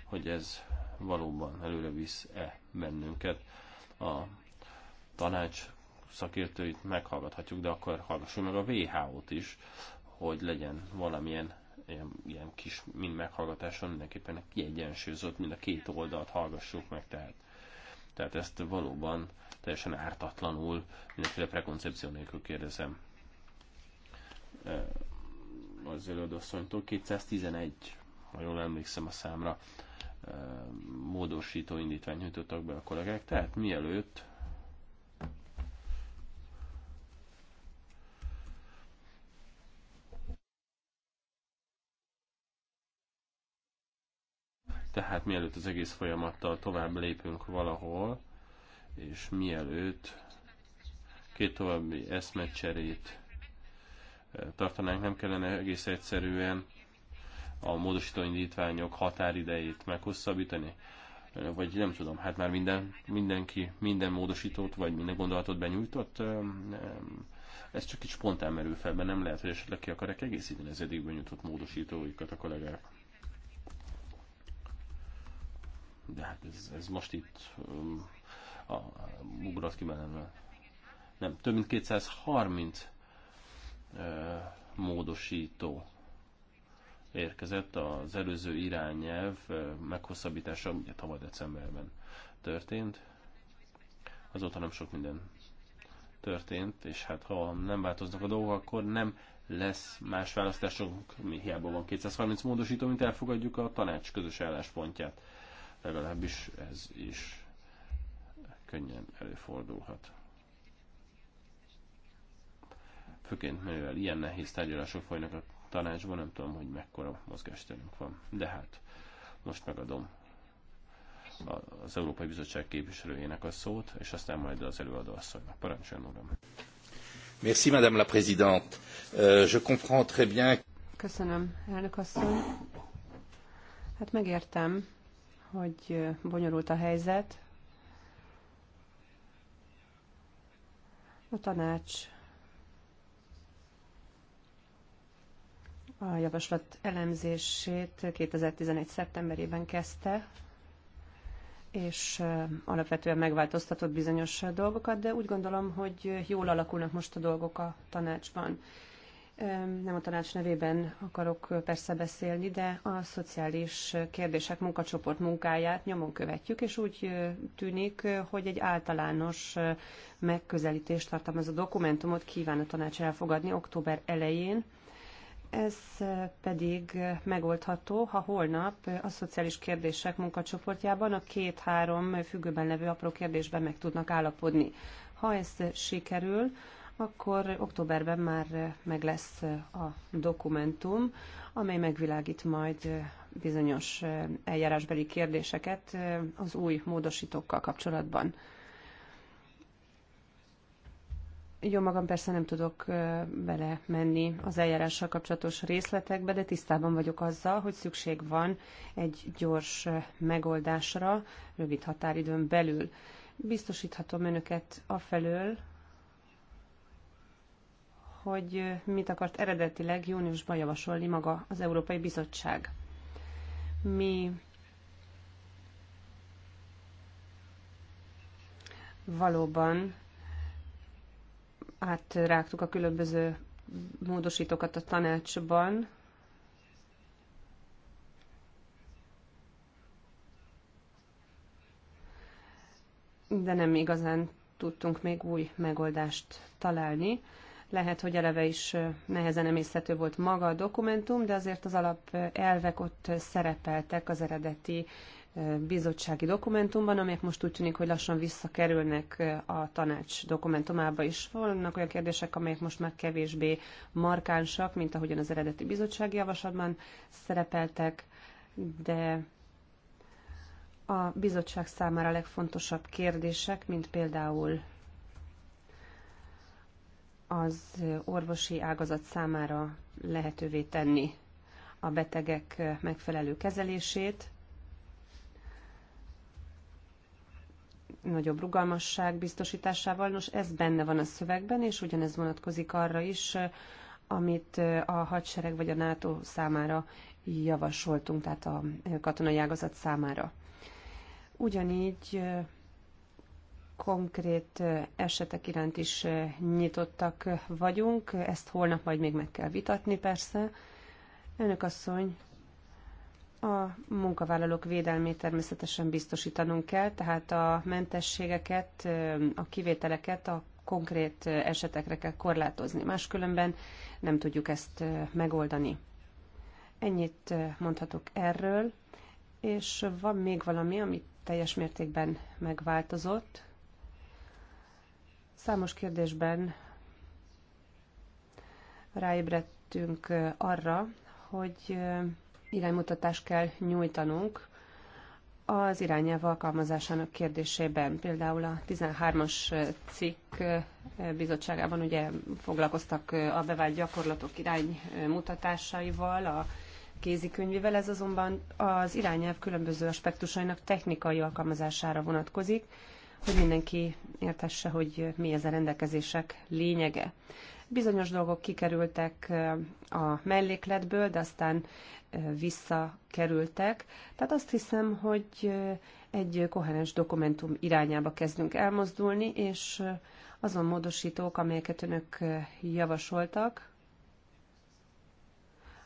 hogy ez valóban előre visz-e bennünket. A tanács szakértőit meghallgathatjuk, de akkor hallgassuk meg a WHO-t is, hogy legyen valamilyen ilyen, ilyen kis mind meghallgatáson mindenképpen kiegyensúlyozott, mind a két oldalt hallgassuk meg, tehát, tehát ezt valóban teljesen ártatlanul, mindenféle prekoncepció nélkül kérdezem az előadasszonytól. 211, ha jól emlékszem a számra, módosító indítványt nyújtottak be a kollégák, tehát mielőtt Tehát mielőtt az egész folyamattal tovább lépünk valahol, és mielőtt két további eszmecserét eh, tartanánk, nem kellene egész egyszerűen a módosító indítványok határidejét meghosszabbítani? Eh, vagy nem tudom, hát már minden, mindenki minden módosítót, vagy minden gondolatot benyújtott? Eh, nem. Ez csak egy spontán merül fel, mert nem lehet, hogy esetleg ki akarják egészíteni az eddig benyújtott módosítóikat a kollégák. de hát ez, ez most itt um, a, a, ugrott ki belőle. Nem, több mint 230 uh, módosító érkezett az előző irányelv uh, meghosszabbítása, ugye tavaly decemberben történt. Azóta nem sok minden történt, és hát ha nem változnak a dolgok, akkor nem lesz más választásunk, mi hiába van 230 módosító, mint elfogadjuk a tanács közös álláspontját legalábbis ez is könnyen előfordulhat. Főként mivel ilyen nehéz tárgyalások folynak a tanácsban, nem tudom, hogy mekkora mozgásterünk van. De hát most megadom az Európai Bizottság képviselőjének a szót, és aztán majd az előadó asszonynak. Parancsoljon, uram! Merci, Madame la Présidente. Euh, je comprends très bien. Köszönöm, elnök asszony. Hát megértem, hogy bonyolult a helyzet. A tanács a javaslat elemzését 2011. szeptemberében kezdte, és alapvetően megváltoztatott bizonyos dolgokat, de úgy gondolom, hogy jól alakulnak most a dolgok a tanácsban nem a tanács nevében akarok persze beszélni, de a szociális kérdések munkacsoport munkáját nyomon követjük, és úgy tűnik, hogy egy általános megközelítést tartalmaz a dokumentumot, kíván a tanács elfogadni október elején. Ez pedig megoldható, ha holnap a szociális kérdések munkacsoportjában a két-három függőben levő apró kérdésben meg tudnak állapodni. Ha ez sikerül, akkor októberben már meg lesz a dokumentum, amely megvilágít majd bizonyos eljárásbeli kérdéseket az új módosítókkal kapcsolatban. Jó, magam persze nem tudok bele menni az eljárással kapcsolatos részletekbe, de tisztában vagyok azzal, hogy szükség van egy gyors megoldásra rövid határidőn belül. Biztosíthatom önöket afelől, hogy mit akart eredetileg júniusban javasolni maga az Európai Bizottság. Mi valóban átrágtuk a különböző módosítókat a tanácsban, de nem igazán tudtunk még új megoldást találni. Lehet, hogy eleve is nehezen emészhető volt maga a dokumentum, de azért az elvek ott szerepeltek az eredeti bizottsági dokumentumban, amelyek most úgy tűnik, hogy lassan visszakerülnek a tanács dokumentumába is. Vannak olyan kérdések, amelyek most már kevésbé markánsak, mint ahogyan az eredeti bizottsági javaslatban szerepeltek, de a bizottság számára legfontosabb kérdések, mint például az orvosi ágazat számára lehetővé tenni a betegek megfelelő kezelését, nagyobb rugalmasság biztosításával. Nos, ez benne van a szövegben, és ugyanez vonatkozik arra is, amit a hadsereg vagy a NATO számára javasoltunk, tehát a katonai ágazat számára. Ugyanígy konkrét esetek iránt is nyitottak vagyunk. Ezt holnap majd még meg kell vitatni persze. Önök asszony, a munkavállalók védelmét természetesen biztosítanunk kell, tehát a mentességeket, a kivételeket a konkrét esetekre kell korlátozni. Máskülönben nem tudjuk ezt megoldani. Ennyit mondhatok erről, és van még valami, amit teljes mértékben megváltozott. Számos kérdésben ráébredtünk arra, hogy iránymutatást kell nyújtanunk az irányelv alkalmazásának kérdésében. Például a 13-as cikk bizottságában ugye foglalkoztak a bevált gyakorlatok iránymutatásaival, a kézikönyvével, ez azonban az irányelv különböző aspektusainak technikai alkalmazására vonatkozik, hogy mindenki értesse, hogy mi ez a rendelkezések lényege. Bizonyos dolgok kikerültek eh, a mellékletből, de aztán eh, visszakerültek. Tehát azt hiszem, hogy eh, egy koherens dokumentum irányába kezdünk elmozdulni, és azon módosítók, amelyeket önök javasoltak,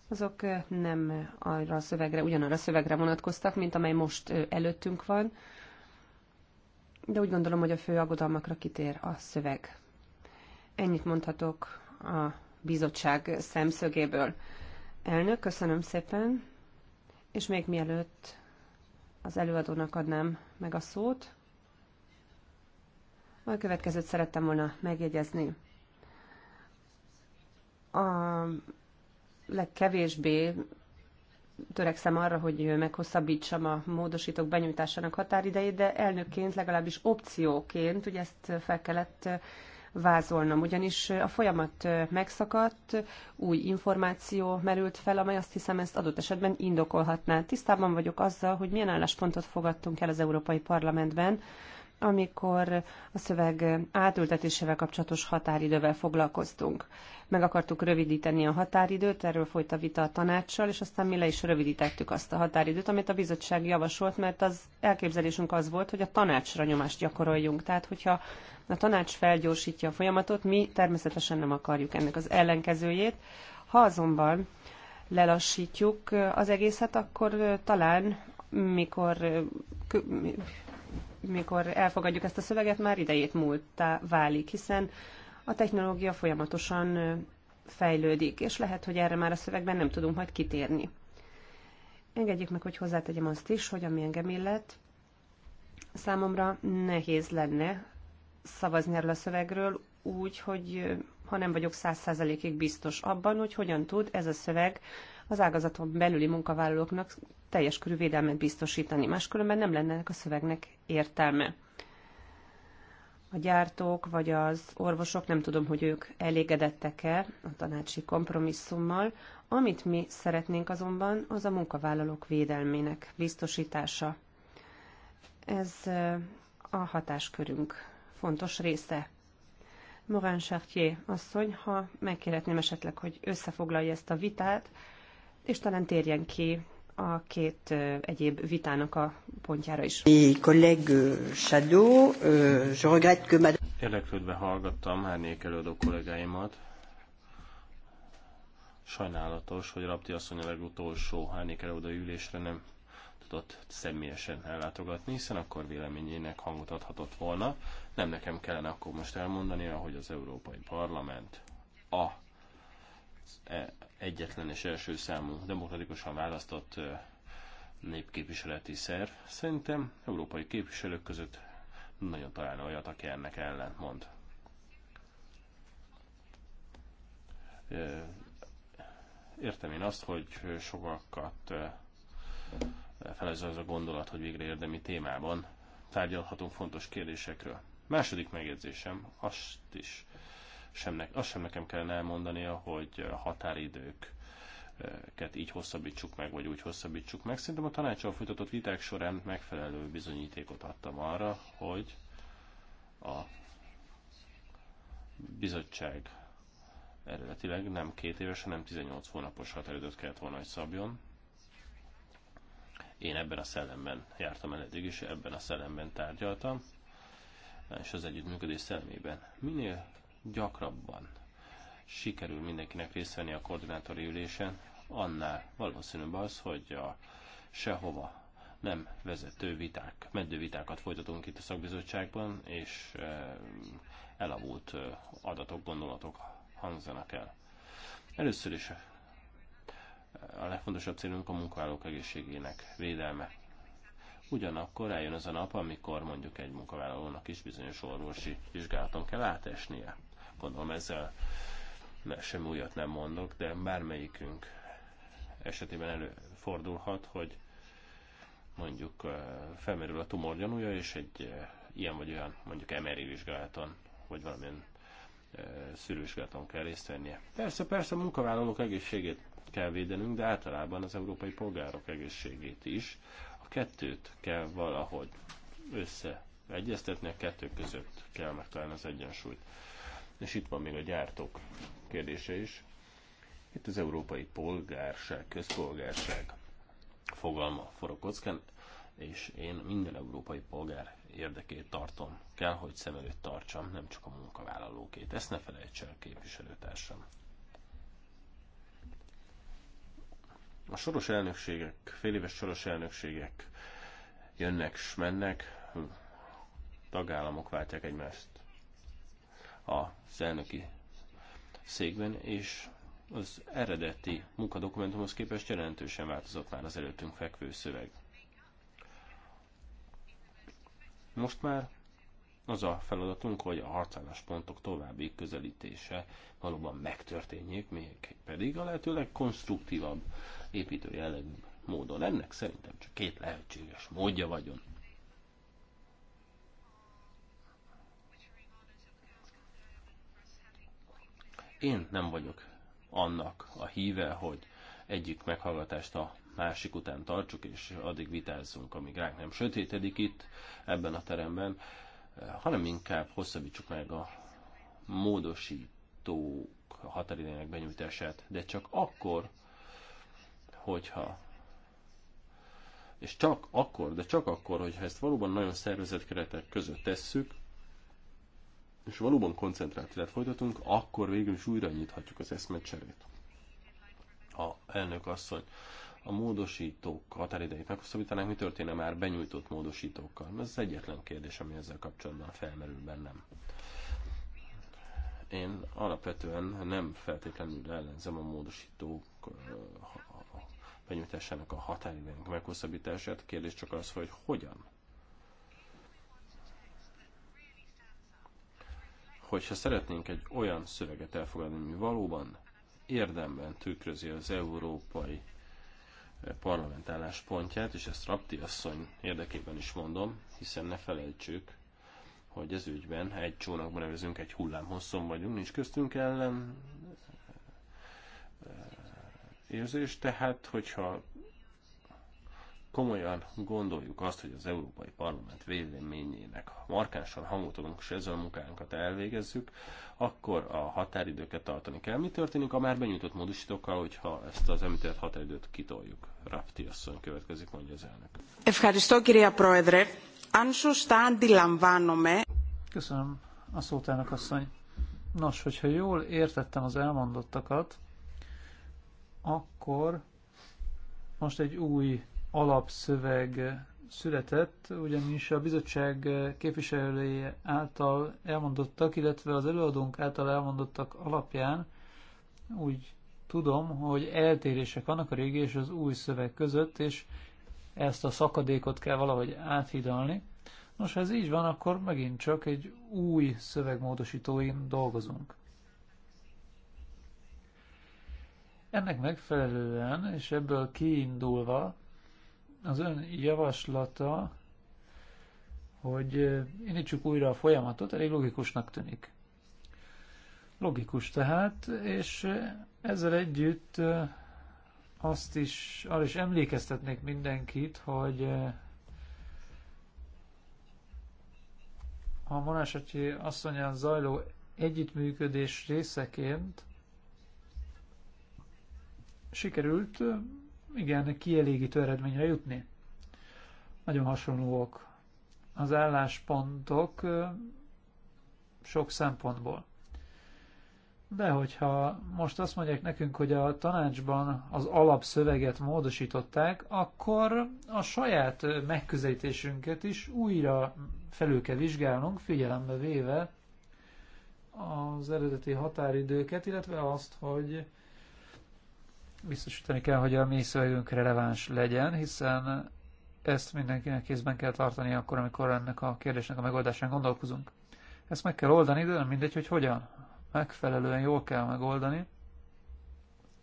azok nem arra a szövegre, ugyanarra a szövegre vonatkoztak, mint amely most előttünk van, de úgy gondolom, hogy a fő aggodalmakra kitér a szöveg. Ennyit mondhatok a bizottság szemszögéből. Elnök, köszönöm szépen, és még mielőtt az előadónak adnám meg a szót, a következőt szerettem volna megjegyezni. A legkevésbé törekszem arra, hogy meghosszabbítsam a módosítók benyújtásának határidejét, de elnökként legalábbis opcióként, ugye ezt fel kellett vázolnom, ugyanis a folyamat megszakadt, új információ merült fel, amely azt hiszem ezt adott esetben indokolhatná. Tisztában vagyok azzal, hogy milyen álláspontot fogadtunk el az Európai Parlamentben amikor a szöveg átültetésével kapcsolatos határidővel foglalkoztunk. Meg akartuk rövidíteni a határidőt, erről folyt a vita a tanácssal, és aztán mi le is rövidítettük azt a határidőt, amit a bizottság javasolt, mert az elképzelésünk az volt, hogy a tanácsra nyomást gyakoroljunk. Tehát, hogyha a tanács felgyorsítja a folyamatot, mi természetesen nem akarjuk ennek az ellenkezőjét. Ha azonban lelassítjuk az egészet, akkor talán mikor mikor elfogadjuk ezt a szöveget, már idejét múltá válik, hiszen a technológia folyamatosan fejlődik, és lehet, hogy erre már a szövegben nem tudunk majd kitérni. Engedjék meg, hogy hozzátegyem azt is, hogy ami engem illet, számomra nehéz lenne szavazni erről a szövegről úgy, hogy ha nem vagyok száz százalékig biztos abban, hogy hogyan tud ez a szöveg az ágazaton belüli munkavállalóknak teljes körű védelmet biztosítani. Máskülönben nem lenne ennek a szövegnek értelme. A gyártók vagy az orvosok, nem tudom, hogy ők elégedettek-e a tanácsi kompromisszummal. Amit mi szeretnénk azonban, az a munkavállalók védelmének biztosítása. Ez eh, a hatáskörünk fontos része. Morán Chartier asszony, ha megkérhetném esetleg, hogy összefoglalja ezt a vitát, és talán térjen ki a két egyéb vitának a pontjára is. je regrette que Érdeklődve hallgattam árnyék előadó kollégáimat. Sajnálatos, hogy Rapti asszony a legutolsó árnyék előadó ülésre nem tudott személyesen ellátogatni, hiszen akkor véleményének hangot adhatott volna. Nem nekem kellene akkor most elmondani, hogy az Európai Parlament a E, egyetlen és első számú demokratikusan választott e, népképviseleti szerv. Szerintem európai képviselők között nagyon találna olyat, aki ennek ellen mond. E, értem én azt, hogy sokakat felez az a gondolat, hogy végre érdemi témában tárgyalhatunk fontos kérdésekről. Második megjegyzésem azt is sem ne, azt sem nekem kellene elmondania, hogy határidők így hosszabbítsuk meg, vagy úgy hosszabbítsuk meg. Szerintem a tanácsal folytatott viták során megfelelő bizonyítékot adtam arra, hogy a bizottság eredetileg nem két éves, hanem 18 hónapos határidőt kellett volna, hogy szabjon. Én ebben a szellemben jártam el eddig, is, ebben a szellemben tárgyaltam, és az együttműködés szellemében. Minél gyakrabban sikerül mindenkinek részt venni a koordinátori ülésen, annál valószínűbb az, hogy a sehova nem vezető viták, meddő vitákat folytatunk itt a szakbizottságban, és eh, elavult eh, adatok, gondolatok hangzanak el. Először is eh, a legfontosabb célunk a munkavállalók egészségének védelme. Ugyanakkor eljön az a nap, amikor mondjuk egy munkavállalónak is bizonyos orvosi vizsgálaton kell átesnie. Gondolom ezzel sem újat nem mondok, de bármelyikünk esetében előfordulhat, hogy mondjuk felmerül a tumorgyanúja, és egy ilyen vagy olyan mondjuk MRI vizsgálaton, vagy valamilyen szűrővizsgálaton kell részt vennie. Persze, persze a munkavállalók egészségét kell védenünk, de általában az európai polgárok egészségét is. A kettőt kell valahogy összeegyeztetni, a kettő között kell megtalálni az egyensúlyt. És itt van még a gyártók kérdése is. Itt az európai polgárság, közpolgárság fogalma forog kockán, és én minden európai polgár érdekét tartom. Kell, hogy szem előtt tartsam, nem csak a munkavállalókét. Ezt ne felejts el, képviselőtársam. A soros elnökségek, féléves soros elnökségek jönnek és mennek, tagállamok váltják egymást a elnöki székben, és az eredeti munkadokumentumhoz képest jelentősen változott már az előttünk fekvő szöveg. Most már az a feladatunk, hogy a harcállás pontok további közelítése valóban megtörténjék, még pedig a lehető legkonstruktívabb építő jellegű módon. Ennek szerintem csak két lehetséges módja vagyunk. Én nem vagyok annak a híve, hogy egyik meghallgatást a másik után tartsuk, és addig vitázzunk, amíg ránk nem sötétedik itt, ebben a teremben, hanem inkább hosszabbítsuk meg a módosítók határidejének benyújtását, de csak akkor, hogyha és csak akkor, de csak akkor, hogyha ezt valóban nagyon szervezett keretek között tesszük, és valóban koncentrált élet folytatunk, akkor végül is újra nyithatjuk az eszmecserét. A elnök asszony a módosítók határidejét meghosszabbítanánk, mi történne már benyújtott módosítókkal? Ez az egyetlen kérdés, ami ezzel kapcsolatban felmerül bennem. Én alapvetően nem feltétlenül ellenzem a módosítók benyújtásának a határidejének meghosszabbítását. A kérdés csak az, hogy hogyan hogyha szeretnénk egy olyan szöveget elfogadni, ami valóban érdemben tükrözi az európai eh, parlament álláspontját, és ezt Rapti asszony érdekében is mondom, hiszen ne felejtsük, hogy ez ügyben egy csónakban nevezünk, egy hullámhosszon vagyunk, nincs köztünk ellen eh, érzés, tehát hogyha komolyan gondoljuk azt, hogy az Európai Parlament véleményének markánsan hangot adunk, és ezzel a munkánkat elvégezzük, akkor a határidőket tartani kell. Mi történik a már benyújtott módosítókkal, hogyha ezt az említett határidőt kitoljuk? Rapti asszony következik, mondja az elnök. Köszönöm a szót, elnök asszony. Nos, hogyha jól értettem az elmondottakat, akkor most egy új alapszöveg született, ugyanis a bizottság képviselői által elmondottak, illetve az előadónk által elmondottak alapján úgy tudom, hogy eltérések vannak a régi és az új szöveg között, és ezt a szakadékot kell valahogy áthidalni. Nos, ha ez így van, akkor megint csak egy új szövegmódosítóin dolgozunk. Ennek megfelelően és ebből kiindulva az ön javaslata, hogy eh, indítsuk újra a folyamatot, elég logikusnak tűnik. Logikus tehát, és eh, ezzel együtt eh, azt is, arra is emlékeztetnék mindenkit, hogy a Atyi asszonyán zajló együttműködés részeként sikerült igen kielégítő eredményre jutni. Nagyon hasonlóak az álláspontok sok szempontból. De hogyha most azt mondják nekünk, hogy a tanácsban az alapszöveget módosították, akkor a saját megközelítésünket is újra felül kell vizsgálnunk, figyelembe véve az eredeti határidőket, illetve azt, hogy biztosítani kell, hogy a mi szövegünk releváns legyen, hiszen ezt mindenkinek kézben kell tartani akkor, amikor ennek a kérdésnek a megoldásán gondolkozunk. Ezt meg kell oldani, de nem mindegy, hogy hogyan. Megfelelően jól kell megoldani.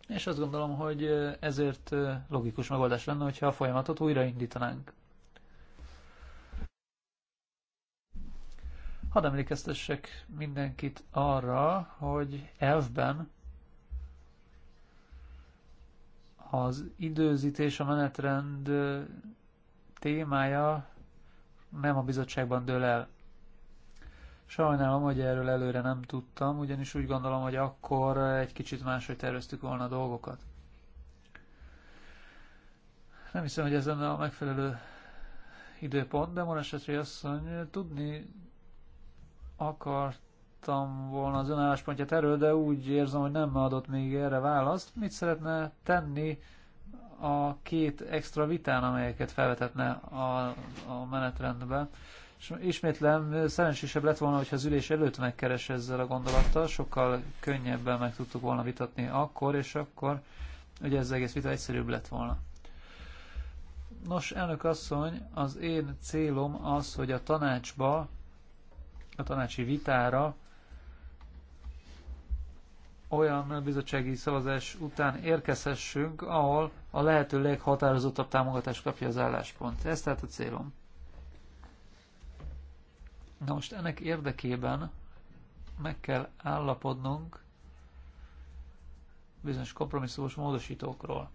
És azt gondolom, hogy ezért logikus megoldás lenne, hogyha a folyamatot újraindítanánk. Hadd emlékeztessek mindenkit arra, hogy elfben Az időzítés, a menetrend témája nem a bizottságban dől el. Sajnálom, hogy erről előre nem tudtam, ugyanis úgy gondolom, hogy akkor egy kicsit máshogy terveztük volna a dolgokat. Nem hiszem, hogy ez lenne a megfelelő időpont, de Moresetri asszony tudni akart hallottam volna az ön álláspontját erről, de úgy érzem, hogy nem adott még erre választ. Mit szeretne tenni a két extra vitán, amelyeket felvetetne a, a menetrendbe? És ismétlem, szerencsésebb lett volna, hogyha az ülés előtt megkeres ezzel a gondolattal, sokkal könnyebben meg tudtuk volna vitatni akkor, és akkor ugye ez az egész vita egyszerűbb lett volna. Nos, elnök asszony, az én célom az, hogy a tanácsba, a tanácsi vitára olyan bizottsági szavazás után érkezhessünk, ahol a lehető leghatározottabb támogatást kapja az álláspont. Ez tehát a célom. Na most ennek érdekében meg kell állapodnunk bizonyos kompromisszumos módosítókról.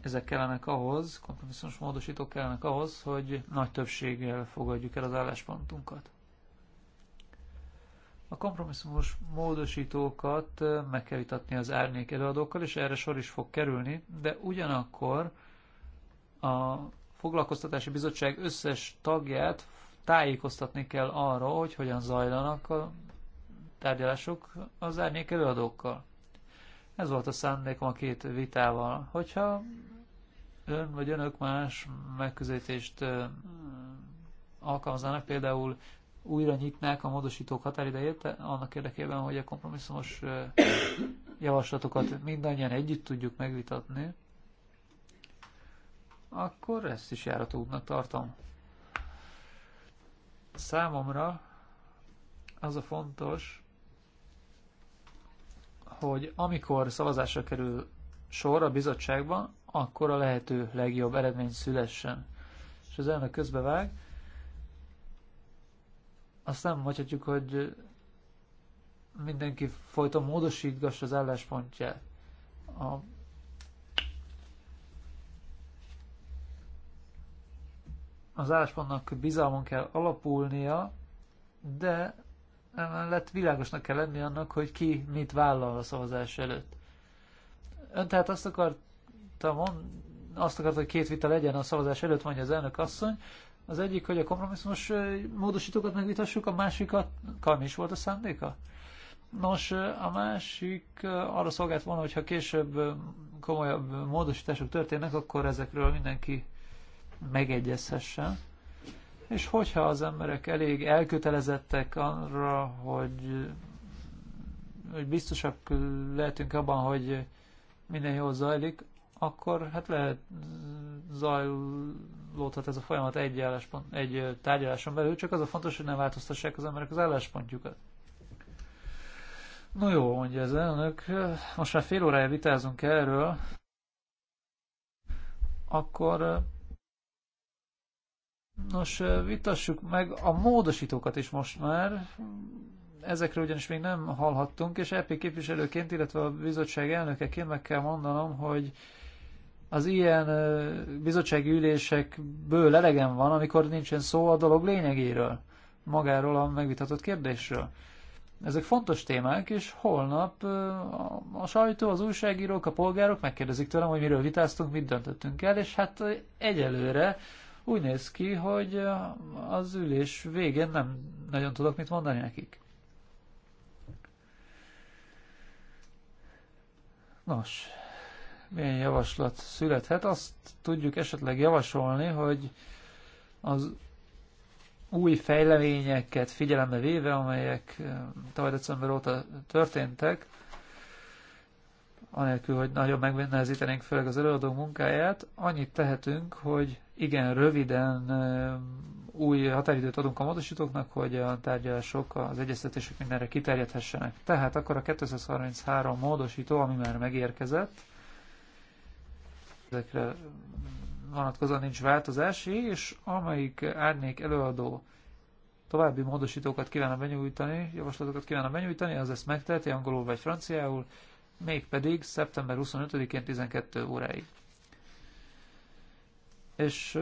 Ezek kellenek ahhoz, kompromisszumos módosítók kellenek ahhoz, hogy nagy többséggel fogadjuk el az álláspontunkat. A kompromisszumos módosítókat meg kell vitatni az árnyék előadókkal, és erre sor is fog kerülni, de ugyanakkor a foglalkoztatási bizottság összes tagját tájékoztatni kell arról, hogy hogyan zajlanak a tárgyalások az árnyék előadókkal. Ez volt a szándékom a két vitával. Hogyha ön vagy önök más megközelítést alkalmazának, például újra nyitnák a módosítók határidejét annak érdekében, hogy a kompromisszumos javaslatokat mindannyian együtt tudjuk megvitatni, akkor ezt is járatóbbnak tartom. Számomra az a fontos, hogy amikor szavazásra kerül sor a bizottságban, akkor a lehető legjobb eredmény szülessen. És az elnök közbevág, azt nem mondhatjuk, hogy mindenki folyton módosítgassa az álláspontját. A az álláspontnak bizalmon kell alapulnia, de emellett világosnak kell lenni annak, hogy ki mit vállal a szavazás előtt. Ön tehát azt akarta mond, azt akarta, hogy két vita legyen a szavazás előtt, mondja az elnök asszony, az egyik, hogy a kompromisszumos módosítókat megvitassuk, a másikat, Karmi is volt a szándéka? Nos, a másik arra szolgált volna, hogyha később komolyabb módosítások történnek, akkor ezekről mindenki megegyezhessen. És hogyha az emberek elég elkötelezettek arra, hogy, hogy biztosak lehetünk abban, hogy minden jól zajlik, akkor hát lehet zajl megoldódhat ez a folyamat egy, álláspont, egy tárgyaláson belül, csak az a fontos, hogy ne változtassák az emberek az álláspontjukat. No jó, mondja ez elnök, most már fél órája vitázunk erről, akkor nos, vitassuk meg a módosítókat is most már, ezekről ugyanis még nem hallhattunk, és EP képviselőként, illetve a bizottság elnökeként meg kell mondanom, hogy az ilyen bizottsági ülésekből elegem van, amikor nincsen szó a dolog lényegéről, magáról a megvitatott kérdésről. Ezek fontos témák, és holnap a sajtó, az újságírók, a polgárok megkérdezik tőlem, hogy miről vitáztunk, mit döntöttünk el, és hát egyelőre úgy néz ki, hogy az ülés végén nem nagyon tudok mit mondani nekik. Nos, milyen javaslat születhet. Azt tudjuk esetleg javasolni, hogy az új fejleményeket figyelembe véve, amelyek tavaly december óta történtek, anélkül, hogy nagyon megnehezítenénk főleg az előadó munkáját, annyit tehetünk, hogy igen, röviden új határidőt adunk a módosítóknak, hogy a tárgyalások, az egyeztetések mindenre kiterjedhessenek. Tehát akkor a 233 módosító, ami már megérkezett, ezekre vonatkozóan nincs változás, és amelyik árnyék előadó további módosítókat kívánna benyújtani, javaslatokat kívánna benyújtani, az ezt megteheti angolul vagy franciául, mégpedig szeptember 25-én 12 óráig. És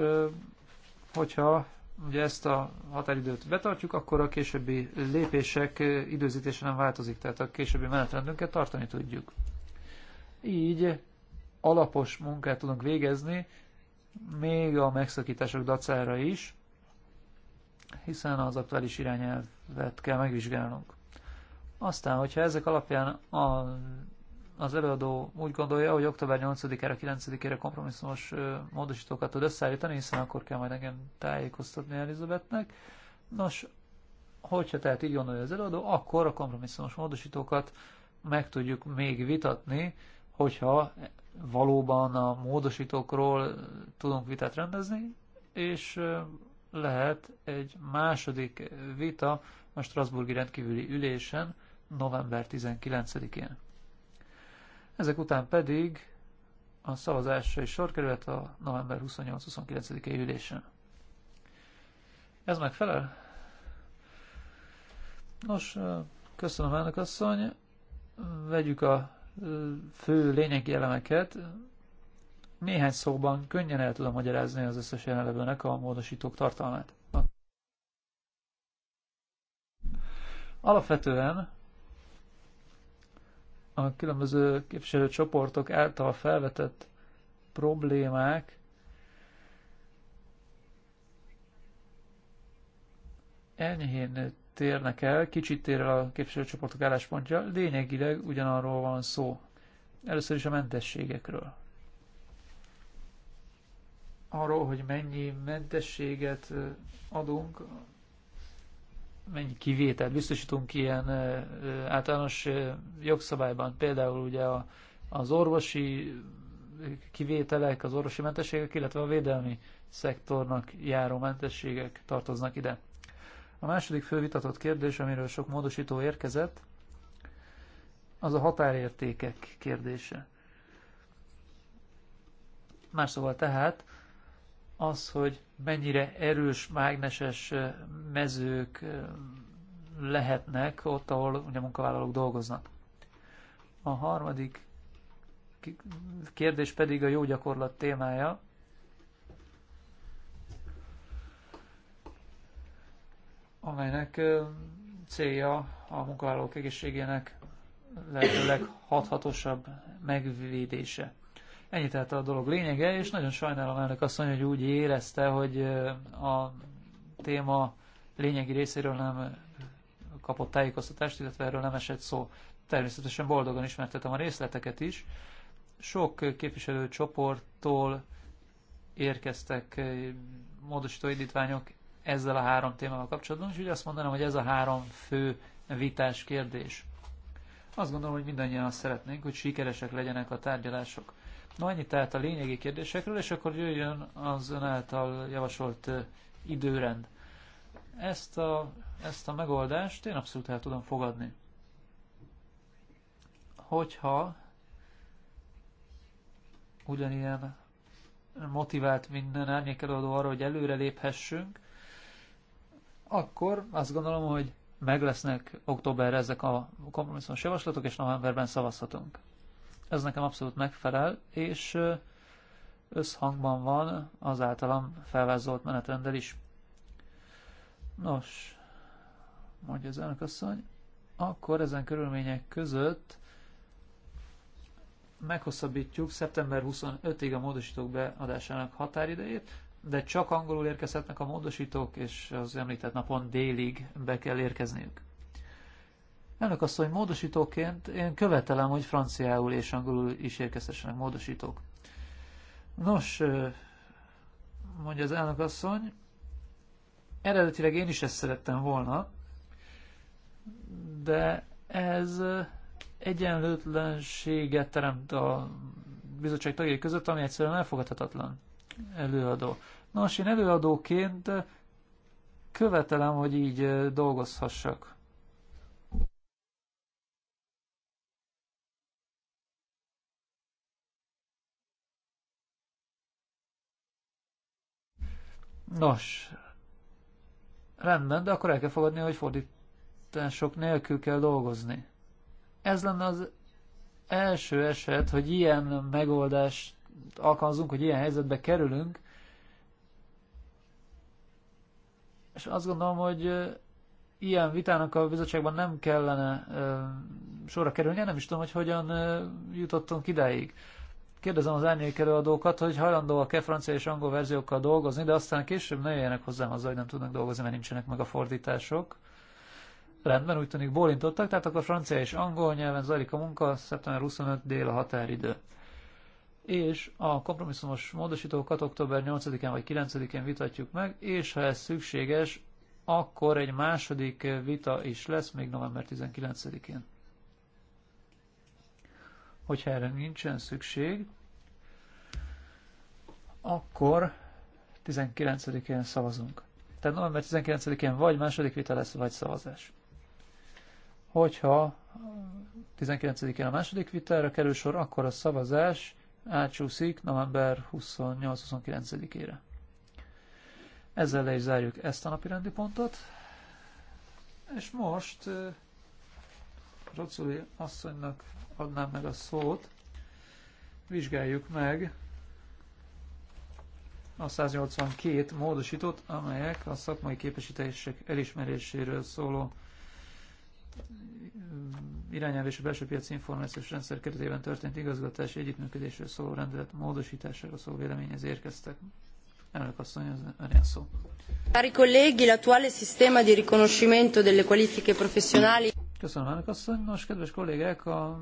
hogyha ugye ezt a határidőt betartjuk, akkor a későbbi lépések időzítése nem változik, tehát a későbbi menetrendünket tartani tudjuk. Így alapos munkát tudunk végezni, még a megszakítások dacára is, hiszen az aktuális irányelvet kell megvizsgálnunk. Aztán, hogyha ezek alapján a, az előadó úgy gondolja, hogy október 8-ára, 9-ére kompromisszumos módosítókat tud összeállítani, hiszen akkor kell majd engem tájékoztatni Elizabethnek. Nos, hogyha tehát így gondolja az előadó, akkor a kompromisszumos módosítókat meg tudjuk még vitatni, hogyha valóban a módosítókról tudunk vitát rendezni, és lehet egy második vita a Strasburgi rendkívüli ülésen november 19-én. Ezek után pedig a szavazásra is sor került a november 28-29-i ülésen. Ez megfelel? Nos, köszönöm elnök asszony, vegyük a fő lényegi elemeket néhány szóban könnyen el tudom magyarázni az összes jelenlevőnek a módosítók tartalmát. Alapvetően a különböző képviselőcsoportok által felvetett problémák enyhén térnek el, kicsit tér el a képviselőcsoportok álláspontja, lényegileg ugyanarról van szó. Először is a mentességekről. Arról, hogy mennyi mentességet adunk, mennyi kivételt biztosítunk ilyen általános jogszabályban, például ugye az orvosi kivételek, az orvosi mentességek, illetve a védelmi szektornak járó mentességek tartoznak ide. A második vitatott kérdés, amiről sok módosító érkezett, az a határértékek kérdése. Más szóval tehát az, hogy mennyire erős mágneses mezők lehetnek ott, ahol ugye munkavállalók dolgoznak. A harmadik kérdés pedig a jó gyakorlat témája. amelynek célja a munkavállalók egészségének lehetőleg hathatósabb megvédése. Ennyi tehát a dolog lényege, és nagyon sajnálom elnök asszony, hogy úgy érezte, hogy a téma lényegi részéről nem kapott tájékoztatást, illetve erről nem esett szó. Természetesen boldogan ismertetem a részleteket is. Sok képviselőcsoporttól érkeztek módosító indítványok ezzel a három témával kapcsolatban, és úgy azt mondanám, hogy ez a három fő vitás kérdés. Azt gondolom, hogy mindannyian azt szeretnénk, hogy sikeresek legyenek a tárgyalások. Na, ennyi tehát a lényegi kérdésekről, és akkor jöjjön az ön által javasolt időrend. Ezt a, ezt a megoldást én abszolút el tudom fogadni. Hogyha ugyanilyen motivált minden árnyékelődő arra, hogy előre léphessünk, akkor azt gondolom, hogy meg lesznek októberre ezek a kompromisszumos javaslatok, és novemberben szavazhatunk. Ez nekem abszolút megfelel, és összhangban van az általam felvázolt menetrendel is. Nos, mondja az elnökasszony, akkor ezen körülmények között meghosszabbítjuk szeptember 25-ig a módosítók beadásának határidejét, de csak angolul érkezhetnek a módosítók, és az említett napon délig be kell érkezniük. Elnök hogy módosítóként én követelem, hogy franciául és angolul is érkezhessenek módosítók. Nos, mondja az elnök asszony, eredetileg én is ezt szerettem volna, de ez egyenlőtlenséget teremt a bizottság tagjai között, ami egyszerűen elfogadhatatlan előadó. Nos, én előadóként követelem, hogy így dolgozhassak. Nos, rendben, de akkor el kell fogadni, hogy fordítások nélkül kell dolgozni. Ez lenne az első eset, hogy ilyen megoldást alkalmazunk, hogy ilyen helyzetbe kerülünk. És azt gondolom, hogy ilyen vitának a bizottságban nem kellene sorra kerülni, nem is tudom, hogy hogyan jutottunk ideig. Kérdezem az árnyék előadókat, hogy hajlandóak-e francia és angol verziókkal dolgozni, de aztán később ne jöjjenek hozzám azzal, hogy nem tudnak dolgozni, mert nincsenek meg a fordítások. Rendben, úgy tűnik bólintottak, tehát akkor francia és angol nyelven zajlik a munka, szeptember 25 dél a határidő és a kompromisszumos módosítókat október 8-án vagy 9-én vitatjuk meg, és ha ez szükséges, akkor egy második vita is lesz még november 19-én. Hogyha erre nincsen szükség, akkor 19-én szavazunk. Tehát november 19-én vagy második vita lesz, vagy szavazás. Hogyha 19-én a második vitára kerül sor, akkor a szavazás átsúszik november 28-29-ére. Ezzel le is zárjuk ezt a napi rendi pontot. És most uh, Rocoli asszonynak adnám meg a szót. Vizsgáljuk meg a 182 módosított, amelyek a szakmai képesítések elismeréséről szóló irányelv a belső piaci információs rendszer keretében történt igazgatási együttműködésről szóló rendelet módosítására szóló véleményhez érkeztek. Elnök asszony, az önél szó. Cari colleghi, l'attuale sistema di riconoscimento delle qualifiche professionali. Köszönöm, elnök asszony. Nos, kedves kollégák, a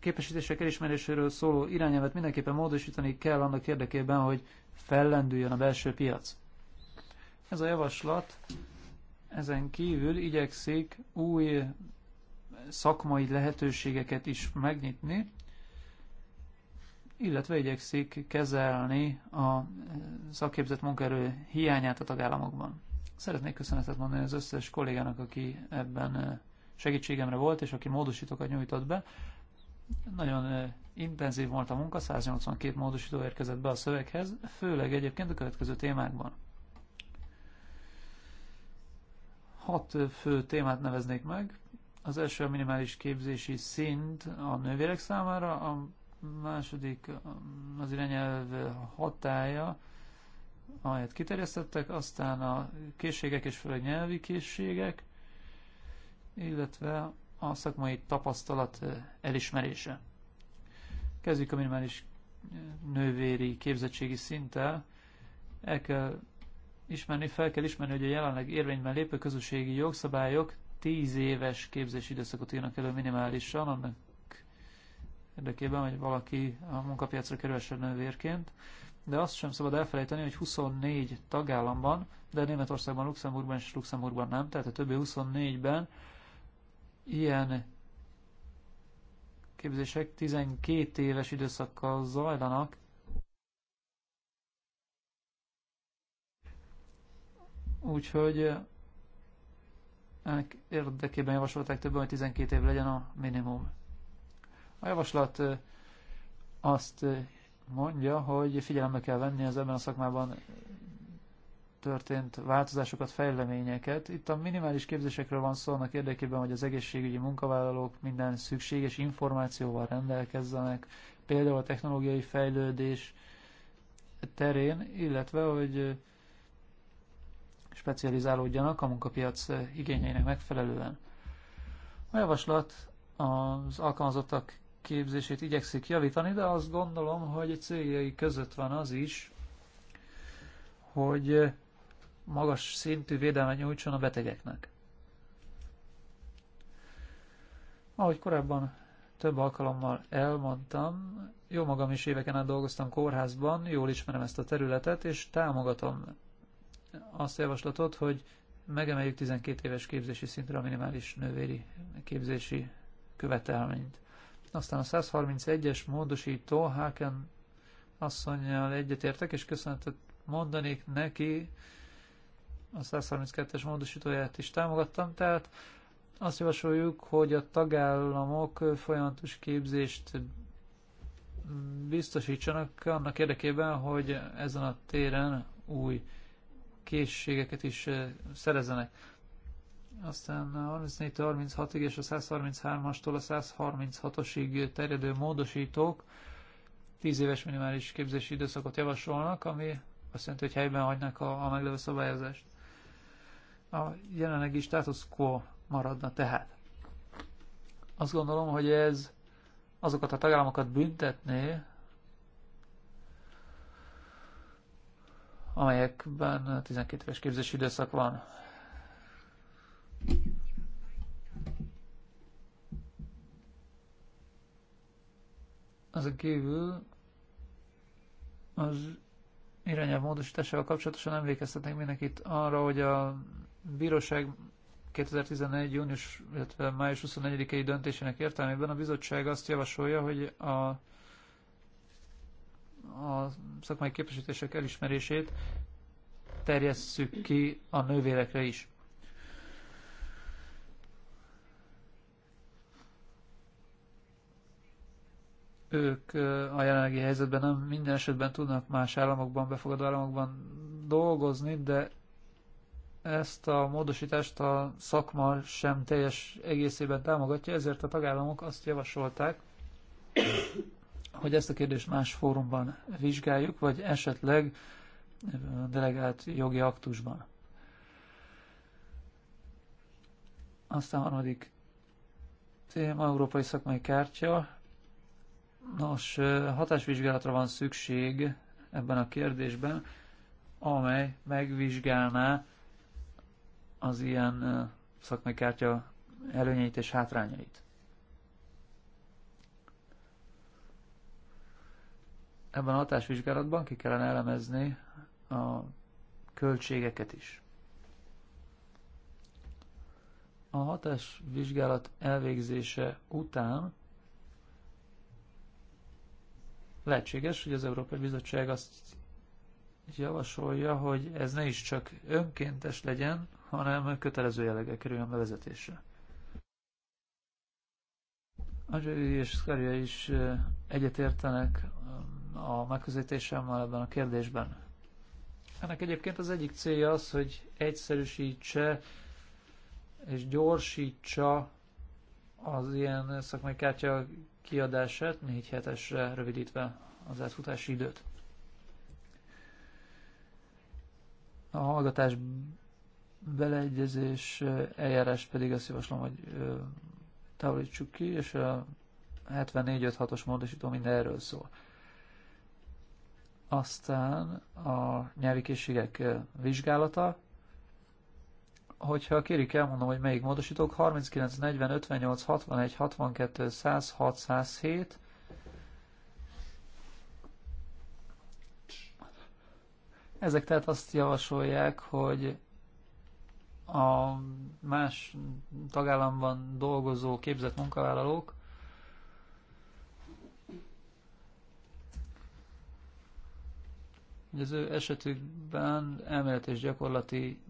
képesítések elismeréséről szóló irányelvet mindenképpen módosítani kell annak érdekében, hogy fellendüljön a belső piac. Ez a javaslat ezen kívül igyekszik új szakmai lehetőségeket is megnyitni, illetve igyekszik kezelni a szakképzett munkaerő hiányát a tagállamokban. Szeretnék köszönetet mondani az összes kollégának, aki ebben segítségemre volt, és aki módosítókat nyújtott be. Nagyon intenzív volt a munka, 182 módosító érkezett be a szöveghez, főleg egyébként a következő témákban. Hat fő témát neveznék meg. Az első a minimális képzési szint a nővérek számára, a második az irányelv hatája, amelyet kiterjesztettek, aztán a készségek és főleg nyelvi készségek, illetve a szakmai tapasztalat elismerése. Kezdjük a minimális nővéri képzettségi szinttel. El kell ismerni, fel kell ismerni, hogy a jelenleg érvényben lépő közösségi jogszabályok 10 éves képzési időszakot írnak elő minimálisan, annak érdekében, hogy valaki a munkapiacra kerülhessen nővérként. De azt sem szabad elfelejteni, hogy 24 tagállamban, de Németországban, Luxemburgban és Luxemburgban nem, tehát a többi 24-ben ilyen képzések 12 éves időszakkal zajlanak, Úgyhogy eh, ennek érdekében javasolták több, hogy 12 év legyen a minimum. A javaslat eh, azt eh, mondja, hogy figyelembe kell venni az ebben a szakmában történt változásokat, fejleményeket. Itt a minimális képzésekről van szó annak érdekében, hogy az egészségügyi munkavállalók minden szükséges információval rendelkezzenek, például a technológiai fejlődés terén, illetve hogy specializálódjanak a munkapiac igényeinek megfelelően. A javaslat az alkalmazottak képzését igyekszik javítani, de azt gondolom, hogy egy céljai között van az is, hogy magas szintű védelmet nyújtson a betegeknek. Ahogy korábban több alkalommal elmondtam, jó magam is éveken át dolgoztam kórházban, jól ismerem ezt a területet, és támogatom azt javaslatot, hogy megemeljük 12 éves képzési szintre a minimális nővéri képzési követelményt. Aztán a 131-es módosító Háken asszonynal egyetértek, és köszönetet mondanék neki, a 132-es módosítóját is támogattam, tehát azt javasoljuk, hogy a tagállamok folyamatos képzést biztosítsanak annak érdekében, hogy ezen a téren új készségeket is eh, szerezenek. Aztán a 34-36-ig és a 133-astól a 136-osig terjedő módosítók 10 éves minimális képzési időszakot javasolnak, ami azt jelenti, hogy helyben hagynak a, a meglevő szabályozást. A jelenlegi status quo maradna tehát. Azt gondolom, hogy ez azokat a tagállamokat büntetné, amelyekben 12 éves képzési időszak van. Azon kívül az irányelv módosításával kapcsolatosan emlékeztetnék mindenkit arra, hogy a bíróság 2011. június, illetve május 24-i döntésének értelmében a bizottság azt javasolja, hogy a a szakmai képesítések elismerését terjesszük ki a nővérekre is. Ők a jelenlegi helyzetben nem minden esetben tudnak más államokban, befogadó államokban dolgozni, de ezt a módosítást a szakma sem teljes egészében támogatja, ezért a tagállamok azt javasolták, hogy ezt a kérdést más fórumban vizsgáljuk, vagy esetleg delegált jogi aktusban. Aztán a harmadik téma, Európai Szakmai Kártya. Nos, hatásvizsgálatra van szükség ebben a kérdésben, amely megvizsgálná az ilyen szakmai kártya előnyeit és hátrányait. ebben a hatásvizsgálatban ki kellene elemezni a költségeket is. A hatásvizsgálat elvégzése után lehetséges, hogy az Európai Bizottság azt javasolja, hogy ez ne is csak önkéntes legyen, hanem kötelező jellege kerüljön bevezetésre. Angelina és Szkaria is eh, egyetértenek a megközelítésemmel ebben a kérdésben. Ennek egyébként az egyik célja az, hogy egyszerűsítse és gyorsítsa az ilyen szakmai kártya kiadását, négy hetesre rövidítve az átfutási időt. A hallgatás beleegyezés eljárás pedig azt javaslom, hogy távolítsuk ki, és a 74.5.6-os módosító minden erről szól. Aztán a nyelvi készségek vizsgálata. Hogyha kérik, elmondom, hogy melyik módosítók. 39, 40, 58, 61, 62, 106, 107, Ezek tehát azt javasolják, hogy a más tagállamban dolgozó képzett munkavállalók hogy az ő esetükben elmélet és gyakorlati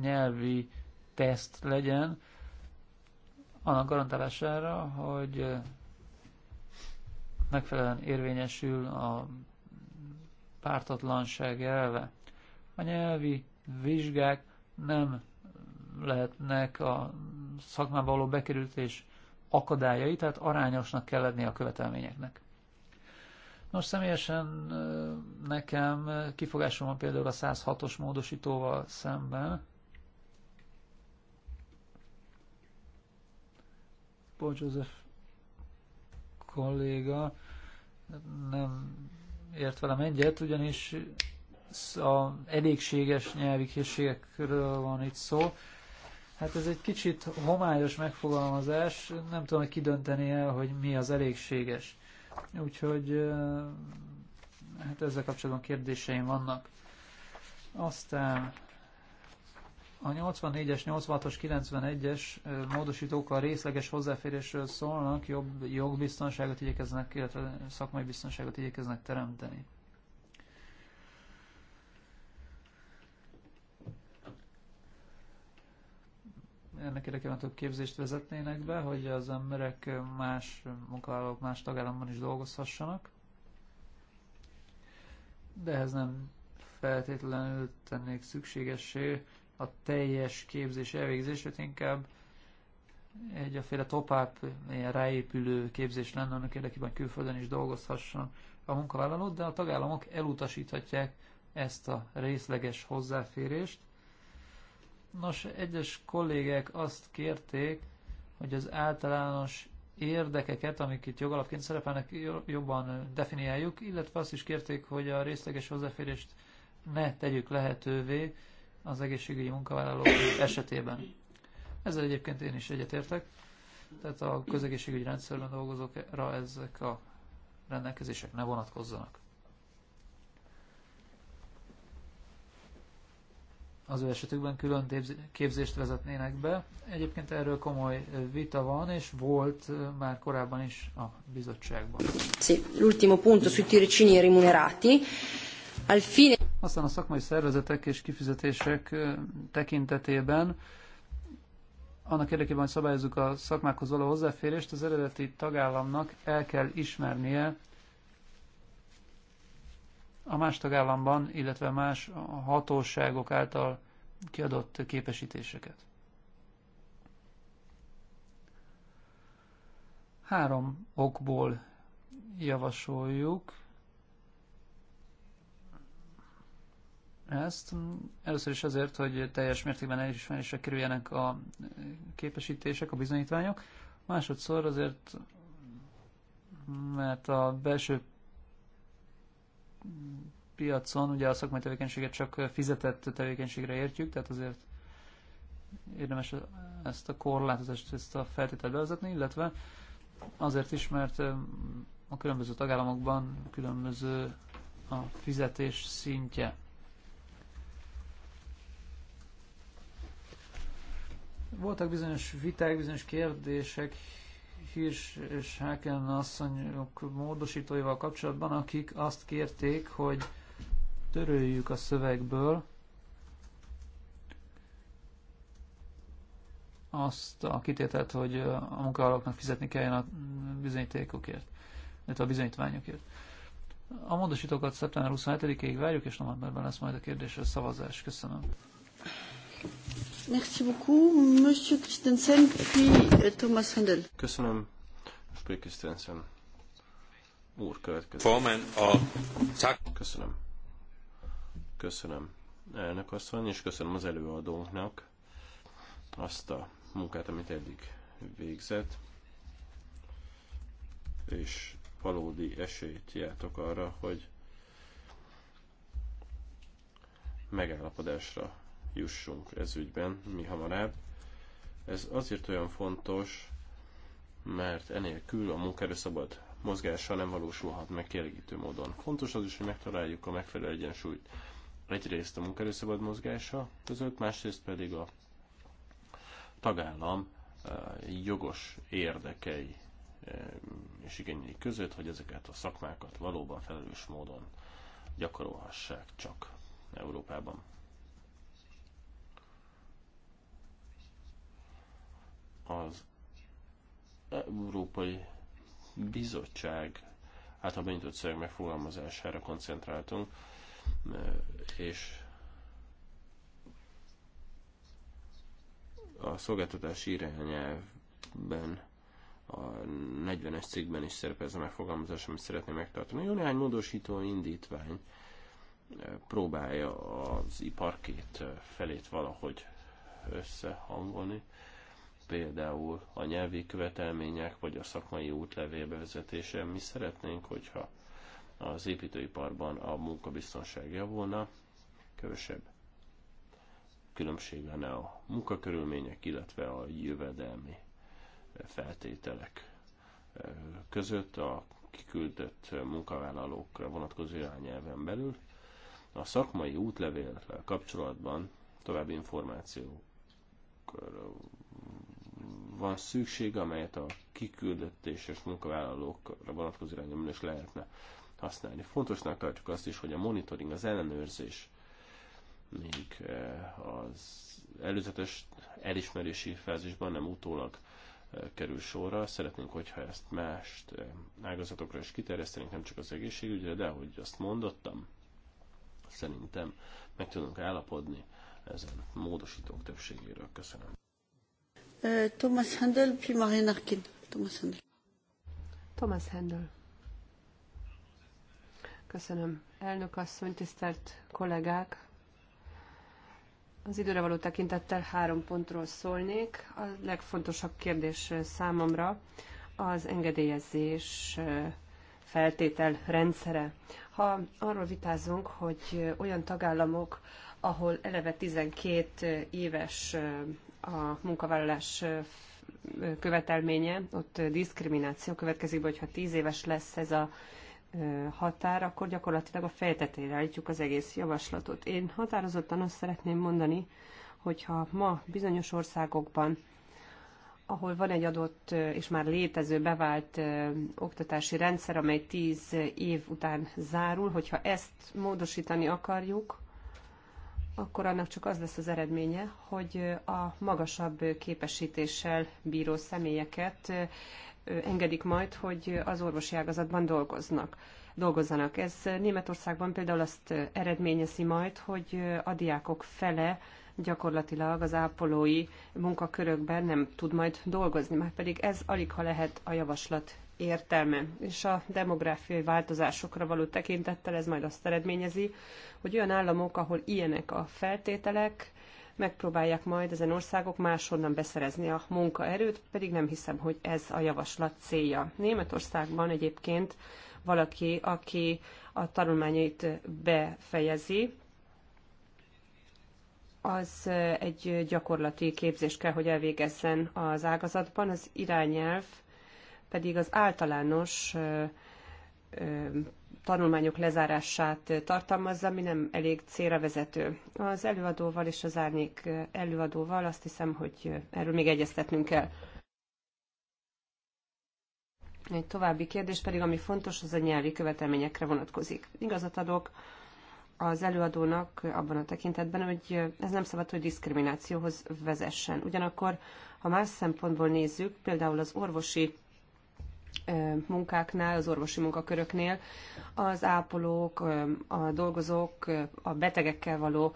nyelvi teszt legyen, annak garantálására, hogy megfelelően érvényesül a pártatlanság elve. A nyelvi vizsgák nem lehetnek a szakmába való bekerültés akadályai, tehát arányosnak kell lenni a követelményeknek. Nos, személyesen nekem kifogásom van például a 106-os módosítóval szemben. Paul Joseph kolléga nem ért velem egyet, ugyanis a elégséges nyelvi készségekről van itt szó. Hát ez egy kicsit homályos megfogalmazás, nem tudom, hogy kidönteni el, hogy mi az elégséges. Úgyhogy hát ezzel kapcsolatban kérdéseim vannak. Aztán a 84-es, 86-os, 91-es módosítók a részleges hozzáférésről szólnak, jobb jogbiztonságot igyekeznek, illetve szakmai biztonságot igyekeznek teremteni. ennek érdekében több képzést vezetnének be, hogy az emberek más munkavállalók más tagállamban is dolgozhassanak. De ehhez nem feltétlenül tennék szükségessé a teljes képzés elvégzését, inkább egy a top-up, ilyen ráépülő képzés lenne annak érdekében, hogy külföldön is dolgozhasson a munkavállalót, de a tagállamok elutasíthatják ezt a részleges hozzáférést, Nos, egyes kollégek azt kérték, hogy az általános érdekeket, amik itt jogalapként szerepelnek, jobban definiáljuk, illetve azt is kérték, hogy a részleges hozzáférést ne tegyük lehetővé az egészségügyi munkavállalók esetében. Ezzel egyébként én is egyetértek, tehát a közegészségügyi rendszerben dolgozókra ezek a rendelkezések ne vonatkozzanak. az ő esetükben külön képzést vezetnének be. Egyébként erről komoly vita van, és volt már korábban is a bizottságban. l'ultimo punto sui tirocini remunerati. Al fine... Aztán a szakmai szervezetek és kifizetések tekintetében annak érdekében, hogy szabályozzuk a szakmákhoz való hozzáférést, az eredeti tagállamnak el kell ismernie a más tagállamban, illetve más hatóságok által kiadott képesítéseket. Három okból javasoljuk ezt. Először is azért, hogy teljes mértékben elismerésre kerüljenek a képesítések, a bizonyítványok. Másodszor azért, mert a belső piacon ugye a szakmai tevékenységet csak fizetett tevékenységre értjük, tehát azért érdemes ezt a korlátozást, ezt a feltételt bevezetni, illetve azért is, mert a különböző tagállamokban különböző a fizetés szintje. Voltak bizonyos viták, bizonyos kérdések Hirsch és Haken asszonyok módosítóival kapcsolatban, akik azt kérték, hogy töröljük a szövegből azt a kitételt, hogy a munkavállalóknak fizetni kelljen a bizonyítékokért, illetve a bizonyítványokért. A módosítókat szeptember 27-ig várjuk, és novemberben lesz majd a kérdésre szavazás. Köszönöm. Merci beaucoup, Monsieur Christensen, puis euh, Thomas Handel. Köszönöm, Fré Christensen. Úr következő. a... Köszönöm. Köszönöm elnök asszony, és köszönöm az előadónknak azt a munkát, amit eddig végzett, és valódi esélyt játok arra, hogy megállapodásra jussunk ez ügyben mi hamarabb. Ez azért olyan fontos, mert enélkül a munkaerő szabad mozgása nem valósulhat meg kielégítő módon. Fontos az is, hogy megtaláljuk a megfelelő egyensúlyt. Egyrészt a munkaerő szabad mozgása között, másrészt pedig a tagállam eh, jogos érdekei eh, és igényei között, hogy ezeket a szakmákat valóban felelős módon gyakorolhassák csak Európában. az Európai Bizottság által benyitott szöveg megfogalmazására koncentráltunk, eh, és a szolgáltatási irányelvben a 40-es cikkben is szerepel ez a megfogalmazás, amit szeretném megtartani. Jó néhány módosító indítvány eh, próbálja az ipar két eh, felét valahogy összehangolni például a nyelvi követelmények vagy a szakmai útlevél bevezetése. Mi szeretnénk, hogyha az építőiparban a munkabiztonság javulna, kevesebb különbség lenne a munkakörülmények, illetve a jövedelmi feltételek között a kiküldött munkavállalókra vonatkozó irányelven belül. A szakmai útlevél kapcsolatban további információk van szükség, amelyet a kiküldetéses munkavállalókra vonatkozó irányomban is lehetne használni. Fontosnak tartjuk azt is, hogy a monitoring, az ellenőrzés, még eh, az előzetes elismerési fázisban nem utólag eh, kerül sorra. Szeretnénk, hogyha ezt más eh, ágazatokra is kiterjesztenénk, nem csak az egészségügyre, de ahogy azt mondottam, szerintem meg tudunk állapodni ezen módosítók többségéről. Köszönöm. Euh, Thomas Handel, puis Marianne Arkin. Thomas Handel. Thomas Handel. Köszönöm. Elnök asszony, tisztelt kollégák! Az időre való tekintettel három pontról szólnék. A legfontosabb kérdés számomra az engedélyezés feltétel rendszere. Ha arról vitázunk, hogy olyan tagállamok, ahol eleve 12 éves a munkavállalás követelménye, ott diszkrimináció következik, be, hogyha 10 éves lesz ez a határ, akkor gyakorlatilag a fejtetére állítjuk az egész javaslatot. Én határozottan azt szeretném mondani, hogyha ma bizonyos országokban, ahol van egy adott és már létező bevált oktatási rendszer, amely 10 év után zárul, hogyha ezt módosítani akarjuk, akkor annak csak az lesz az eredménye, hogy a magasabb képesítéssel bíró személyeket engedik majd, hogy az orvosi ágazatban dolgoznak, dolgozzanak. Ez Németországban például azt eredményezi majd, hogy a diákok fele gyakorlatilag az ápolói munkakörökben nem tud majd dolgozni, már pedig ez alig ha lehet a javaslat értelme, és a demográfiai változásokra való tekintettel ez majd azt eredményezi, hogy olyan államok, ahol ilyenek a feltételek, megpróbálják majd ezen országok máshonnan beszerezni a munkaerőt, pedig nem hiszem, hogy ez a javaslat célja. Németországban egyébként valaki, aki a tanulmányait befejezi, az egy gyakorlati képzést kell, hogy elvégezzen az ágazatban. Az irányelv pedig az általános tanulmányok lezárását tartalmazza, ami nem elég célra vezető. Az előadóval és az árnyék előadóval azt hiszem, hogy erről még egyeztetnünk kell. Egy további kérdés pedig, ami fontos, az a nyelvi követelményekre vonatkozik. Igazat adok az előadónak abban a tekintetben, hogy ez nem szabad, hogy diszkriminációhoz vezessen. Ugyanakkor, ha más szempontból nézzük, például az orvosi munkáknál, az orvosi munkaköröknél az ápolók, a dolgozók, a betegekkel való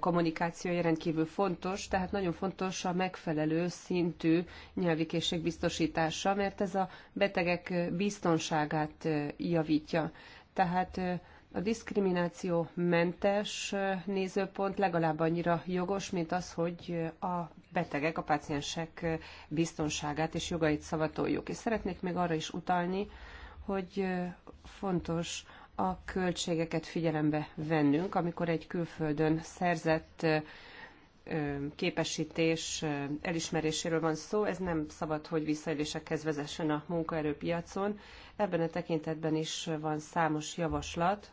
kommunikációja rendkívül fontos, tehát nagyon fontos a megfelelő szintű nyelvi készség biztosítása, mert ez a betegek biztonságát javítja. Tehát a diszkrimináció mentes nézőpont legalább annyira jogos, mint az, hogy a betegek, a paciensek biztonságát és jogait szavatoljuk. És szeretnék még arra is utalni, hogy fontos a költségeket figyelembe vennünk, amikor egy külföldön szerzett képesítés elismeréséről van szó, ez nem szabad, hogy visszaélésekhez vezessen a munkaerőpiacon. Ebben a tekintetben is van számos javaslat,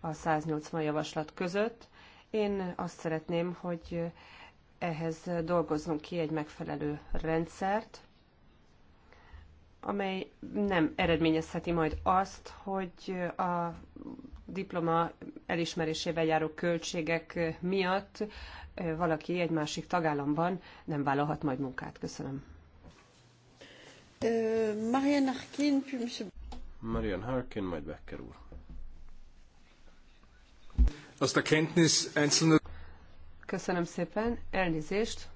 a 180 javaslat között. Én azt szeretném, hogy ehhez dolgozzunk ki egy megfelelő rendszert, amely nem eredményezheti majd azt, hogy a diploma elismerésével járó költségek miatt eh, valaki egy másik tagállamban nem vállalhat majd munkát. Köszönöm. Eh, Marian Harkin, Marian Harkin, majd Becker úr aus a Kenntnis einzelne. Köszönöm szépen, elnézést.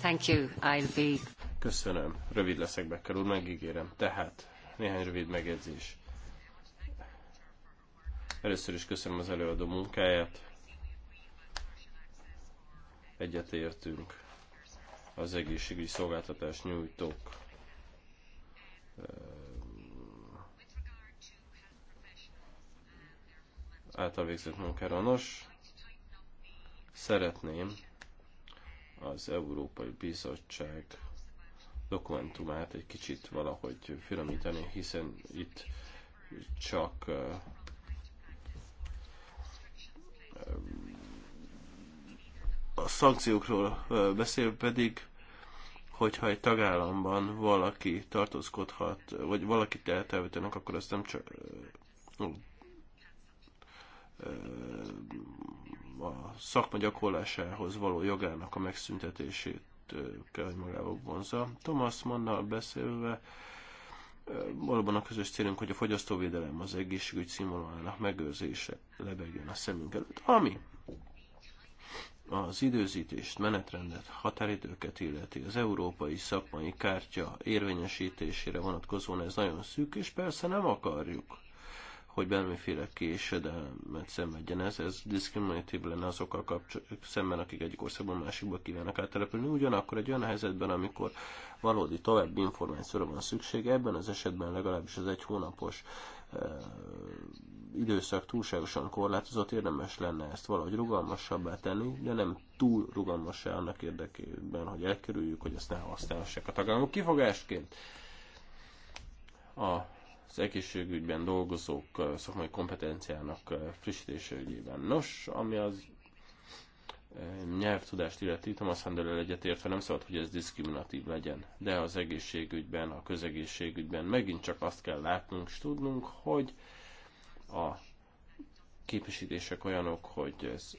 Thank you, I'll be... Köszönöm, rövid leszek be, kerül, megígérem. Tehát, néhány rövid megjegyzés. Először is köszönöm az előadó munkáját. Egyetértünk az egészségügyi szolgáltatás nyújtók által végzett munkára. Nos, szeretném az Európai Bizottság dokumentumát egy kicsit valahogy finomítani, hiszen itt csak a szankciókról beszél pedig, hogyha egy tagállamban valaki tartózkodhat, vagy valaki eltelvetenek, akkor azt nem csak a szakma gyakorlásához való jogának a megszüntetését kell, hogy magával vonza. Thomas Mannal beszélve, valóban a közös célunk, hogy a fogyasztóvédelem az egészségügy színvonalának megőrzése lebegjen a szemünk előtt, ami az időzítést, menetrendet, határidőket illeti, az európai szakmai kártya érvényesítésére vonatkozóan ez nagyon szűk, és persze nem akarjuk hogy bármiféle késedelmet szenvedjen ez, ez diszkriminatív lenne azokkal kapcsolatban, szemben, akik egyik országban másikba kívánnak áttelepülni. Ugyanakkor egy olyan helyzetben, amikor valódi további információra van szüksége, ebben az esetben legalábbis az egy hónapos e, időszak túlságosan korlátozott, érdemes lenne ezt valahogy rugalmasabbá tenni, de nem túl rugalmassá annak érdekében, hogy elkerüljük, hogy ezt ne használhassák a tagállamok kifogásként. A az egészségügyben dolgozók szakmai kompetenciának frissítése ügyében. Nos, ami az nyelvtudást illeti, Thomas Handelel egyetértve nem szabad, hogy ez diszkriminatív legyen, de az egészségügyben, a közegészségügyben megint csak azt kell látnunk és tudnunk, hogy a képesítések olyanok, hogy ez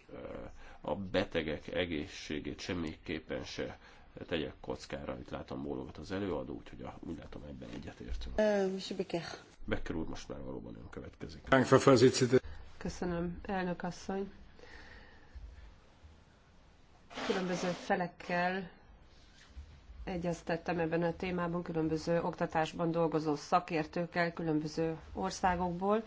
a betegek egészségét semmiképpen se tegyek kockára. Itt látom bólogat az előadó, úgyhogy a, úgy látom ebben egyetértünk. Eh, Becker úr most már valóban ön következik. Köszönöm, elnök asszony. Különböző felekkel egyeztettem ebben a témában, különböző oktatásban dolgozó szakértőkkel, különböző országokból,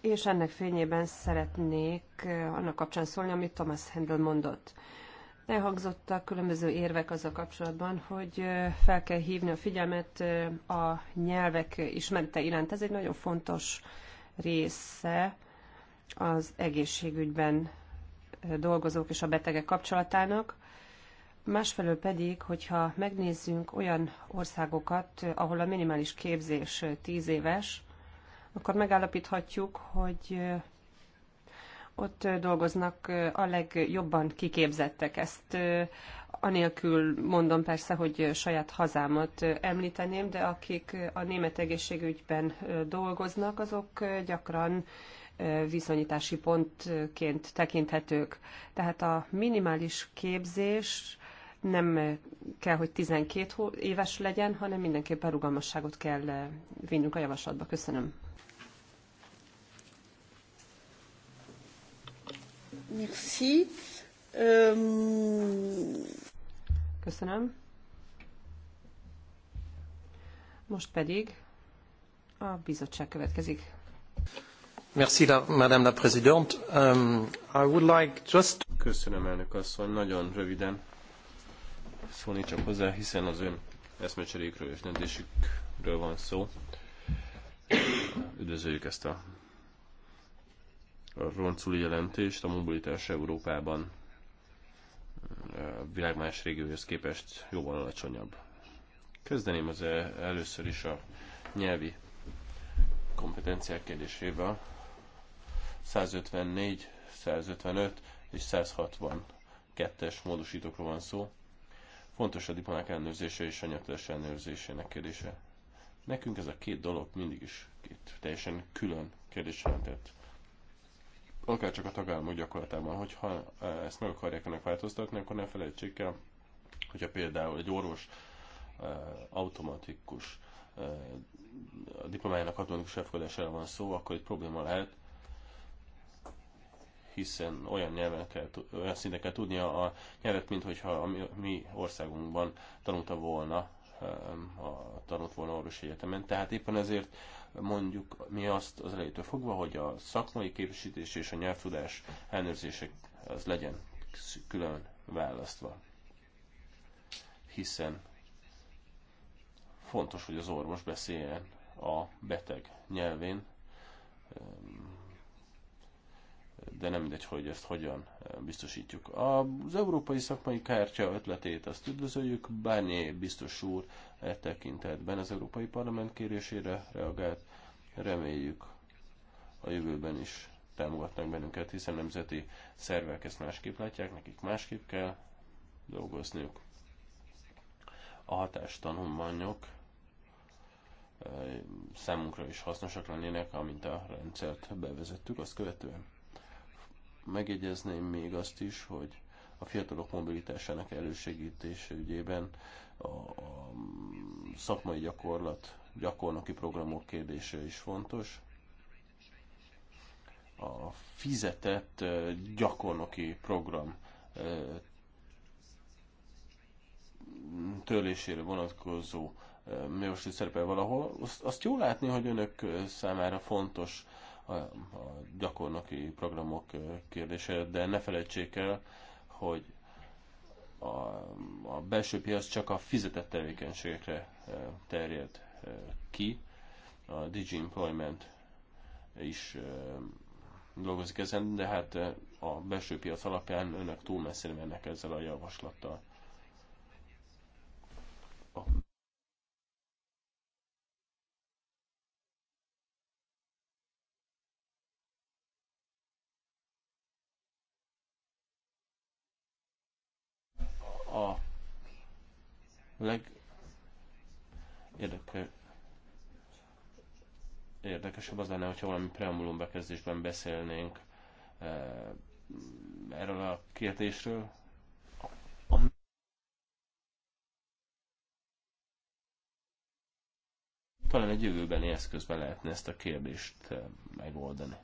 és ennek fényében szeretnék eh, annak kapcsán szólni, amit Thomas Handel mondott. Elhangzottak különböző érvek az a kapcsolatban, hogy fel kell hívni a figyelmet a nyelvek ismerete iránt. Ez egy nagyon fontos része az egészségügyben dolgozók és a betegek kapcsolatának. Másfelől pedig, hogyha megnézzünk olyan országokat, ahol a minimális képzés 10 éves, akkor megállapíthatjuk, hogy ott dolgoznak a legjobban kiképzettek. Ezt anélkül mondom persze, hogy saját hazámat említeném, de akik a német egészségügyben dolgoznak, azok gyakran viszonyítási pontként tekinthetők. Tehát a minimális képzés nem kell, hogy 12 éves legyen, hanem mindenképpen rugalmasságot kell vinnünk a javaslatba. Köszönöm. Merci. Euh, Köszönöm. Most pedig a bizottság következik. Merci, la, Madame la Présidente. Um, I would like just... Köszönöm, elnök asszony. Nagyon röviden szólni csak hozzá, hiszen az ön eszmecserékről és nedésükről van szó. Üdvözöljük ezt a a Ronculi jelentést, a mobilitás Európában a világ más régióhoz képest jóval alacsonyabb. Kezdeném az először is a nyelvi kompetenciák kérdésével. 154, 155 és 160 kettes módosítókról van szó. Fontos a diplomák ellenőrzése és nyelvtudás ellenőrzésének kérdése. Nekünk ez a két dolog mindig is két teljesen külön kérdés jelentett akár csak a tagállamok gyakorlatában, hogyha e, ezt meg akarják ennek változtatni, akkor ne felejtsék el, hogyha például egy orvos e, automatikus e, a diplomájának automatikus elfogadására van szó, akkor egy probléma lehet, hiszen olyan nyelven kell, olyan szinten kell tudnia a nyelvet, mint hogyha a mi országunkban tanulta volna ha tanult volna orvosi egyetemen. Tehát éppen ezért mondjuk mi azt az elejétől fogva, hogy a szakmai képesítés és a nyelvtudás ellenőrzések az legyen külön választva. Hiszen fontos, hogy az orvos beszéljen a beteg nyelvén, de nem mindegy, hogy ezt hogyan eh, biztosítjuk. Az európai szakmai kártya ötletét azt üdvözöljük, Bányé biztos úr e tekintetben az Európai Parlament kérésére reagált, reméljük a jövőben is támogatnak bennünket, hiszen nemzeti szervek ezt másképp látják, nekik másképp kell dolgozniuk. A hatástanulmányok eh, számunkra is hasznosak lennének, amint a rendszert bevezettük, azt követően. Megjegyezném még azt is, hogy a fiatalok mobilitásának elősegítése ügyében a, a szakmai gyakorlat, gyakornoki programok kérdése is fontos. A fizetett gyakornoki program törlésére vonatkozó mérősít szerepel valahol. Azt, azt jó látni, hogy önök számára fontos a gyakornoki programok kérdése, de ne felejtsék el, hogy a, a belső piac csak a fizetett tevékenységekre terjed ki. A Digi Employment is dolgozik ezen, de hát a belső piac alapján önök túl messzire mennek ezzel a javaslattal. a leg érdeke... érdekesebb az lenne, hogyha valami preambulum bekezdésben beszélnénk e, erről a kérdésről. Talán egy jövőbeni eszközben lehetne ezt a kérdést e, megoldani.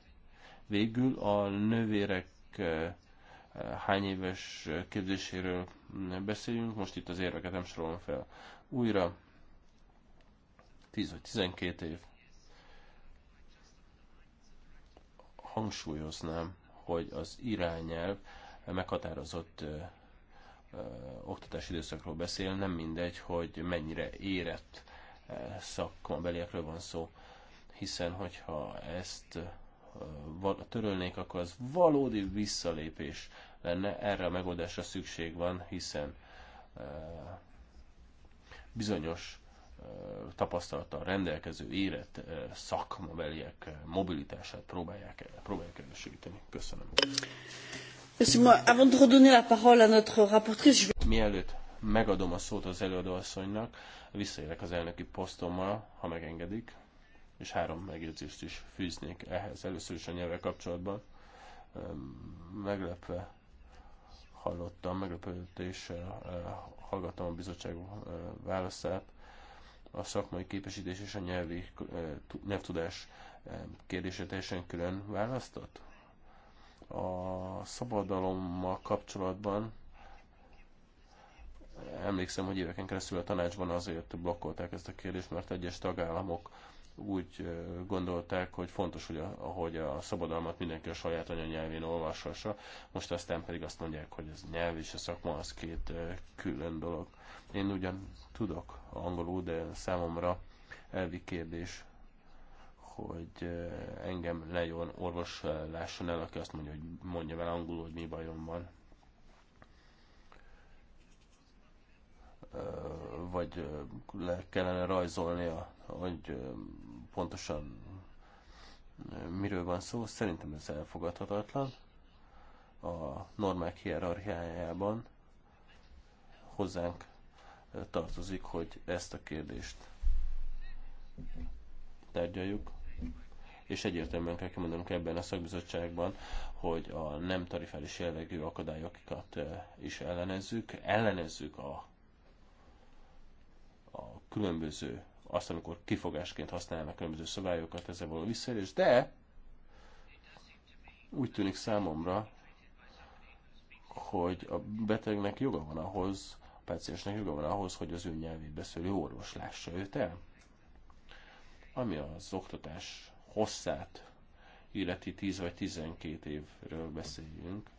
Végül a nővérek e, hány éves képzéséről beszéljünk, most itt az érveket nem sorolom fel újra, 10 vagy 12 év. Hangsúlyoznám, hogy az irányelv meghatározott ö, ö, oktatási időszakról beszél, nem mindegy, hogy mennyire érett szakmabeliekről van szó, hiszen hogyha ezt törölnék, akkor az valódi visszalépés lenne. Erre a megoldásra szükség van, hiszen bizonyos tapasztalattal rendelkező érett szakmabeliek mobilitását próbálják, próbálják elősegíteni. Köszönöm. Mielőtt megadom a szót az előadóasszonynak, visszaélek az elnöki posztommal, ha megengedik és három megjegyzést is fűznék ehhez. Először is a nyelve kapcsolatban meglepve hallottam, meglepődéssel eh, hallgattam a bizottság eh, válaszát. A szakmai képesítés és a nyelvi, eh, nyelvtudás kérdése teljesen külön választott. A szabadalommal kapcsolatban emlékszem, hogy éveken keresztül a tanácsban azért blokkolták ezt a kérdést, mert egyes tagállamok úgy gondolták, hogy fontos, hogy a, hogy a szabadalmat mindenki a saját anyanyelvén olvashassa, most aztán pedig azt mondják, hogy ez nyelv és a szakma az két külön dolog. Én ugyan tudok angolul, de számomra elvi kérdés, hogy engem legyen orvos lásson el, aki azt mondja, hogy mondja vele angolul, hogy mi bajom van. vagy le kellene rajzolnia, hogy pontosan miről van szó, szerintem ez elfogadhatatlan. A normák hierarchiájában hozzánk tartozik, hogy ezt a kérdést tárgyaljuk, és egyértelműen kell kimondanunk ebben a szakbizottságban, hogy a nem tarifális jellegű akadályokat is ellenezzük, ellenezzük a a különböző, azt, amikor kifogásként használnak különböző szabályokat, ezzel való visszaérés, de úgy tűnik számomra, hogy a betegnek joga van ahhoz, a páciensnek joga van ahhoz, hogy az ő nyelvét beszélő orvos lássa őt el. Ami az oktatás hosszát illeti 10 vagy 12 évről beszéljünk,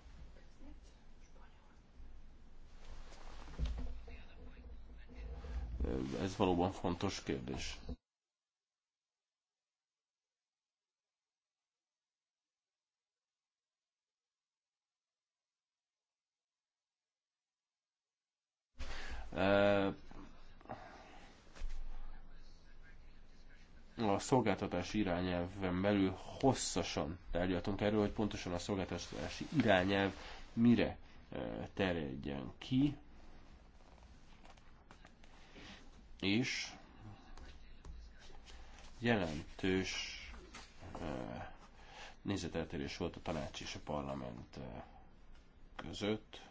ez valóban fontos kérdés. E, a szolgáltatás irányelven belül hosszasan tárgyaltunk erről, hogy pontosan a szolgáltatási irányelv mire e, terjedjen ki, is jelentős nézeteltérés volt a tanács és a parlament között.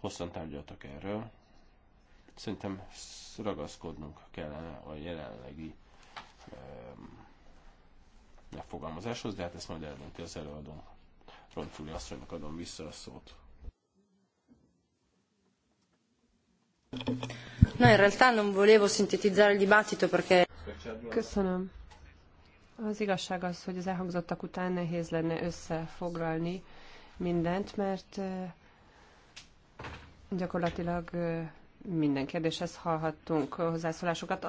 Hosszan tárgyaltak erről. Szerintem ragaszkodnunk kellene a jelenlegi megfogalmazáshoz, de hát ezt majd eldönti az előadó. Roncúli asszonynak adom vissza a szót. No, in realtà non volevo sintetizzare il dibattito perché... Köszönöm. Az igazság az, hogy az elhangzottak után nehéz lenne összefoglalni mindent, mert eh, gyakorlatilag eh, minden kérdéshez hallhattunk hozzászólásokat.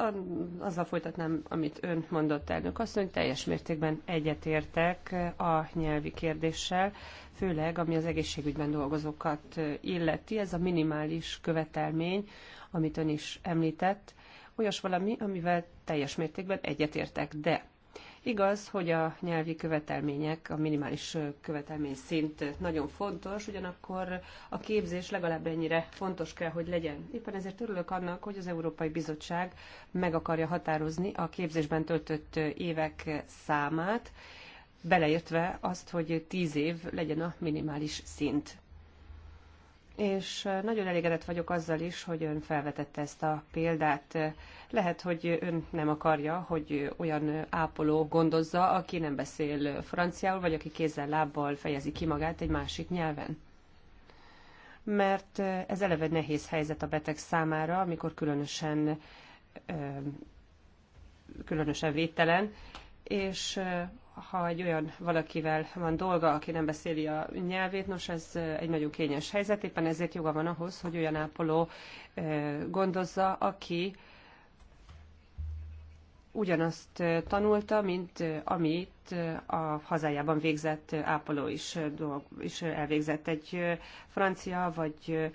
Azzal folytatnám, amit ön mondott, elnök hogy teljes mértékben egyetértek a nyelvi kérdéssel, főleg ami az egészségügyben dolgozókat illeti. Ez a minimális követelmény, amit ön is említett, olyas valami, amivel teljes mértékben egyetértek, de Igaz, hogy a nyelvi követelmények, a minimális követelmény szint nagyon fontos, ugyanakkor a képzés legalább ennyire fontos kell, hogy legyen. Éppen ezért örülök annak, hogy az Európai Bizottság meg akarja határozni a képzésben töltött évek számát, beleértve azt, hogy tíz év legyen a minimális szint. És nagyon elégedett vagyok azzal is, hogy ön felvetette ezt a példát. Lehet, hogy ön nem akarja, hogy olyan ápoló gondozza, aki nem beszél franciául, vagy aki kézzel-lábbal fejezi ki magát egy másik nyelven. Mert eh, ez eleve nehéz helyzet a beteg számára, amikor különösen, eh, különösen védtelen, és eh, ha egy olyan valakivel van dolga, aki nem beszéli a nyelvét, nos ez egy nagyon kényes helyzet, éppen ezért joga van ahhoz, hogy olyan ápoló gondozza, aki ugyanazt tanulta, mint amit mert a hazájában végzett ápoló is, dolg, is elvégzett egy francia vagy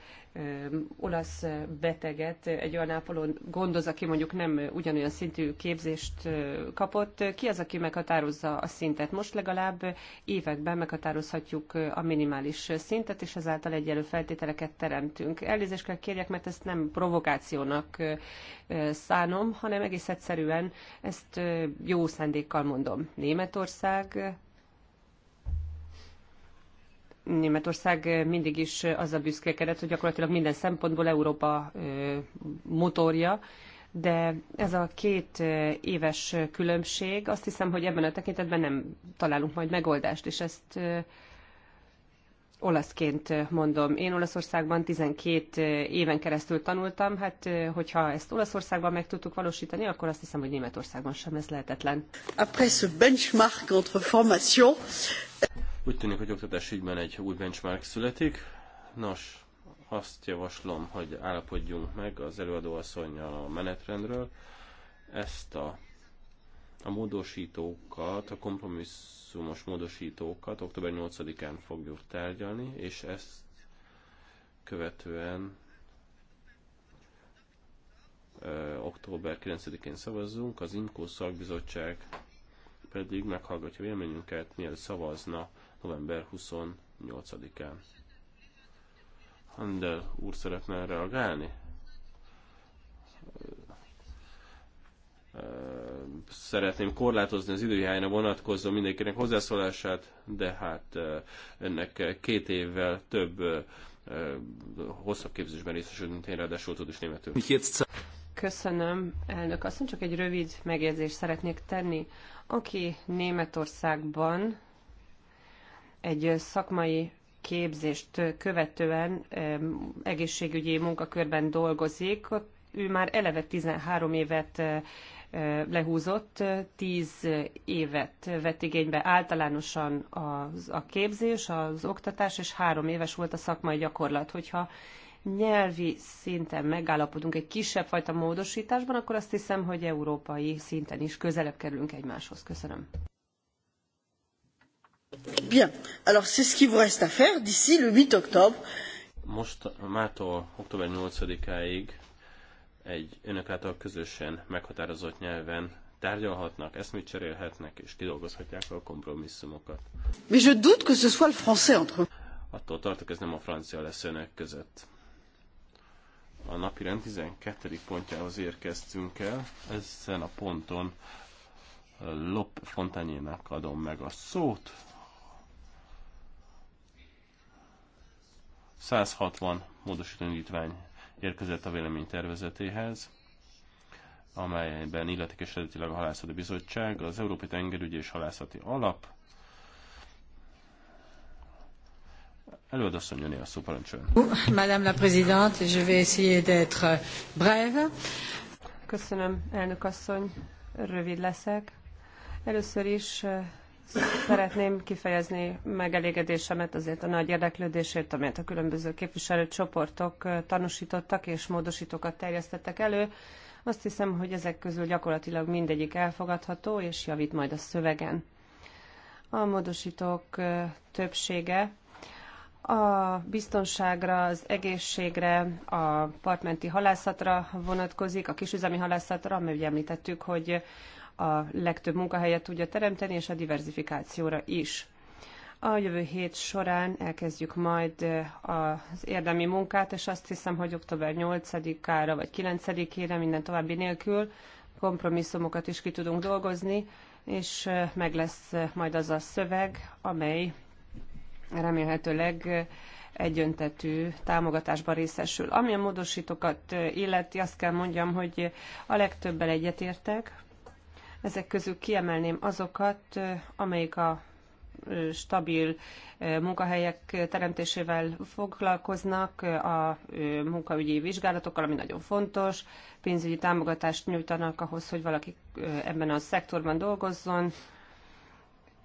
olasz beteget, egy olyan ápoló gondoz, aki mondjuk nem ugyanolyan szintű képzést kapott. Ki az, aki meghatározza a szintet? Most legalább években meghatározhatjuk a minimális szintet, és ezáltal egyelő feltételeket teremtünk. Elnézést kell kérjek, mert ezt nem provokációnak szánom, hanem egész egyszerűen ezt jó szándékkal mondom. Németország Németország Németország mindig is az a büszkélkedett, hogy gyakorlatilag minden szempontból Európa motorja, de ez a két éves különbség, azt hiszem, hogy ebben a tekintetben nem találunk majd megoldást, és ezt olaszként mondom. Én Olaszországban 12 éven keresztül tanultam, hát hogyha ezt Olaszországban meg tudtuk valósítani, akkor azt hiszem, hogy Németországban sem ez lehetetlen. Après ce benchmark entre formation... Úgy tűnik, hogy oktatás ügyben egy új benchmark születik. Nos, azt javaslom, hogy állapodjunk meg az előadóasszonynal a menetrendről. Ezt a a módosítókat, a kompromisszumos módosítókat október 8-án fogjuk tárgyalni, és ezt követően ö, október 9-én szavazzunk, az INKO szakbizottság pedig meghallgatja véleményünket, mielőtt szavazna november 28-án. Handel úr szeretne reagálni? szeretném korlátozni az időhiányra vonatkozó mindenkinek hozzászólását, de hát ennek két évvel több hosszabb képzésben részesültünk, én ráadásul tud is németül. Köszönöm, elnök asszony, csak egy rövid megjegyzést szeretnék tenni. Aki Németországban egy szakmai képzést követően egészségügyi munkakörben dolgozik, ő már eleve 13 évet lehúzott. Tíz évet vett igénybe általánosan az, a képzés, az oktatás, és három éves volt a szakmai gyakorlat. Hogyha nyelvi szinten megállapodunk egy kisebb fajta módosításban, akkor azt hiszem, hogy európai szinten is közelebb kerülünk egymáshoz. Köszönöm. Bien, alors c'est ce qu'il vous reste à faire d'ici le 8 octobre. Most mától október 8-áig egy önök által közösen meghatározott nyelven tárgyalhatnak, eszmét cserélhetnek, és kidolgozhatják a kompromisszumokat. Mais je doute que ce soit le français entre Attól tartok, ez nem a francia lesz önök között. A rend 12. pontjához érkeztünk el. Ezen a ponton Lop Fontanyének adom meg a szót. 160 módosító indítvány érkezett a vélemény tervezetéhez, amelyben illetékes és a Halászati Bizottság, az Európai Tengerügyi és Halászati Alap. Előadasszony jönni a szó, parancsoljon. Madame la Présidente, je vais essayer d'être brève. Köszönöm, elnök asszony, rövid leszek. Először is Szeretném kifejezni megelégedésemet azért a nagy érdeklődésért, amelyet a különböző képviselőcsoportok tanúsítottak és módosítókat terjesztettek elő. Azt hiszem, hogy ezek közül gyakorlatilag mindegyik elfogadható és javít majd a szövegen. A módosítók többsége a biztonságra, az egészségre, a partmenti halászatra vonatkozik, a kisüzemi halászatra, amely ugye említettük, hogy a legtöbb munkahelyet tudja teremteni, és a diversifikációra is. A jövő hét során elkezdjük majd eh, az érdemi munkát, és azt hiszem, hogy október 8-ára vagy 9-ére minden további nélkül kompromisszumokat is ki tudunk dolgozni, és eh, meg lesz eh, majd az a szöveg, amely remélhetőleg egyöntetű támogatásban részesül. Ami a módosítókat illeti, azt kell mondjam, hogy a legtöbbel egyetértek, ezek közül kiemelném azokat, amelyik a stabil munkahelyek teremtésével foglalkoznak, a munkaügyi vizsgálatokkal, ami nagyon fontos, pénzügyi támogatást nyújtanak ahhoz, hogy valaki ebben a szektorban dolgozzon,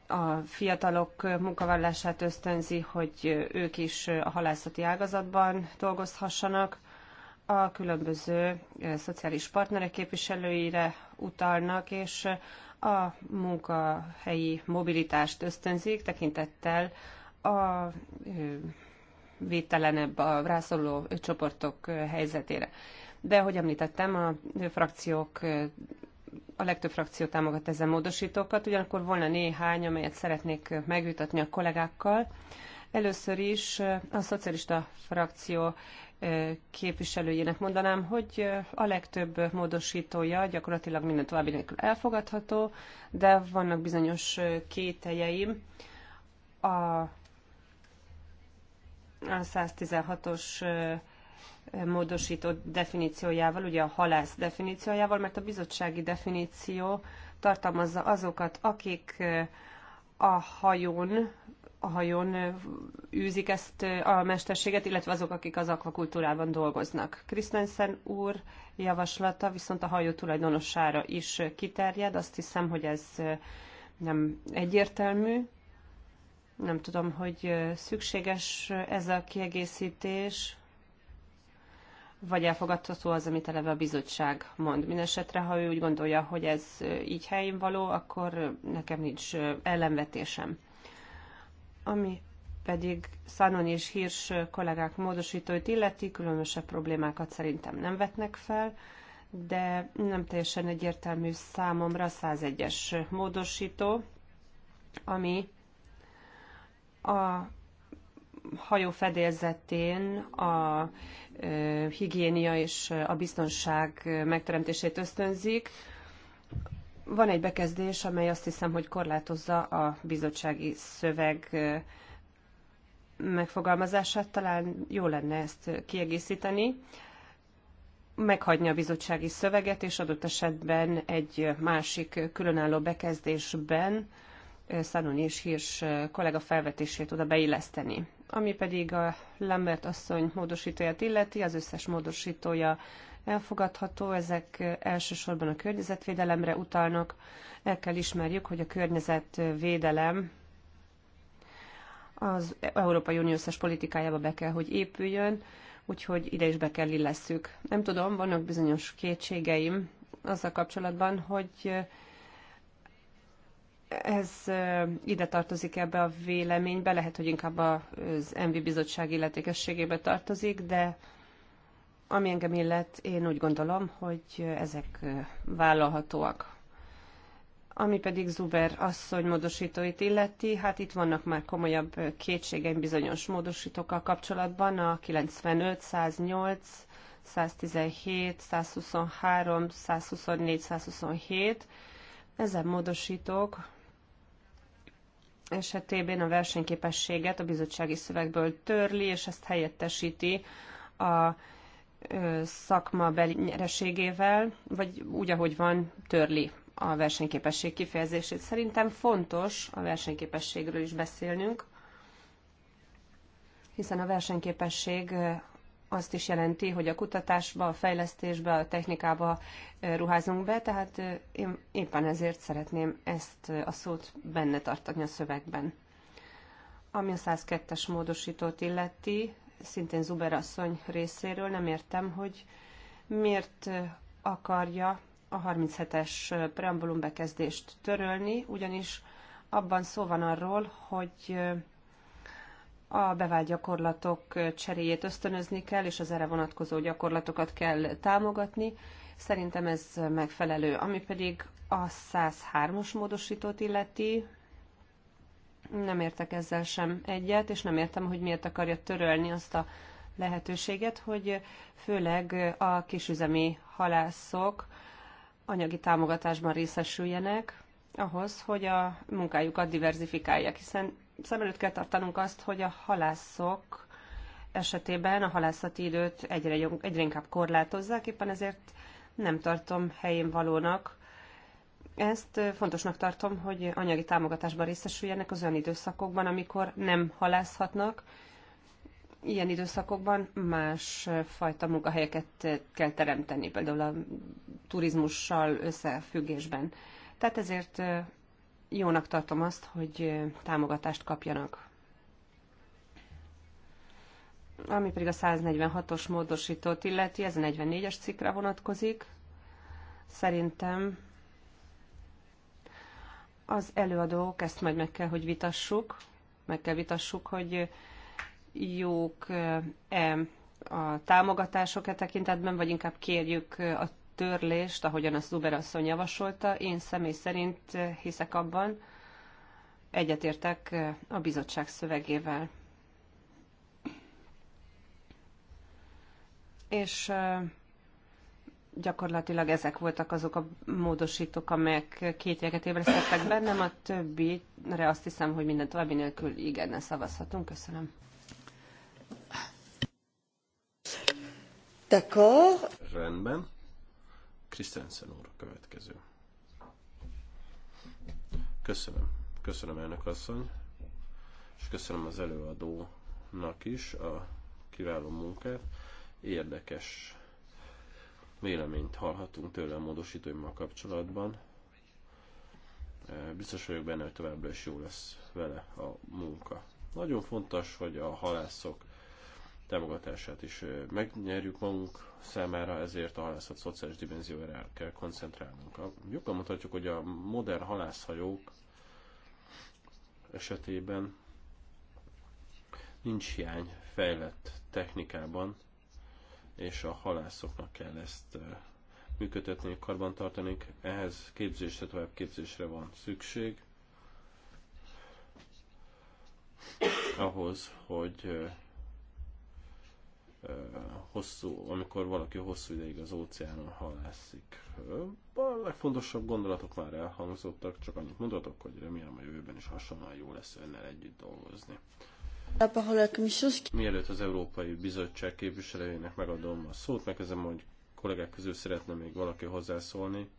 a fiatalok munkavállalását ösztönzi, hogy ők is a halászati ágazatban dolgozhassanak, a különböző eh, szociális partnerek képviselőire utalnak, és eh, a munkahelyi mobilitást ösztönzik, tekintettel a eh, védtelenebb, a rászoruló csoportok helyzetére. De, ahogy említettem, a frakciók a legtöbb frakció támogat ezen módosítókat, ugyanakkor volna néhány, amelyet szeretnék megvitatni a kollégákkal. Először is a szocialista frakció képviselőjének mondanám, hogy a legtöbb módosítója gyakorlatilag minden további nélkül elfogadható, de vannak bizonyos kételjeim. A, a 116-os módosító definíciójával, ugye a halász definíciójával, mert a bizottsági definíció tartalmazza azokat, akik a hajón a hajón űzik ezt a mesterséget, illetve azok, akik az akvakultúrában dolgoznak. Krisztensen úr javaslata viszont a hajó tulajdonosára is kiterjed. Azt hiszem, hogy ez nem egyértelmű. Nem tudom, hogy szükséges ez a kiegészítés, vagy elfogadható az, amit eleve a bizottság mond. Mindenesetre, ha ő úgy gondolja, hogy ez így helyén való, akkor nekem nincs ellenvetésem. Ami pedig Szanon és hírs kollégák módosítóit illeti, különösebb problémákat szerintem nem vetnek fel, de nem teljesen egyértelmű számomra 101-es módosító, ami a hajó fedélzetén a higiénia és a biztonság megteremtését ösztönzik, van egy bekezdés, amely azt hiszem, hogy korlátozza a bizottsági szöveg megfogalmazását. Talán jó lenne ezt kiegészíteni. Meghagyni a bizottsági szöveget, és adott esetben egy másik különálló bekezdésben szanon és hírs kollega felvetését oda beilleszteni. Ami pedig a Lambert asszony módosítóját illeti, az összes módosítója elfogadható, ezek elsősorban a környezetvédelemre utalnak. El kell ismerjük, hogy a környezetvédelem az Európai Unió összes politikájába be kell, hogy épüljön, úgyhogy ide is be kell illesszük. Nem tudom, vannak bizonyos kétségeim azzal kapcsolatban, hogy ez ide tartozik ebbe a véleménybe, lehet, hogy inkább az MV bizottság illetékességébe tartozik, de ami engem illet, én úgy gondolom, hogy ezek vállalhatóak. Ami pedig Zuber asszony módosítóit illeti, hát itt vannak már komolyabb kétségeim bizonyos módosítókkal kapcsolatban, a 95, 108, 117, 123, 124, 127. Ezen módosítók esetében a versenyképességet a bizottsági szövegből törli, és ezt helyettesíti a szakma nyereségével, vagy úgy, ahogy van, törli a versenyképesség kifejezését. Szerintem fontos a versenyképességről is beszélnünk, hiszen a versenyképesség azt is jelenti, hogy a kutatásba, a fejlesztésbe, a technikába ruházunk be, tehát én éppen ezért szeretném ezt a szót benne tartani a szövegben. Ami a 102-es módosítót illeti, szintén Zuber asszony részéről. Nem értem, hogy miért akarja a 37-es preambulum bekezdést törölni, ugyanis abban szó van arról, hogy a bevált gyakorlatok cseréjét ösztönözni kell, és az erre vonatkozó gyakorlatokat kell támogatni. Szerintem ez megfelelő. Ami pedig a 103-os módosítót illeti, nem értek ezzel sem egyet, és nem értem, hogy miért akarja törölni azt a lehetőséget, hogy főleg a kisüzemi halászok anyagi támogatásban részesüljenek ahhoz, hogy a munkájukat diverzifikálják, hiszen szem előtt kell tartanunk azt, hogy a halászok esetében a halászati időt egyre, egyre inkább korlátozzák, éppen ezért nem tartom helyén valónak, ezt fontosnak tartom, hogy anyagi támogatásban részesüljenek az olyan időszakokban, amikor nem halászhatnak. Ilyen időszakokban más fajta munkahelyeket kell teremteni, például a turizmussal összefüggésben. Tehát ezért jónak tartom azt, hogy támogatást kapjanak. Ami pedig a 146-os módosítót illeti, ez a 44-es cikkre vonatkozik. Szerintem az előadók, ezt majd meg kell, hogy vitassuk, meg kell vitassuk, hogy jók-e a támogatások e tekintetben, vagy inkább kérjük a törlést, ahogyan a Zuber asszony javasolta. Én személy szerint hiszek abban, egyetértek a bizottság szövegével. És gyakorlatilag ezek voltak azok a módosítók, amelyek jeget ébresztettek bennem, a többire azt hiszem, hogy minden további nélkül igennel szavazhatunk. Köszönöm. D'accord. Rendben. Krisztensen úr a következő. Köszönöm. Köszönöm elnök asszony, és köszönöm az előadónak is a kiváló munkát. Érdekes véleményt hallhatunk tőle a módosítóimmal kapcsolatban. E, biztos vagyok benne, hogy továbbra is jó lesz vele a munka. Nagyon fontos, hogy a halászok támogatását is e, megnyerjük magunk számára, ezért a halászat szociális dimenziójára kell koncentrálnunk. Joggal mondhatjuk, hogy a modern halászhajók esetében nincs hiány fejlett technikában, és a halászoknak kell ezt működtetni, karbantartani. Ehhez képzésre, tovább képzésre van szükség, ahhoz, hogy hosszú, amikor valaki hosszú ideig az óceánon halászik. A legfontosabb gondolatok már elhangzottak, csak annyit mondatok, hogy remélem a jövőben is hasonlóan jó lesz önnel együtt dolgozni. Mielőtt az Európai Bizottság képviselőjének megadom a szót, megkezdem, hogy kollégák közül szeretne még valaki hozzászólni.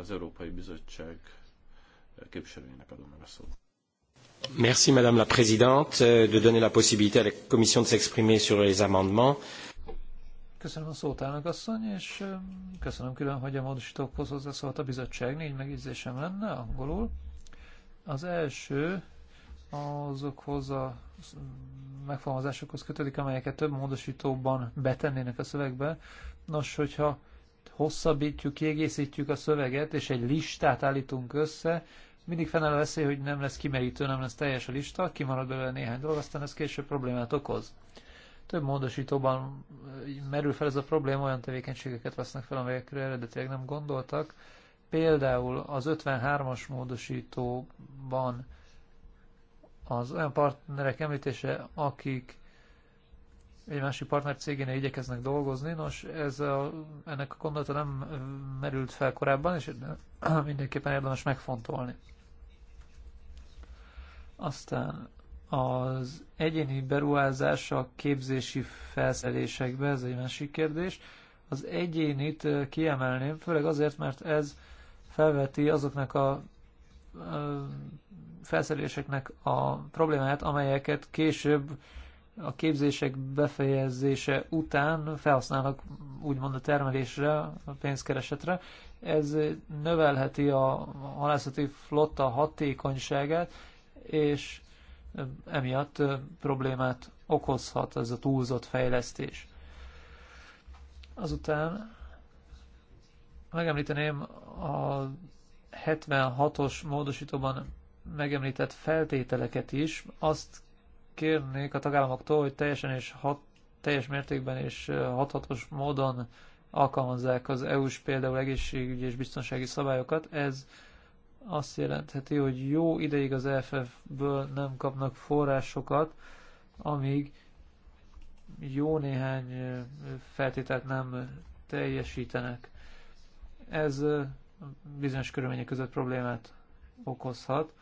Az Európai Bizottság képviselőjének adom meg a szót. Merci Madame la Présidente de donner la possibilité à la Commission de s'exprimer sur les amendements. Köszönöm a szót, elnök asszony, és um, köszönöm külön, hogy a módosítókhoz hozzászólt a bizottság. Négy megjegyzésem lenne angolul. Az első azokhoz a megfogalmazásokhoz kötődik, amelyeket több módosítóban betennének a szövegbe. Nos, hogyha hosszabbítjuk, kiegészítjük a szöveget, és egy listát állítunk össze, mindig fennáll a veszély, hogy nem lesz kimerítő, nem lesz teljes a lista, kimarad belőle néhány dolog, aztán ez később problémát okoz. Több módosítóban merül fel ez a probléma, olyan tevékenységeket vesznek fel, amelyekre eredetileg nem gondoltak. Például az 53-as módosítóban az olyan partnerek említése, akik egy másik partner cégénél igyekeznek dolgozni. Nos, ez a, ennek a gondolata nem merült fel korábban, és mindenképpen érdemes megfontolni. Aztán az egyéni beruházás a képzési felszerelésekbe, ez egy másik kérdés. Az egyénit kiemelném, főleg azért, mert ez felveti azoknak a felszereléseknek a problémáját, amelyeket később a képzések befejezése után felhasználnak úgymond a termelésre, a pénzkeresetre. Ez növelheti a halászati flotta hatékonyságát, és emiatt problémát okozhat ez a túlzott fejlesztés. Azután megemlíteném a 76-os módosítóban megemlített feltételeket is, azt kérnék a tagállamoktól, hogy teljesen és hat, teljes mértékben és hathatos módon alkalmazzák az EU-s például egészségügyi és biztonsági szabályokat. Ez azt jelentheti, hogy jó ideig az EFF-ből nem kapnak forrásokat, amíg jó néhány feltételt nem teljesítenek. Ez bizonyos körülmények között problémát okozhat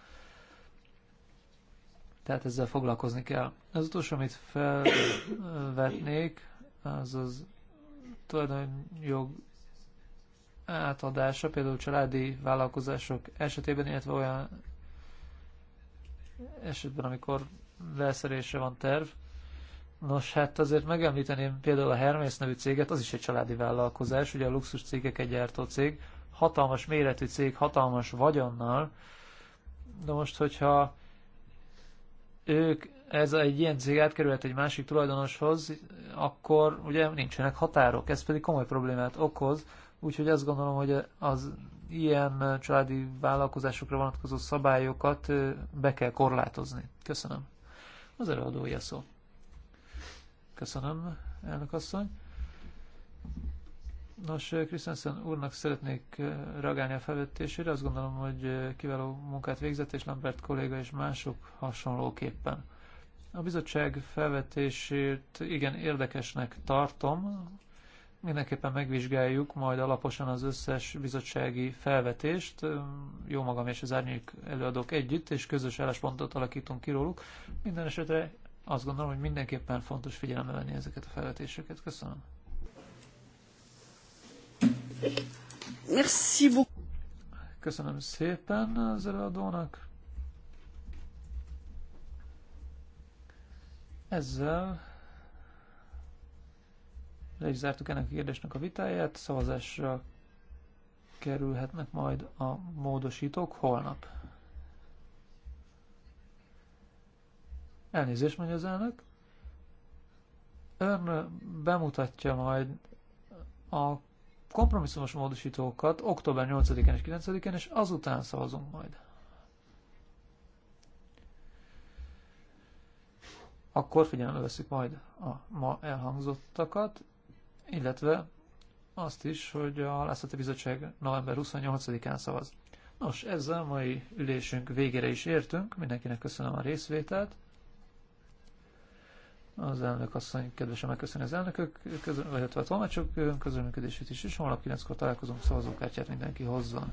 tehát ezzel foglalkozni kell. Az utolsó, amit felvetnék, az az tulajdonjog átadása, például családi vállalkozások esetében, illetve olyan esetben, amikor leszerésre van terv. Nos, hát azért megemlíteném például a Hermes nevű céget, az is egy családi vállalkozás, ugye a luxus cégek egy gyártó cég, hatalmas méretű cég, hatalmas vagyonnal, de most, hogyha ők, ez egy ilyen cég átkerülhet egy másik tulajdonoshoz, akkor ugye nincsenek határok, ez pedig komoly problémát okoz, úgyhogy azt gondolom, hogy az ilyen családi vállalkozásokra vonatkozó szabályokat be kell korlátozni. Köszönöm. Az előadója szó. Köszönöm, elnök asszony. Nos, Krisztensen úrnak szeretnék eh, reagálni a felvetésére. Azt gondolom, hogy eh, kiváló munkát végzett, és Lambert kolléga és mások hasonlóképpen. A bizottság felvetését igen érdekesnek tartom. Mindenképpen megvizsgáljuk majd alaposan az összes bizottsági felvetést, jó magam és az árnyék előadók együtt, és közös álláspontot alakítunk ki róluk. Minden esetre azt gondolom, hogy mindenképpen fontos figyelembe venni ezeket a felvetéseket. Köszönöm. Merci beaucoup. Köszönöm szépen az előadónak. Ezzel le is zártuk ennek a kérdésnek a vitáját, szavazásra kerülhetnek majd a módosítók holnap. Elnézést mondja az elnök. Ön bemutatja majd a kompromisszumos módosítókat október 8-án és 9-én, és azután szavazunk majd. Akkor figyelembe veszük majd a ma elhangzottakat, illetve azt is, hogy a Lászlati Bizottság november 28-án szavaz. Nos, ezzel a mai ülésünk végére is értünk, mindenkinek köszönöm a részvételt, az elnök asszony kedvesen megköszöni az elnökök, közül, vagy a tolmácsok közreműködését is, és holnap 9-kor találkozunk, szavazókártyát mindenki hozzon.